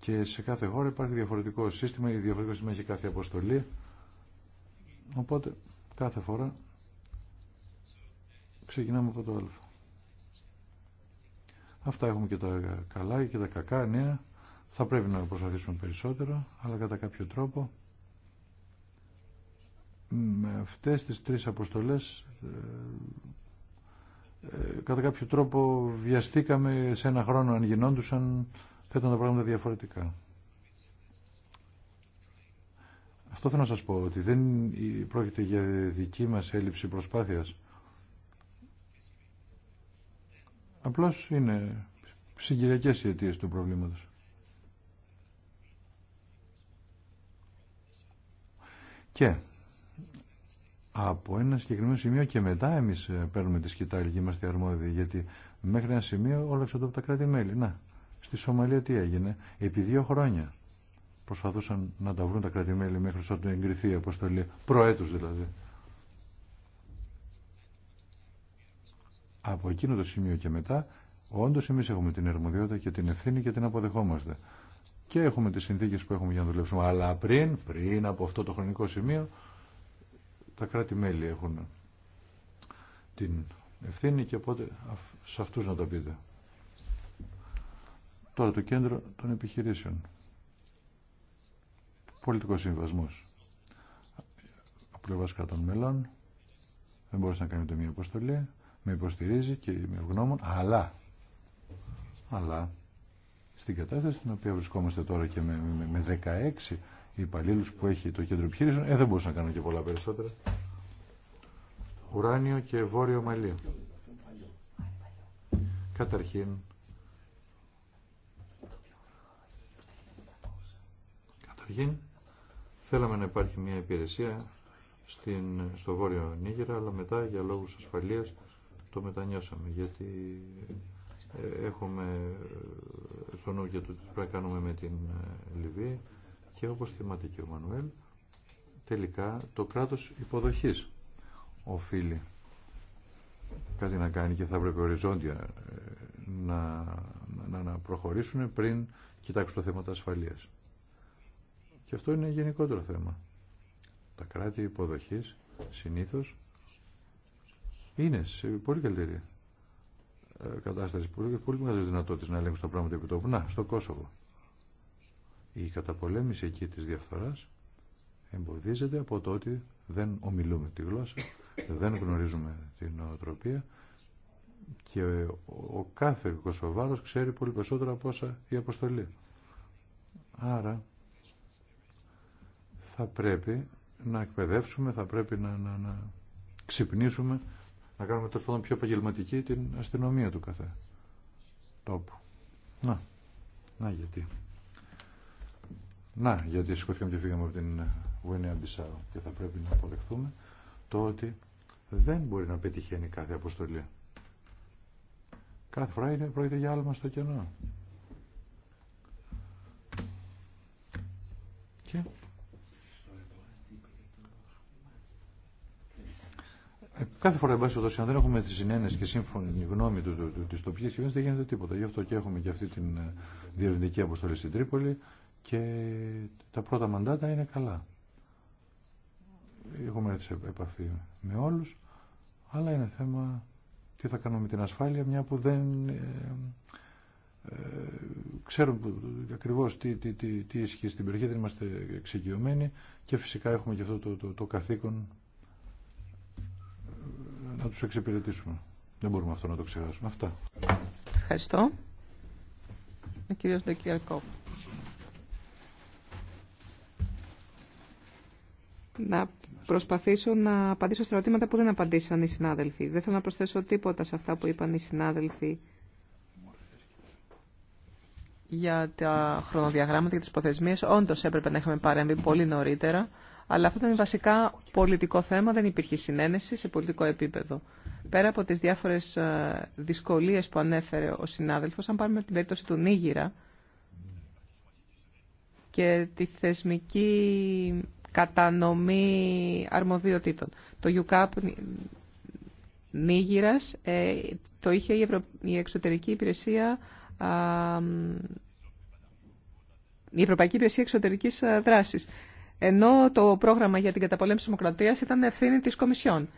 Και σε κάθε χώρα υπάρχει διαφορετικό σύστημα, η διαφορετικό σύστημα έχει κάθε αποστολή. Οπότε κάθε φορά ξεκινάμε από το α. Αυτά έχουμε και τα καλά και τα κακά νέα. Θα πρέπει να προσπαθήσουμε περισσότερο, αλλά κατά κάποιο τρόπο με αυτές τις τρεις αποστολές ε, ε, κατά κάποιο τρόπο βιαστήκαμε σε ένα χρόνο αν γινόντουσαν θα ήταν τα πράγματα διαφορετικά. Αυτό θέλω να σας πω, ότι δεν πρόκειται για δική μας έλλειψη προσπάθειας. Απλώς είναι συγκυριακές οι αιτίες του προβλήματος. Και από ένα συγκεκριμένο σημείο και μετά εμείς ε, παίρνουμε τη σκητάλη και είμαστε αρμόδιοι γιατί μέχρι ένα σημείο όλα αυτά από τα κράτη-μέλη. Να, στη Σομαλία τι έγινε. Επί δύο χρόνια προσπαθούσαν να τα βρουν τα κράτη-μέλη μέχρι όταν εγκριθεί η αποστολή. Προέτους δηλαδή. από εκείνο το σημείο και μετά, όντω εμεί έχουμε την αρμοδιότητα και την ευθύνη και την αποδεχόμαστε. Και έχουμε τι συνθήκε που έχουμε για να δουλέψουμε. Αλλά πριν, πριν από αυτό το χρονικό σημείο, τα κράτη-μέλη έχουν την ευθύνη και οπότε σε αυτούς να τα πείτε. Τώρα το κέντρο των επιχειρήσεων. Πολιτικό σύμβασμό. Από κρατών μελών δεν μπορούσε να κάνει μία αποστολή με υποστηρίζει και με ευγνώμων, αλλά, αλλά στην κατάσταση στην οποία βρισκόμαστε τώρα και με, με, με 16 υπαλλήλου που έχει το κέντρο επιχείρησεων, δεν μπορούσα να κάνω και πολλά περισσότερα. Ουράνιο και Βόρειο Μαλί. Καταρχήν, καταρχήν θέλαμε να υπάρχει μια υπηρεσία στην, στο Βόρειο Νίγηρα, αλλά μετά για λόγους ασφαλείας το μετανιώσαμε γιατί ε, έχουμε στο ε, νου για το τι πρέπει να κάνουμε με την ε, Λιβύη και όπως θυμάται και ο Μανουέλ τελικά το κράτος υποδοχής οφείλει κάτι να κάνει και θα πρέπει οριζόντια να, να, να προχωρήσουν πριν κοιτάξουν το θέμα της ασφαλείας. Και αυτό είναι γενικότερο θέμα. Τα κράτη υποδοχής συνήθως είναι σε πολύ καλύτερη ε, κατάσταση, πολύ, πολύ μεγάλε δυνατότητε να ελέγξουν τα πράγματα επί τόπου. Να, στο Κόσοβο. Η καταπολέμηση εκεί τη διαφθορά εμποδίζεται από το ότι δεν ομιλούμε τη γλώσσα, [COUGHS] δεν γνωρίζουμε την νοοτροπία και ο κάθε Κωσοβάρος ξέρει πολύ περισσότερο από όσα η αποστολή. Άρα θα πρέπει να εκπαιδεύσουμε, θα πρέπει να, να, να ξυπνήσουμε να κάνουμε τόσο πάντων πιο επαγγελματική την αστυνομία του κάθε τόπου. Να, να γιατί. Να, γιατί σηκωθήκαμε και φύγαμε από την Βουενέα ε, Μπισάου και θα πρέπει να αποδεχθούμε το ότι δεν μπορεί να πετυχαίνει κάθε αποστολή. Κάθε φορά είναι, πρόκειται για άλμα στο κενό. Και Κάθε φορά, εν πάση αν δεν έχουμε τι συνένεση και σύμφωνη γνώμη του, του, του, τη τοπική κυβέρνηση, δεν γίνεται τίποτα. Γι' αυτό και έχουμε και αυτή την ε, διευθυντική αποστολή στην Τρίπολη και τα πρώτα μαντάτα είναι καλά. Έχουμε έτσι επαφή με όλου, αλλά είναι θέμα τι θα κάνουμε με την ασφάλεια, μια που δεν ε, ε ξέρουμε ακριβώς τι, τι, τι, τι ισχύει στην περιοχή, δεν είμαστε εξοικειωμένοι και φυσικά έχουμε και αυτό το, το καθήκον να τους εξυπηρετήσουμε. Δεν μπορούμε αυτό να το ξεχάσουμε. Αυτά. Ευχαριστώ. Ο κύριος Να προσπαθήσω να απαντήσω στα ερωτήματα που δεν απαντήσαν οι συνάδελφοι. Δεν θέλω να προσθέσω τίποτα σε αυτά που είπαν οι συνάδελφοι για τα χρονοδιαγράμματα και τις υποθεσμίες. Όντως έπρεπε να είχαμε παρέμβει πολύ νωρίτερα. Αλλά αυτό ήταν βασικά πολιτικό θέμα, δεν υπήρχε συνένεση σε πολιτικό επίπεδο. Πέρα από τις διάφορες ε, δυσκολίες που ανέφερε ο συνάδελφος, αν πάρουμε την περίπτωση του Νίγηρα και τη θεσμική κατανομή αρμοδιοτήτων. Το UCAP Νίγηρας ε, το είχε η, Ευρω... η εξωτερική υπηρεσία η Ευρωπαϊκή Υπηρεσία Εξωτερικής ε, Δράσης. Ενώ το πρόγραμμα για την καταπολέμηση της δημοκρατίας ήταν ευθύνη της Κομισιόν.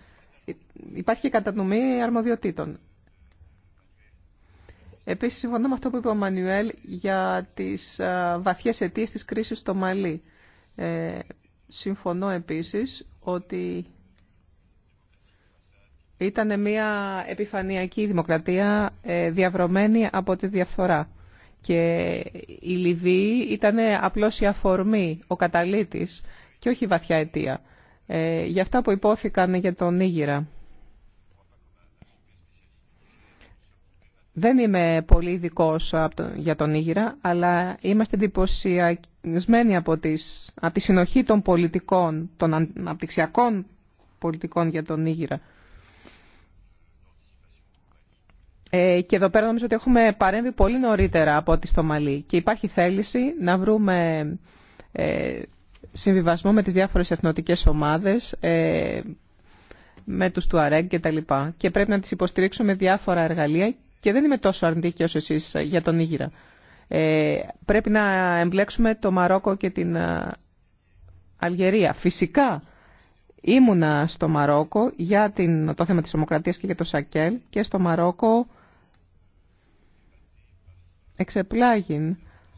Υπάρχει και κατανομή αρμοδιοτήτων. Επίσης, συμφωνώ με αυτό που είπε ο Μανιουέλ για τις βαθιές αιτίες της κρίσης στο Μαλί. Ε, συμφωνώ επίσης ότι ήταν μια επιφανειακή δημοκρατία ε, διαβρωμένη από τη διαφθορά και η Λιβύη ήταν απλώς η αφορμή, ο καταλήτης και όχι η βαθιά αιτία. Ε, για αυτά που υπόθηκαν για τον Ήγηρα. Δεν είμαι πολύ ειδικό για τον Ήγηρα, αλλά είμαστε εντυπωσιασμένοι από, τις, από τη συνοχή των πολιτικών, των αναπτυξιακών πολιτικών για τον Ήγηρα. Ε, και εδώ πέρα νομίζω ότι έχουμε παρέμβει πολύ νωρίτερα από ό,τι στο Μαλί και υπάρχει θέληση να βρούμε ε, συμβιβασμό με τις διάφορες εθνοτικές ομάδες, ε, με τους του και τα λοιπά. Και πρέπει να τις υποστηρίξουμε διάφορα εργαλεία και δεν είμαι τόσο αρνητική όσο εσείς για τον Ήγηρα. πρέπει να εμπλέξουμε το Μαρόκο και την Αλγερία. Φυσικά ήμουνα στο Μαρόκο για την, το θέμα της ομοκρατίας και για το Σακέλ και στο Μαρόκο εξεπλάγην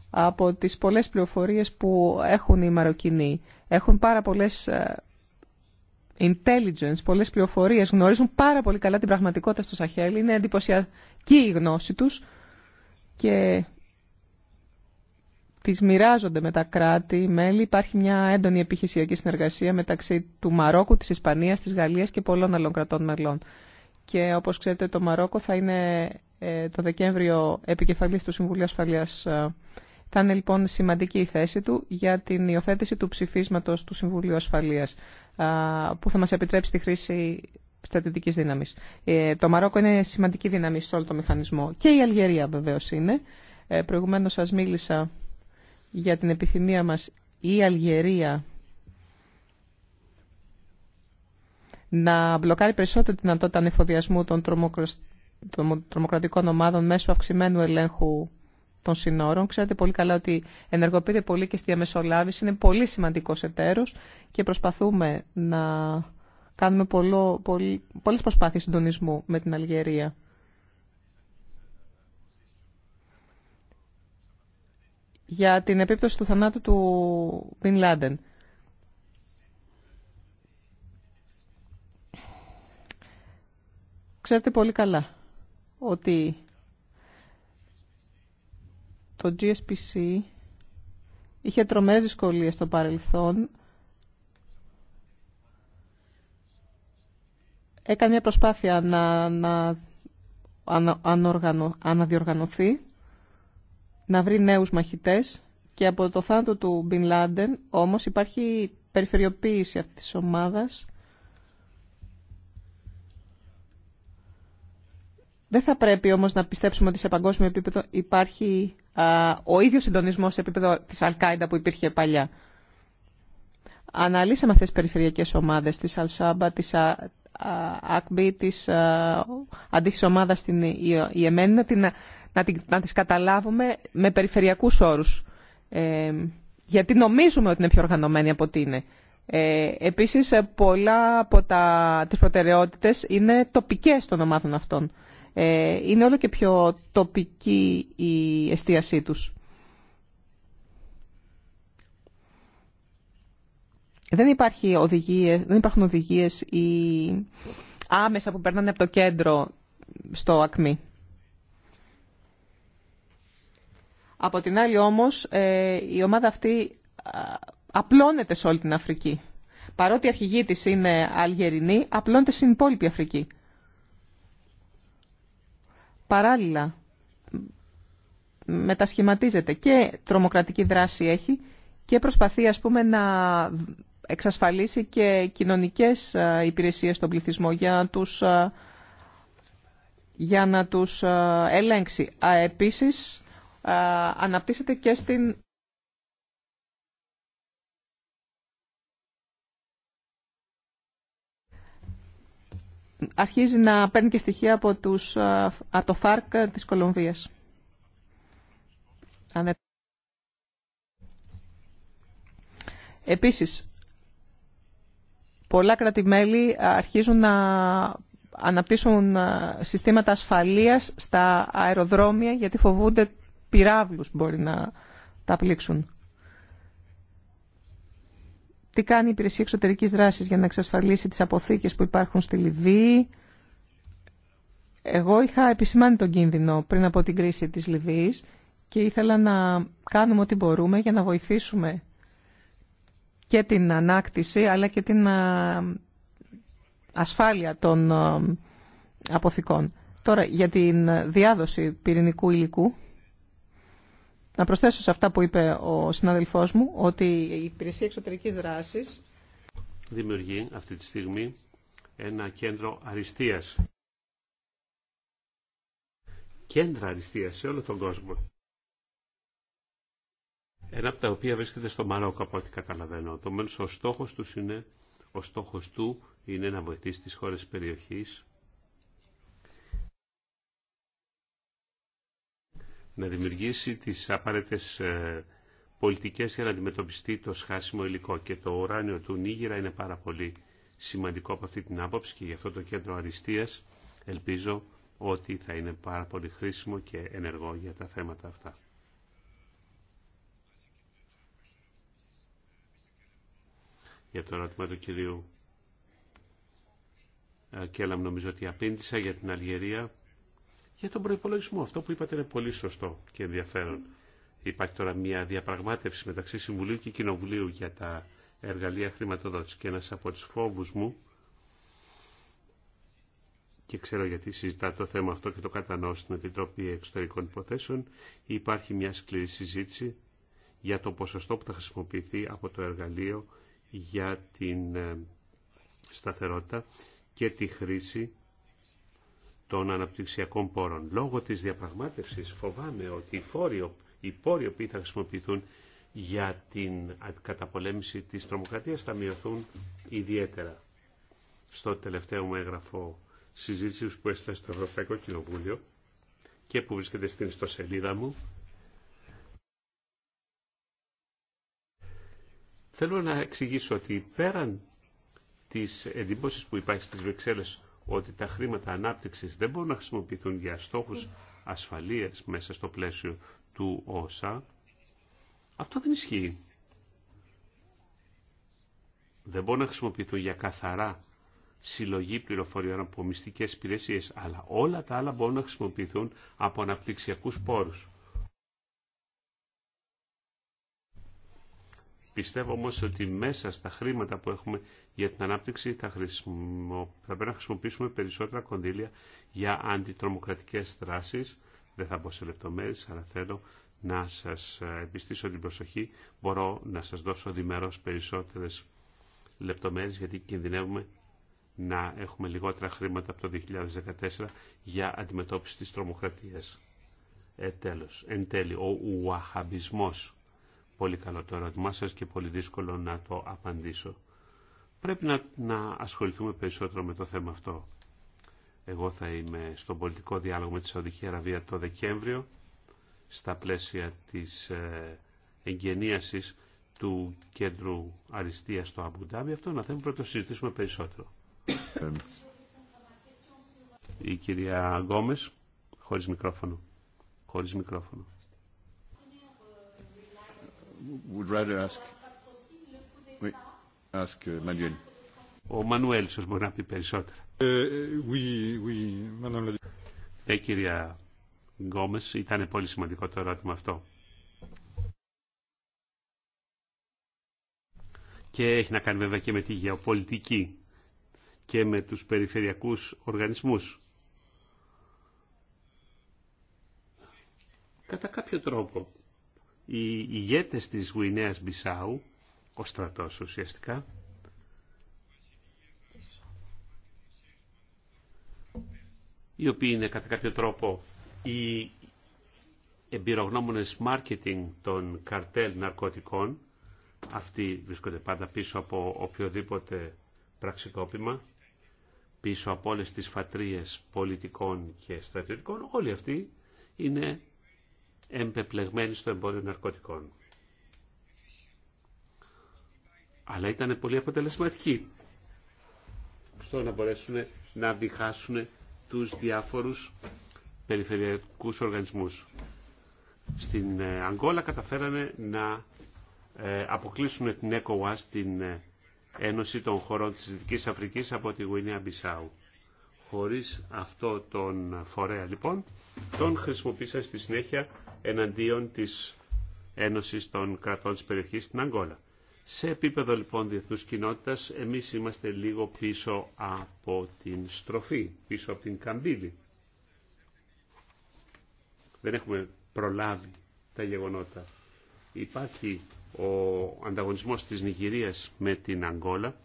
από τις πολλές πληροφορίες που έχουν οι Μαροκινοί. Έχουν πάρα πολλές ε, intelligence, πολλές πληροφορίες, γνωρίζουν πάρα πολύ καλά την πραγματικότητα στο Σαχέλ, είναι εντυπωσιακή η γνώση τους και τις μοιράζονται με τα κράτη, μέλη. Υπάρχει μια έντονη επιχειρησιακή συνεργασία μεταξύ του Μαρόκου, της Ισπανίας, της Γαλλίας και πολλών άλλων κρατών μελών. Και όπως ξέρετε το Μαρόκο θα είναι ε, το Δεκέμβριο επικεφαλής του Συμβουλίου Ασφαλείας. Ε, θα είναι λοιπόν σημαντική η θέση του για την υιοθέτηση του ψηφίσματος του Συμβουλίου Ασφαλείας ε, που θα μας επιτρέψει τη χρήση στρατιωτικής δύναμης. Το Μαρόκο είναι σημαντική δύναμη σε όλο το μηχανισμό και η Αλγερία βεβαίως είναι. Προηγουμένως σας μίλησα για την επιθυμία μας η Αλγερία να μπλοκάρει περισσότερο τη δυνατότητα ανεφοδιασμού των των τρομοκρατικών ομάδων μέσω αυξημένου ελέγχου των συνόρων. Ξέρετε πολύ καλά ότι ενεργοποιείται πολύ και στη διαμεσολάβηση. Είναι πολύ σημαντικός εταίρος και προσπαθούμε να κάνουμε πολλέ προσπάθειε πολλές προσπάθειες συντονισμού με την Αλγερία. για την επίπτωση του θανάτου του Μπιν Λάντεν. Ξέρετε πολύ καλά ότι το GSPC είχε τρομερές δυσκολίες στο παρελθόν. Έκανε μια προσπάθεια να, να αναδιοργανωθεί, να βρει νέους μαχητές και από το θάνατο του Μπιν Λάντεν όμως υπάρχει περιφερειοποίηση αυτής της ομάδας Δεν θα πρέπει όμως να πιστέψουμε ότι σε παγκόσμιο επίπεδο υπάρχει ο ίδιος συντονισμός σε επίπεδο της Αλκάιντα που υπήρχε παλιά. Αναλύσαμε αυτές τις περιφερειακές ομάδες, της Αλσάμπα, της ΑΚΜΗ, της αντίστοιχης ομάδας στην Ιεμένη, να, την, να, να τις καταλάβουμε με περιφερειακούς όρους. Ε, γιατί νομίζουμε ότι είναι πιο οργανωμένοι από ότι είναι. Ε, επίσης, πολλά από τα, τις προτεραιότητες είναι τοπικές των ομάδων αυτών. Ε, είναι όλο και πιο τοπική η εστίασή τους. Δεν, υπάρχει οδηγίες, δεν υπάρχουν οδηγίες ή άμεσα που περνάνε από το κέντρο στο ακμή. Από την άλλη όμως ε, η ομάδα αυτή απλώνεται σε όλη την Αφρική. Παρότι η αρχηγή της είναι Αλγερινή, απλώνεται στην υπόλοιπη Αφρική παράλληλα μετασχηματίζεται και τρομοκρατική δράση έχει και προσπαθεί ας πούμε να εξασφαλίσει και κοινωνικές υπηρεσίες στον πληθυσμό για να τους, για να τους ελέγξει. Επίσης αναπτύσσεται και στην αρχίζει να παίρνει και στοιχεία από, τους, από το ΦΑΡΚ της Κολομβίας. Επίσης, κρατημέλη κράτη-μέλη αρχίζουν να αναπτύσσουν συστήματα ασφαλείας στα αεροδρόμια γιατί φοβούνται πυράβλους μπορεί να τα πλήξουν τι κάνει η Υπηρεσία εξωτερική Δράσης για να εξασφαλίσει τις αποθήκες που υπάρχουν στη Λιβύη. Εγώ είχα επισημάνει τον κίνδυνο πριν από την κρίση της Λιβύης και ήθελα να κάνουμε ό,τι μπορούμε για να βοηθήσουμε και την ανάκτηση αλλά και την ασφάλεια των αποθηκών. Τώρα, για την διάδοση πυρηνικού υλικού, να προσθέσω σε αυτά που είπε ο συναδελφός μου ότι η υπηρεσία εξωτερικής δράσης δημιουργεί αυτή τη στιγμή ένα κέντρο αριστείας. Κέντρα αριστείας σε όλο τον κόσμο. Ένα από τα οποία βρίσκεται στο Μαρόκο από ό,τι καταλαβαίνω. Το μέλος ο στόχος του είναι, ο στόχος του είναι να βοηθήσει τις χώρες περιοχής να δημιουργήσει τις απαραίτητες ε, πολιτικές για να αντιμετωπιστεί το σχάσιμο υλικό. Και το ουράνιο του Νίγηρα είναι πάρα πολύ σημαντικό από αυτή την άποψη και γι' αυτό το κέντρο αριστείας ελπίζω ότι θα είναι πάρα πολύ χρήσιμο και ενεργό για τα θέματα αυτά. Για το ερώτημα του κυρίου ε, Κέλαμ νομίζω ότι απήντησα για την Αλγερία. Για τον προπολογισμό, αυτό που είπατε είναι πολύ σωστό και ενδιαφέρον. Υπάρχει τώρα μια διαπραγμάτευση μεταξύ Συμβουλίου και Κοινοβουλίου για τα εργαλεία χρηματοδότηση και ένα από του φόβου μου και ξέρω γιατί συζητά το θέμα αυτό και το κατανοώ στην Επιτροπή Εξωτερικών Υποθέσεων, υπάρχει μια σκληρή συζήτηση για το ποσοστό που θα χρησιμοποιηθεί από το εργαλείο για την ε, σταθερότητα και τη χρήση των αναπτυξιακών πόρων. Λόγω της διαπραγμάτευσης φοβάμαι ότι οι φόροι, οι πόροι που θα χρησιμοποιηθούν για την καταπολέμηση της τρομοκρατίας θα μειωθούν ιδιαίτερα. Στο τελευταίο μου έγγραφο συζήτησης που έστειλα στο Ευρωπαϊκό Κοινοβούλιο και που βρίσκεται στην ιστοσελίδα μου, θέλω να εξηγήσω ότι πέραν της εντύπωσης που υπάρχει στις Βρυξέλλες ότι τα χρήματα ανάπτυξης δεν μπορούν να χρησιμοποιηθούν για στόχους ασφαλείας μέσα στο πλαίσιο του ΩΣΑ, αυτό δεν ισχύει. Δεν μπορούν να χρησιμοποιηθούν για καθαρά συλλογή πληροφοριών από μυστικές υπηρεσίες, αλλά όλα τα άλλα μπορούν να χρησιμοποιηθούν από αναπτυξιακούς πόρους. Πιστεύω όμως ότι μέσα στα χρήματα που έχουμε για την ανάπτυξη θα, πρέπει να χρησιμοποιήσουμε περισσότερα κονδύλια για αντιτρομοκρατικές δράσεις. Δεν θα μπω σε λεπτομέρειες, αλλά θέλω να σας ε, επιστήσω την προσοχή. Μπορώ να σας δώσω διμερώς περισσότερες λεπτομέρειες γιατί κινδυνεύουμε να έχουμε λιγότερα χρήματα από το 2014 για αντιμετώπιση της τρομοκρατίας. Ε, τέλος, εν τέλει, ο ουαχαμπισμός Πολύ καλό το ερώτημά σας και πολύ δύσκολο να το απαντήσω. Πρέπει να, να ασχοληθούμε περισσότερο με το θέμα αυτό. Εγώ θα είμαι στον πολιτικό διάλογο με τη Σαουδική Αραβία το Δεκέμβριο στα πλαίσια της ε, εγγενίασης του κέντρου αριστείας στο Αμπουντάμι. Αυτό να θέμα πρέπει να το συζητήσουμε περισσότερο. Η κυρία Γκόμες, χωρίς μικρόφωνο. Χωρίς μικρόφωνο would rather ask... Ask uh, Manuel. Ο Μανουέλ μπορεί να πει περισσότερα. Ε, ε oui, oui, madame ε, κυρία Γκόμες, ήταν πολύ σημαντικό το ερώτημα αυτό. Και έχει να κάνει βέβαια και με τη γεωπολιτική και με τους περιφερειακούς οργανισμούς. Κατά κάποιο τρόπο, οι ηγέτες της Γουινέας Μπισάου, ο στρατός ουσιαστικά, οι οποίοι είναι κατά κάποιο τρόπο οι εμπειρογνώμονες marketing των καρτέλ ναρκωτικών, αυτοί βρίσκονται πάντα πίσω από οποιοδήποτε πραξικόπημα, πίσω από όλες τις φατρίες πολιτικών και στρατιωτικών, όλοι αυτοί είναι εμπεπλεγμένη στο εμπόριο ναρκωτικών. Αλλά ήταν πολύ αποτελεσματική στο να μπορέσουν να διχάσουν τους διάφορους περιφερειακούς οργανισμούς. Στην ε, Αγγόλα καταφέρανε να ε, αποκλείσουν την ΕΚΟΑ... την ε, Ένωση των Χωρών της Δυτικής Αφρικής από τη Γουινέα Μπισάου. Χωρίς αυτό τον φορέα λοιπόν, τον χρησιμοποίησαν στη συνέχεια εναντίον της Ένωσης των Κρατών της Περιοχής στην Αγγόλα. Σε επίπεδο λοιπόν διεθνούς κοινότητας εμείς είμαστε λίγο πίσω από την στροφή, πίσω από την καμπύλη. Δεν έχουμε προλάβει τα γεγονότα. Υπάρχει ο ανταγωνισμός της Νιγηρίας με την Αγγόλα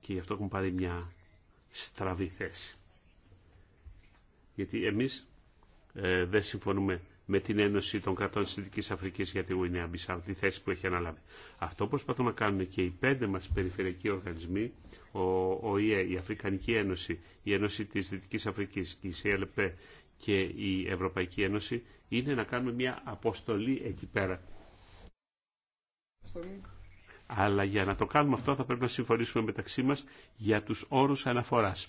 και γι' αυτό έχουν πάρει μια στραβή θέση. Γιατί εμείς ε, δεν συμφωνούμε με την Ένωση των Κρατών της Δυτικής Αφρικής για τη Γουινέα Μπισάου, τη θέση που έχει αναλάβει. Αυτό προσπαθούμε να κάνουμε και οι πέντε μας περιφερειακοί οργανισμοί, ο ΙΕ, η Αφρικανική Ένωση, η Ένωση της Δυτικής Αφρικής, η ΣΕΛΠ και η Ευρωπαϊκή Ένωση, είναι να κάνουμε μια αποστολή εκεί πέρα. Αποστολή. Αλλά για να το κάνουμε αυτό θα πρέπει να συμφωνήσουμε μεταξύ μας για τους όρους αναφοράς,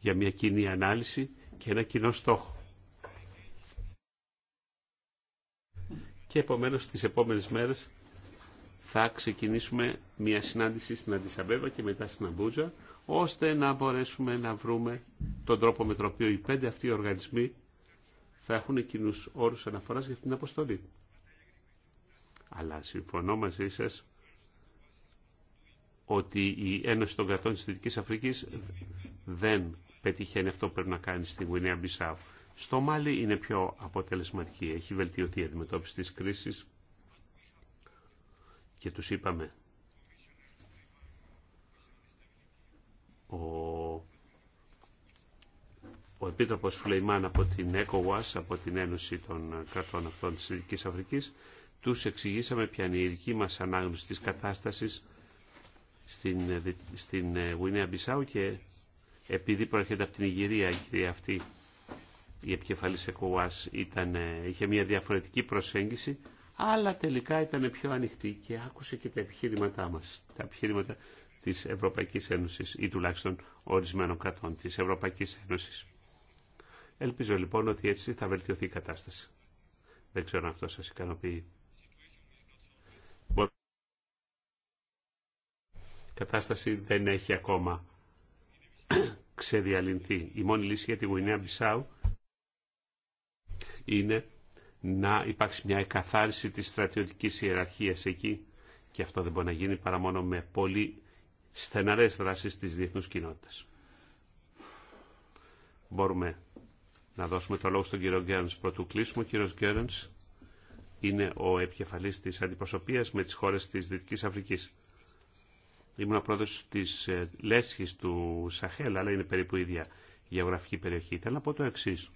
για μια κοινή ανάλυση και ένα κοινό στόχο. και επομένως τις επόμενες μέρες θα ξεκινήσουμε μια συνάντηση στην Αντισαμπέβα και μετά στην Αμπούτζα, ώστε να μπορέσουμε να βρούμε τον τρόπο με τον οποίο οι πέντε αυτοί οι οργανισμοί θα έχουν κοινού όρους αναφοράς για αυτήν την αποστολή. Αλλά συμφωνώ μαζί σας ότι η Ένωση των Κρατών της Δυτικής Αφρικής δεν πετυχαίνει αυτό που πρέπει να κάνει στη Γουινέα Μπισάου. Στο Μάλι είναι πιο αποτελεσματική, έχει βελτιωθεί η αντιμετώπιση της κρίσης και τους είπαμε ο, ο Επίτροπος Φλεϊμάν από την ECOWAS, από την Ένωση των Κρατών Αυτών της Ειδικής Αφρικής, τους εξηγήσαμε ποια είναι η ειδική μας ανάγνωση της κατάστασης στην, στην ε, Γουινέα Μπισάου και επειδή προέρχεται από την Ιγυρία η κυρία αυτή η επικεφαλής ήταν ε, είχε μια διαφορετική προσέγγιση, αλλά τελικά ήταν πιο ανοιχτή και άκουσε και τα επιχείρηματά μας, τα επιχείρηματα της Ευρωπαϊκής Ένωσης ή τουλάχιστον ορισμένων κρατών της Ευρωπαϊκής Ένωσης. Ελπίζω λοιπόν ότι έτσι θα βελτιωθεί η κατάσταση. Δεν ξέρω αν αυτό σας ικανοποιεί. Η κατάσταση δεν έχει ακόμα [CLEARS THROAT] ξεδιαλυνθεί. Η μόνη λύση για τη Γουινέα Μπισάου είναι να υπάρξει μια εκαθάριση της στρατιωτικής ιεραρχίας εκεί και αυτό δεν μπορεί να γίνει παρά μόνο με πολύ στεναρές δράσεις της διεθνούς κοινότητας. Μπορούμε να δώσουμε το λόγο στον κύριο Γκέρνς πρωτού κλείσουμε. Ο κύριος Γκέρνς είναι ο επικεφαλής της αντιπροσωπείας με τις χώρες της Δυτικής Αφρικής. Ήμουν πρόεδρος της ε, λέσχης του Σαχέλ, αλλά είναι περίπου ίδια γεωγραφική περιοχή. Θέλω να πω το εξή.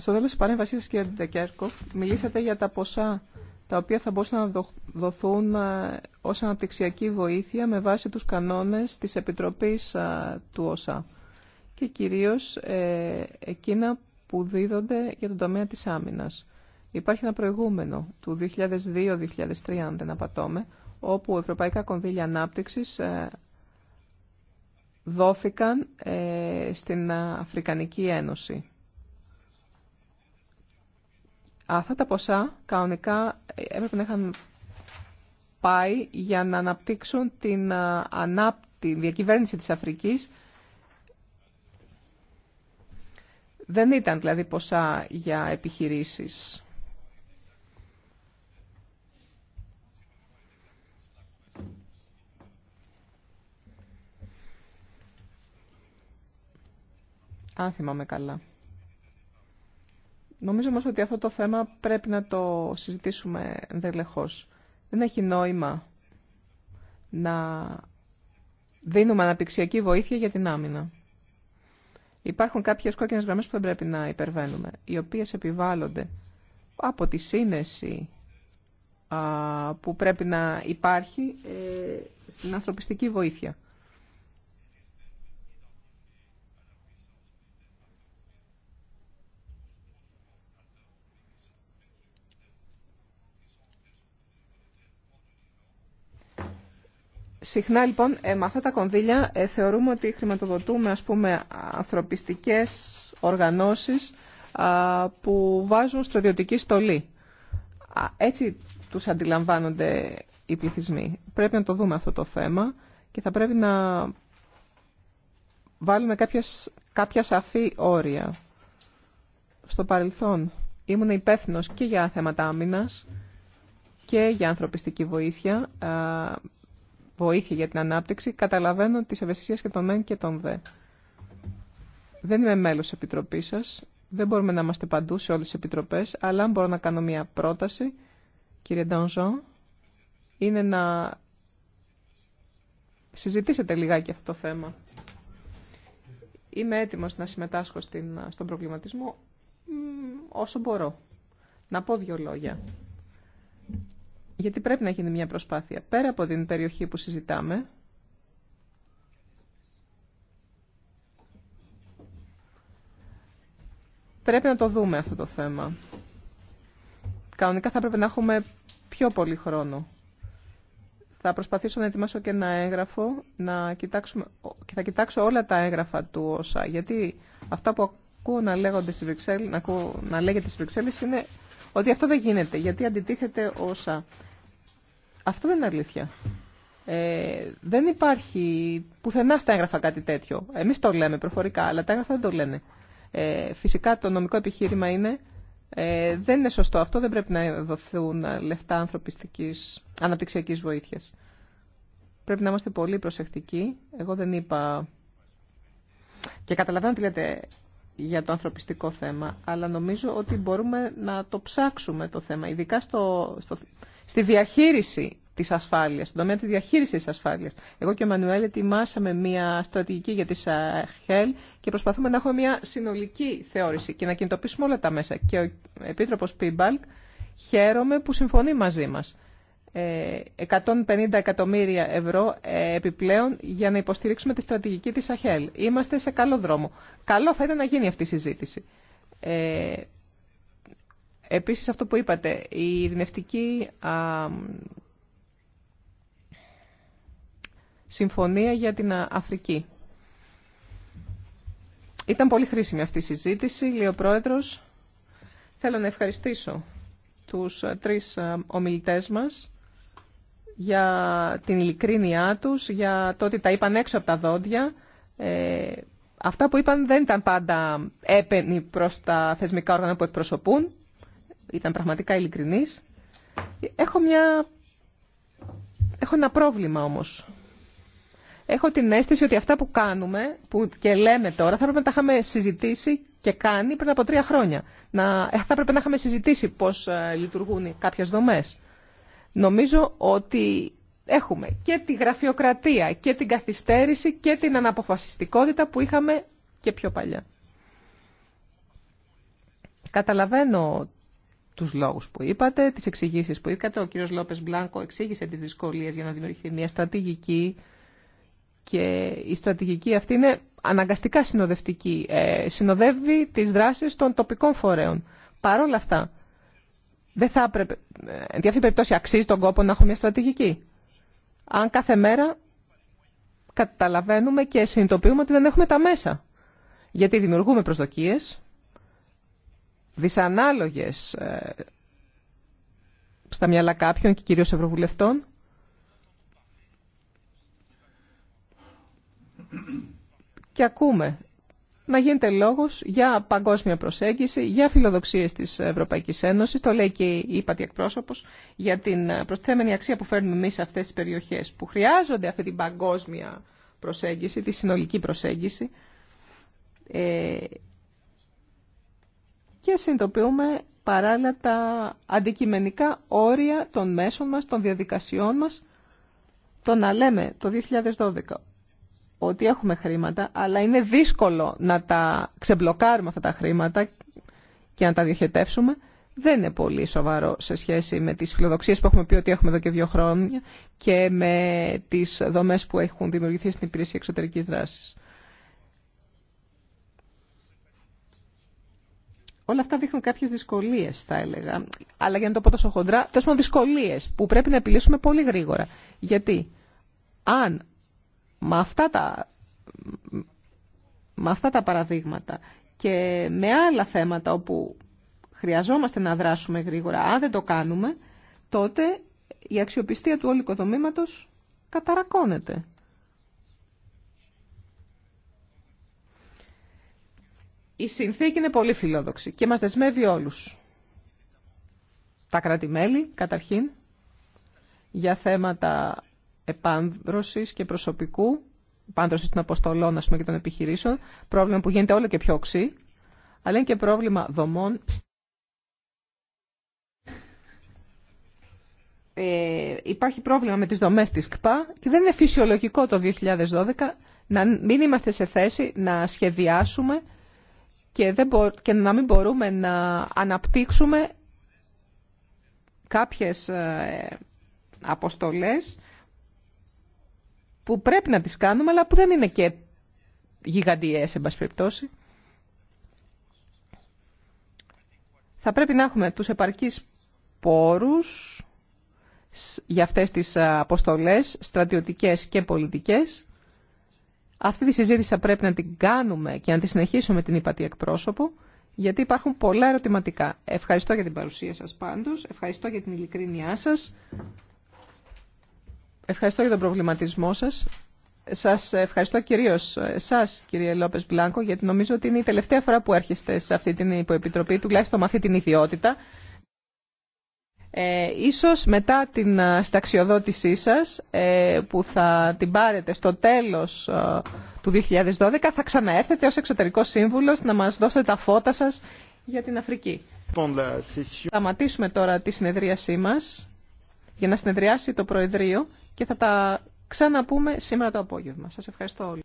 στο τέλο τη παρέμβασή σα, κύριε Ντεκέρκοφ, μιλήσατε για τα ποσά τα οποία θα μπορούσαν να δοθούν ε, ως αναπτυξιακή βοήθεια με βάση τους κανόνες τη Επιτροπής ε, του ΟΣΑ και κυρίως ε, εκείνα που δίδονται για τον τομέα της Άμυνα. Υπάρχει ένα προηγούμενο του 2002-2003, αν δεν απατώμε, όπου ευρωπαϊκά κονδύλια ανάπτυξης δόθηκαν στην Αφρικανική Ένωση Αυτά τα ποσά κανονικά ε, έπρεπε να είχαν πάει για να αναπτύξουν την, ε, ανάπ την διακυβέρνηση της Αφρικής. Δεν ήταν δηλαδή ποσά για επιχειρήσεις. Αν θυμάμαι καλά. Νομίζω όμως ότι αυτό το θέμα πρέπει να το συζητήσουμε ενδελεχώς. Δεν έχει νόημα να δίνουμε αναπτυξιακή βοήθεια για την άμυνα. Υπάρχουν κάποιες κόκκινες γραμμές που δεν πρέπει να υπερβαίνουμε, οι οποίες επιβάλλονται από τη σύνεση που πρέπει να υπάρχει ε, στην ανθρωπιστική βοήθεια. Συχνά λοιπόν ε, με αυτά τα κονδύλια ε, θεωρούμε ότι χρηματοδοτούμε ας πούμε ανθρωπιστικές οργανώσεις που βάζουν στρατιωτική στολή. Έτσι τους αντιλαμβάνονται οι πληθυσμοί. Πρέπει να το δούμε αυτό το θέμα και θα πρέπει να βάλουμε κάποιες, κάποια σαφή όρια. Στο παρελθόν ήμουν υπεύθυνο και για θέματα άμυνας και για ανθρωπιστική βοήθεια βοήθεια για την ανάπτυξη, καταλαβαίνω τι ευαισθησίε και των μεν και των δε. Δεν είμαι μέλο τη Επιτροπή σα. δεν μπορούμε να είμαστε παντού σε όλε τι επιτροπέ, αλλά αν μπορώ να κάνω μια πρόταση, κύριε Ντανζόν, είναι να συζητήσετε λιγάκι αυτό το θέμα. Είμαι έτοιμο να συμμετάσχω στην, στον προβληματισμό όσο μπορώ. Να πω δύο λόγια γιατί πρέπει να γίνει μια προσπάθεια πέρα από την περιοχή που συζητάμε. Πρέπει να το δούμε αυτό το θέμα. Κανονικά θα πρέπει να έχουμε πιο πολύ χρόνο. Θα προσπαθήσω να ετοιμάσω και ένα έγγραφο να και θα κοιτάξω όλα τα έγγραφα του ΩΣΑ, γιατί αυτά που ακούω να, λέγονται Βρυξέλη, να, ακούω, να λέγεται στις Βρυξέλλες είναι ότι αυτό δεν γίνεται, γιατί αντιτίθεται όσα αυτό δεν είναι αλήθεια. Ε, δεν υπάρχει πουθενά στα έγγραφα κάτι τέτοιο. Εμείς το λέμε προφορικά, αλλά τα έγγραφα δεν το λένε. Ε, φυσικά το νομικό επιχείρημα είναι ε, δεν είναι σωστό αυτό, δεν πρέπει να δοθούν λεφτά ανθρωπιστικής, αναπτυξιακής βοήθειας. Πρέπει να είμαστε πολύ προσεκτικοί. Εγώ δεν είπα... Και καταλαβαίνω τι λέτε για το ανθρωπιστικό θέμα, αλλά νομίζω ότι μπορούμε να το ψάξουμε το θέμα, ειδικά στο, στο στη διαχείριση τη ασφάλεια, στον τομέα τη διαχείριση τη ασφάλεια. Εγώ και ο Μανουέλ ετοιμάσαμε μια στρατηγική για τη Σαχέλ και προσπαθούμε να έχουμε μια συνολική θεώρηση και να κινητοποιήσουμε όλα τα μέσα. Και ο Επίτροπο Πίμπαλκ χαίρομαι που συμφωνεί μαζί μα. 150 ε, εκατομμύρια ευρώ ε, επιπλέον για να υποστηρίξουμε τη στρατηγική της ΣΑΧΕΛ. Είμαστε σε καλό δρόμο. Καλό θα ήταν να γίνει αυτή η συζήτηση. Ε, Επίσης αυτό που είπατε, η ειρηνευτική συμφωνία για την Αφρική. Ήταν πολύ χρήσιμη αυτή η συζήτηση, λέει ο Πρόεδρος. Θέλω να ευχαριστήσω τους τρεις ομιλητές μας για την ειλικρίνειά τους, για το ότι τα είπαν έξω από τα δόντια. Ε, αυτά που είπαν δεν ήταν πάντα έπαινοι προς τα θεσμικά όργανα που εκπροσωπούν ήταν πραγματικά ειλικρινής. Έχω, μια... Έχω ένα πρόβλημα όμως. Έχω την αίσθηση ότι αυτά που κάνουμε που και λέμε τώρα θα πρέπει να τα είχαμε συζητήσει και κάνει πριν από τρία χρόνια. Να... Ε, θα πρέπει να είχαμε συζητήσει πώς ε, λειτουργούν κάποιες δομές. Νομίζω ότι έχουμε και τη γραφειοκρατία και την καθυστέρηση και την αναποφασιστικότητα που είχαμε και πιο παλιά. Καταλαβαίνω του λόγου που είπατε, τι εξηγήσει που είπατε. Ο κύριο Λόπε Μπλάνκο εξήγησε τι δυσκολίε για να δημιουργηθεί μια στρατηγική και η στρατηγική αυτή είναι αναγκαστικά συνοδευτική. Ε, συνοδεύει τι δράσει των τοπικών φορέων. Παρ' όλα αυτά, δεν θα έπρεπε, ε, εν τιαφή περιπτώσει αξίζει τον κόπο να έχουμε μια στρατηγική. Αν κάθε μέρα καταλαβαίνουμε και συνειδητοποιούμε ότι δεν έχουμε τα μέσα. Γιατί δημιουργούμε προσδοκίες, δυσανάλογες ε, στα μυαλά κάποιων και κυρίως ευρωβουλευτών. Και ακούμε να γίνεται λόγος για παγκόσμια προσέγγιση, για φιλοδοξίες της Ευρωπαϊκής Ένωσης, το λέει και η ΥΠΑΤΗ εκπρόσωπος, για την προσθέμενη αξία που φέρνουμε εμείς σε αυτές τις περιοχές που χρειάζονται αυτή την παγκόσμια προσέγγιση, τη συνολική προσέγγιση ε, και συνειδητοποιούμε παράλληλα τα αντικειμενικά όρια των μέσων μας, των διαδικασιών μας. Το να λέμε το 2012 ότι έχουμε χρήματα, αλλά είναι δύσκολο να τα ξεμπλοκάρουμε αυτά τα χρήματα και να τα διοχετεύσουμε, δεν είναι πολύ σοβαρό σε σχέση με τις φιλοδοξίες που έχουμε πει ότι έχουμε εδώ και δύο χρόνια και με τις δομές που έχουν δημιουργηθεί στην υπηρεσία εξωτερικής δράσης. Όλα αυτά δείχνουν κάποιε δυσκολίε, θα έλεγα. Αλλά για να το πω τόσο χοντρά, τέλο πάντων δυσκολίε που πρέπει να επιλύσουμε πολύ γρήγορα. Γιατί αν με αυτά τα, με αυτά τα παραδείγματα και με άλλα θέματα όπου χρειαζόμαστε να δράσουμε γρήγορα, αν δεν το κάνουμε, τότε η αξιοπιστία του όλου οικοδομήματος καταρακώνεται. Η συνθήκη είναι πολύ φιλόδοξη και μας δεσμεύει όλους. Τα κράτη-μέλη, καταρχήν, για θέματα επάνδρωσης και προσωπικού, επάνδρωσης των αποστολών ας πούμε, και των επιχειρήσεων, πρόβλημα που γίνεται όλο και πιο οξύ, αλλά είναι και πρόβλημα δομών. Ε, υπάρχει πρόβλημα με τις δομές της ΚΠΑ και δεν είναι φυσιολογικό το 2012 να μην είμαστε σε θέση να σχεδιάσουμε και, δεν μπο, και να μην μπορούμε να αναπτύξουμε κάποιες ε, αποστολές που πρέπει να τις κάνουμε, αλλά που δεν είναι και γιγαντιές, εν Θα πρέπει να έχουμε τους επαρκείς πόρους για αυτές τις ε, αποστολές, στρατιωτικές και πολιτικές. Αυτή τη συζήτηση θα πρέπει να την κάνουμε και να τη συνεχίσουμε την υπατή εκπρόσωπο, γιατί υπάρχουν πολλά ερωτηματικά. Ευχαριστώ για την παρουσία σας πάντως, ευχαριστώ για την ειλικρίνειά σας, ευχαριστώ για τον προβληματισμό σας. Σας ευχαριστώ κυρίως εσάς, κύριε Λόπες Μπλάνκο, γιατί νομίζω ότι είναι η τελευταία φορά που έρχεστε σε αυτή την υποεπιτροπή, τουλάχιστον με αυτή την ιδιότητα. Ε, ίσως μετά την ε, σταξιοδότησή σας ε, που θα την πάρετε στο τέλος ε, του 2012 θα ξαναέρθετε ως εξωτερικός σύμβουλος να μας δώσετε τα φώτα σας για την Αφρική. Θα Σταματήσουμε τώρα τη συνεδρίασή μας για να συνεδριάσει το Προεδρείο και θα τα ξαναπούμε σήμερα το απόγευμα. Σας ευχαριστώ όλους.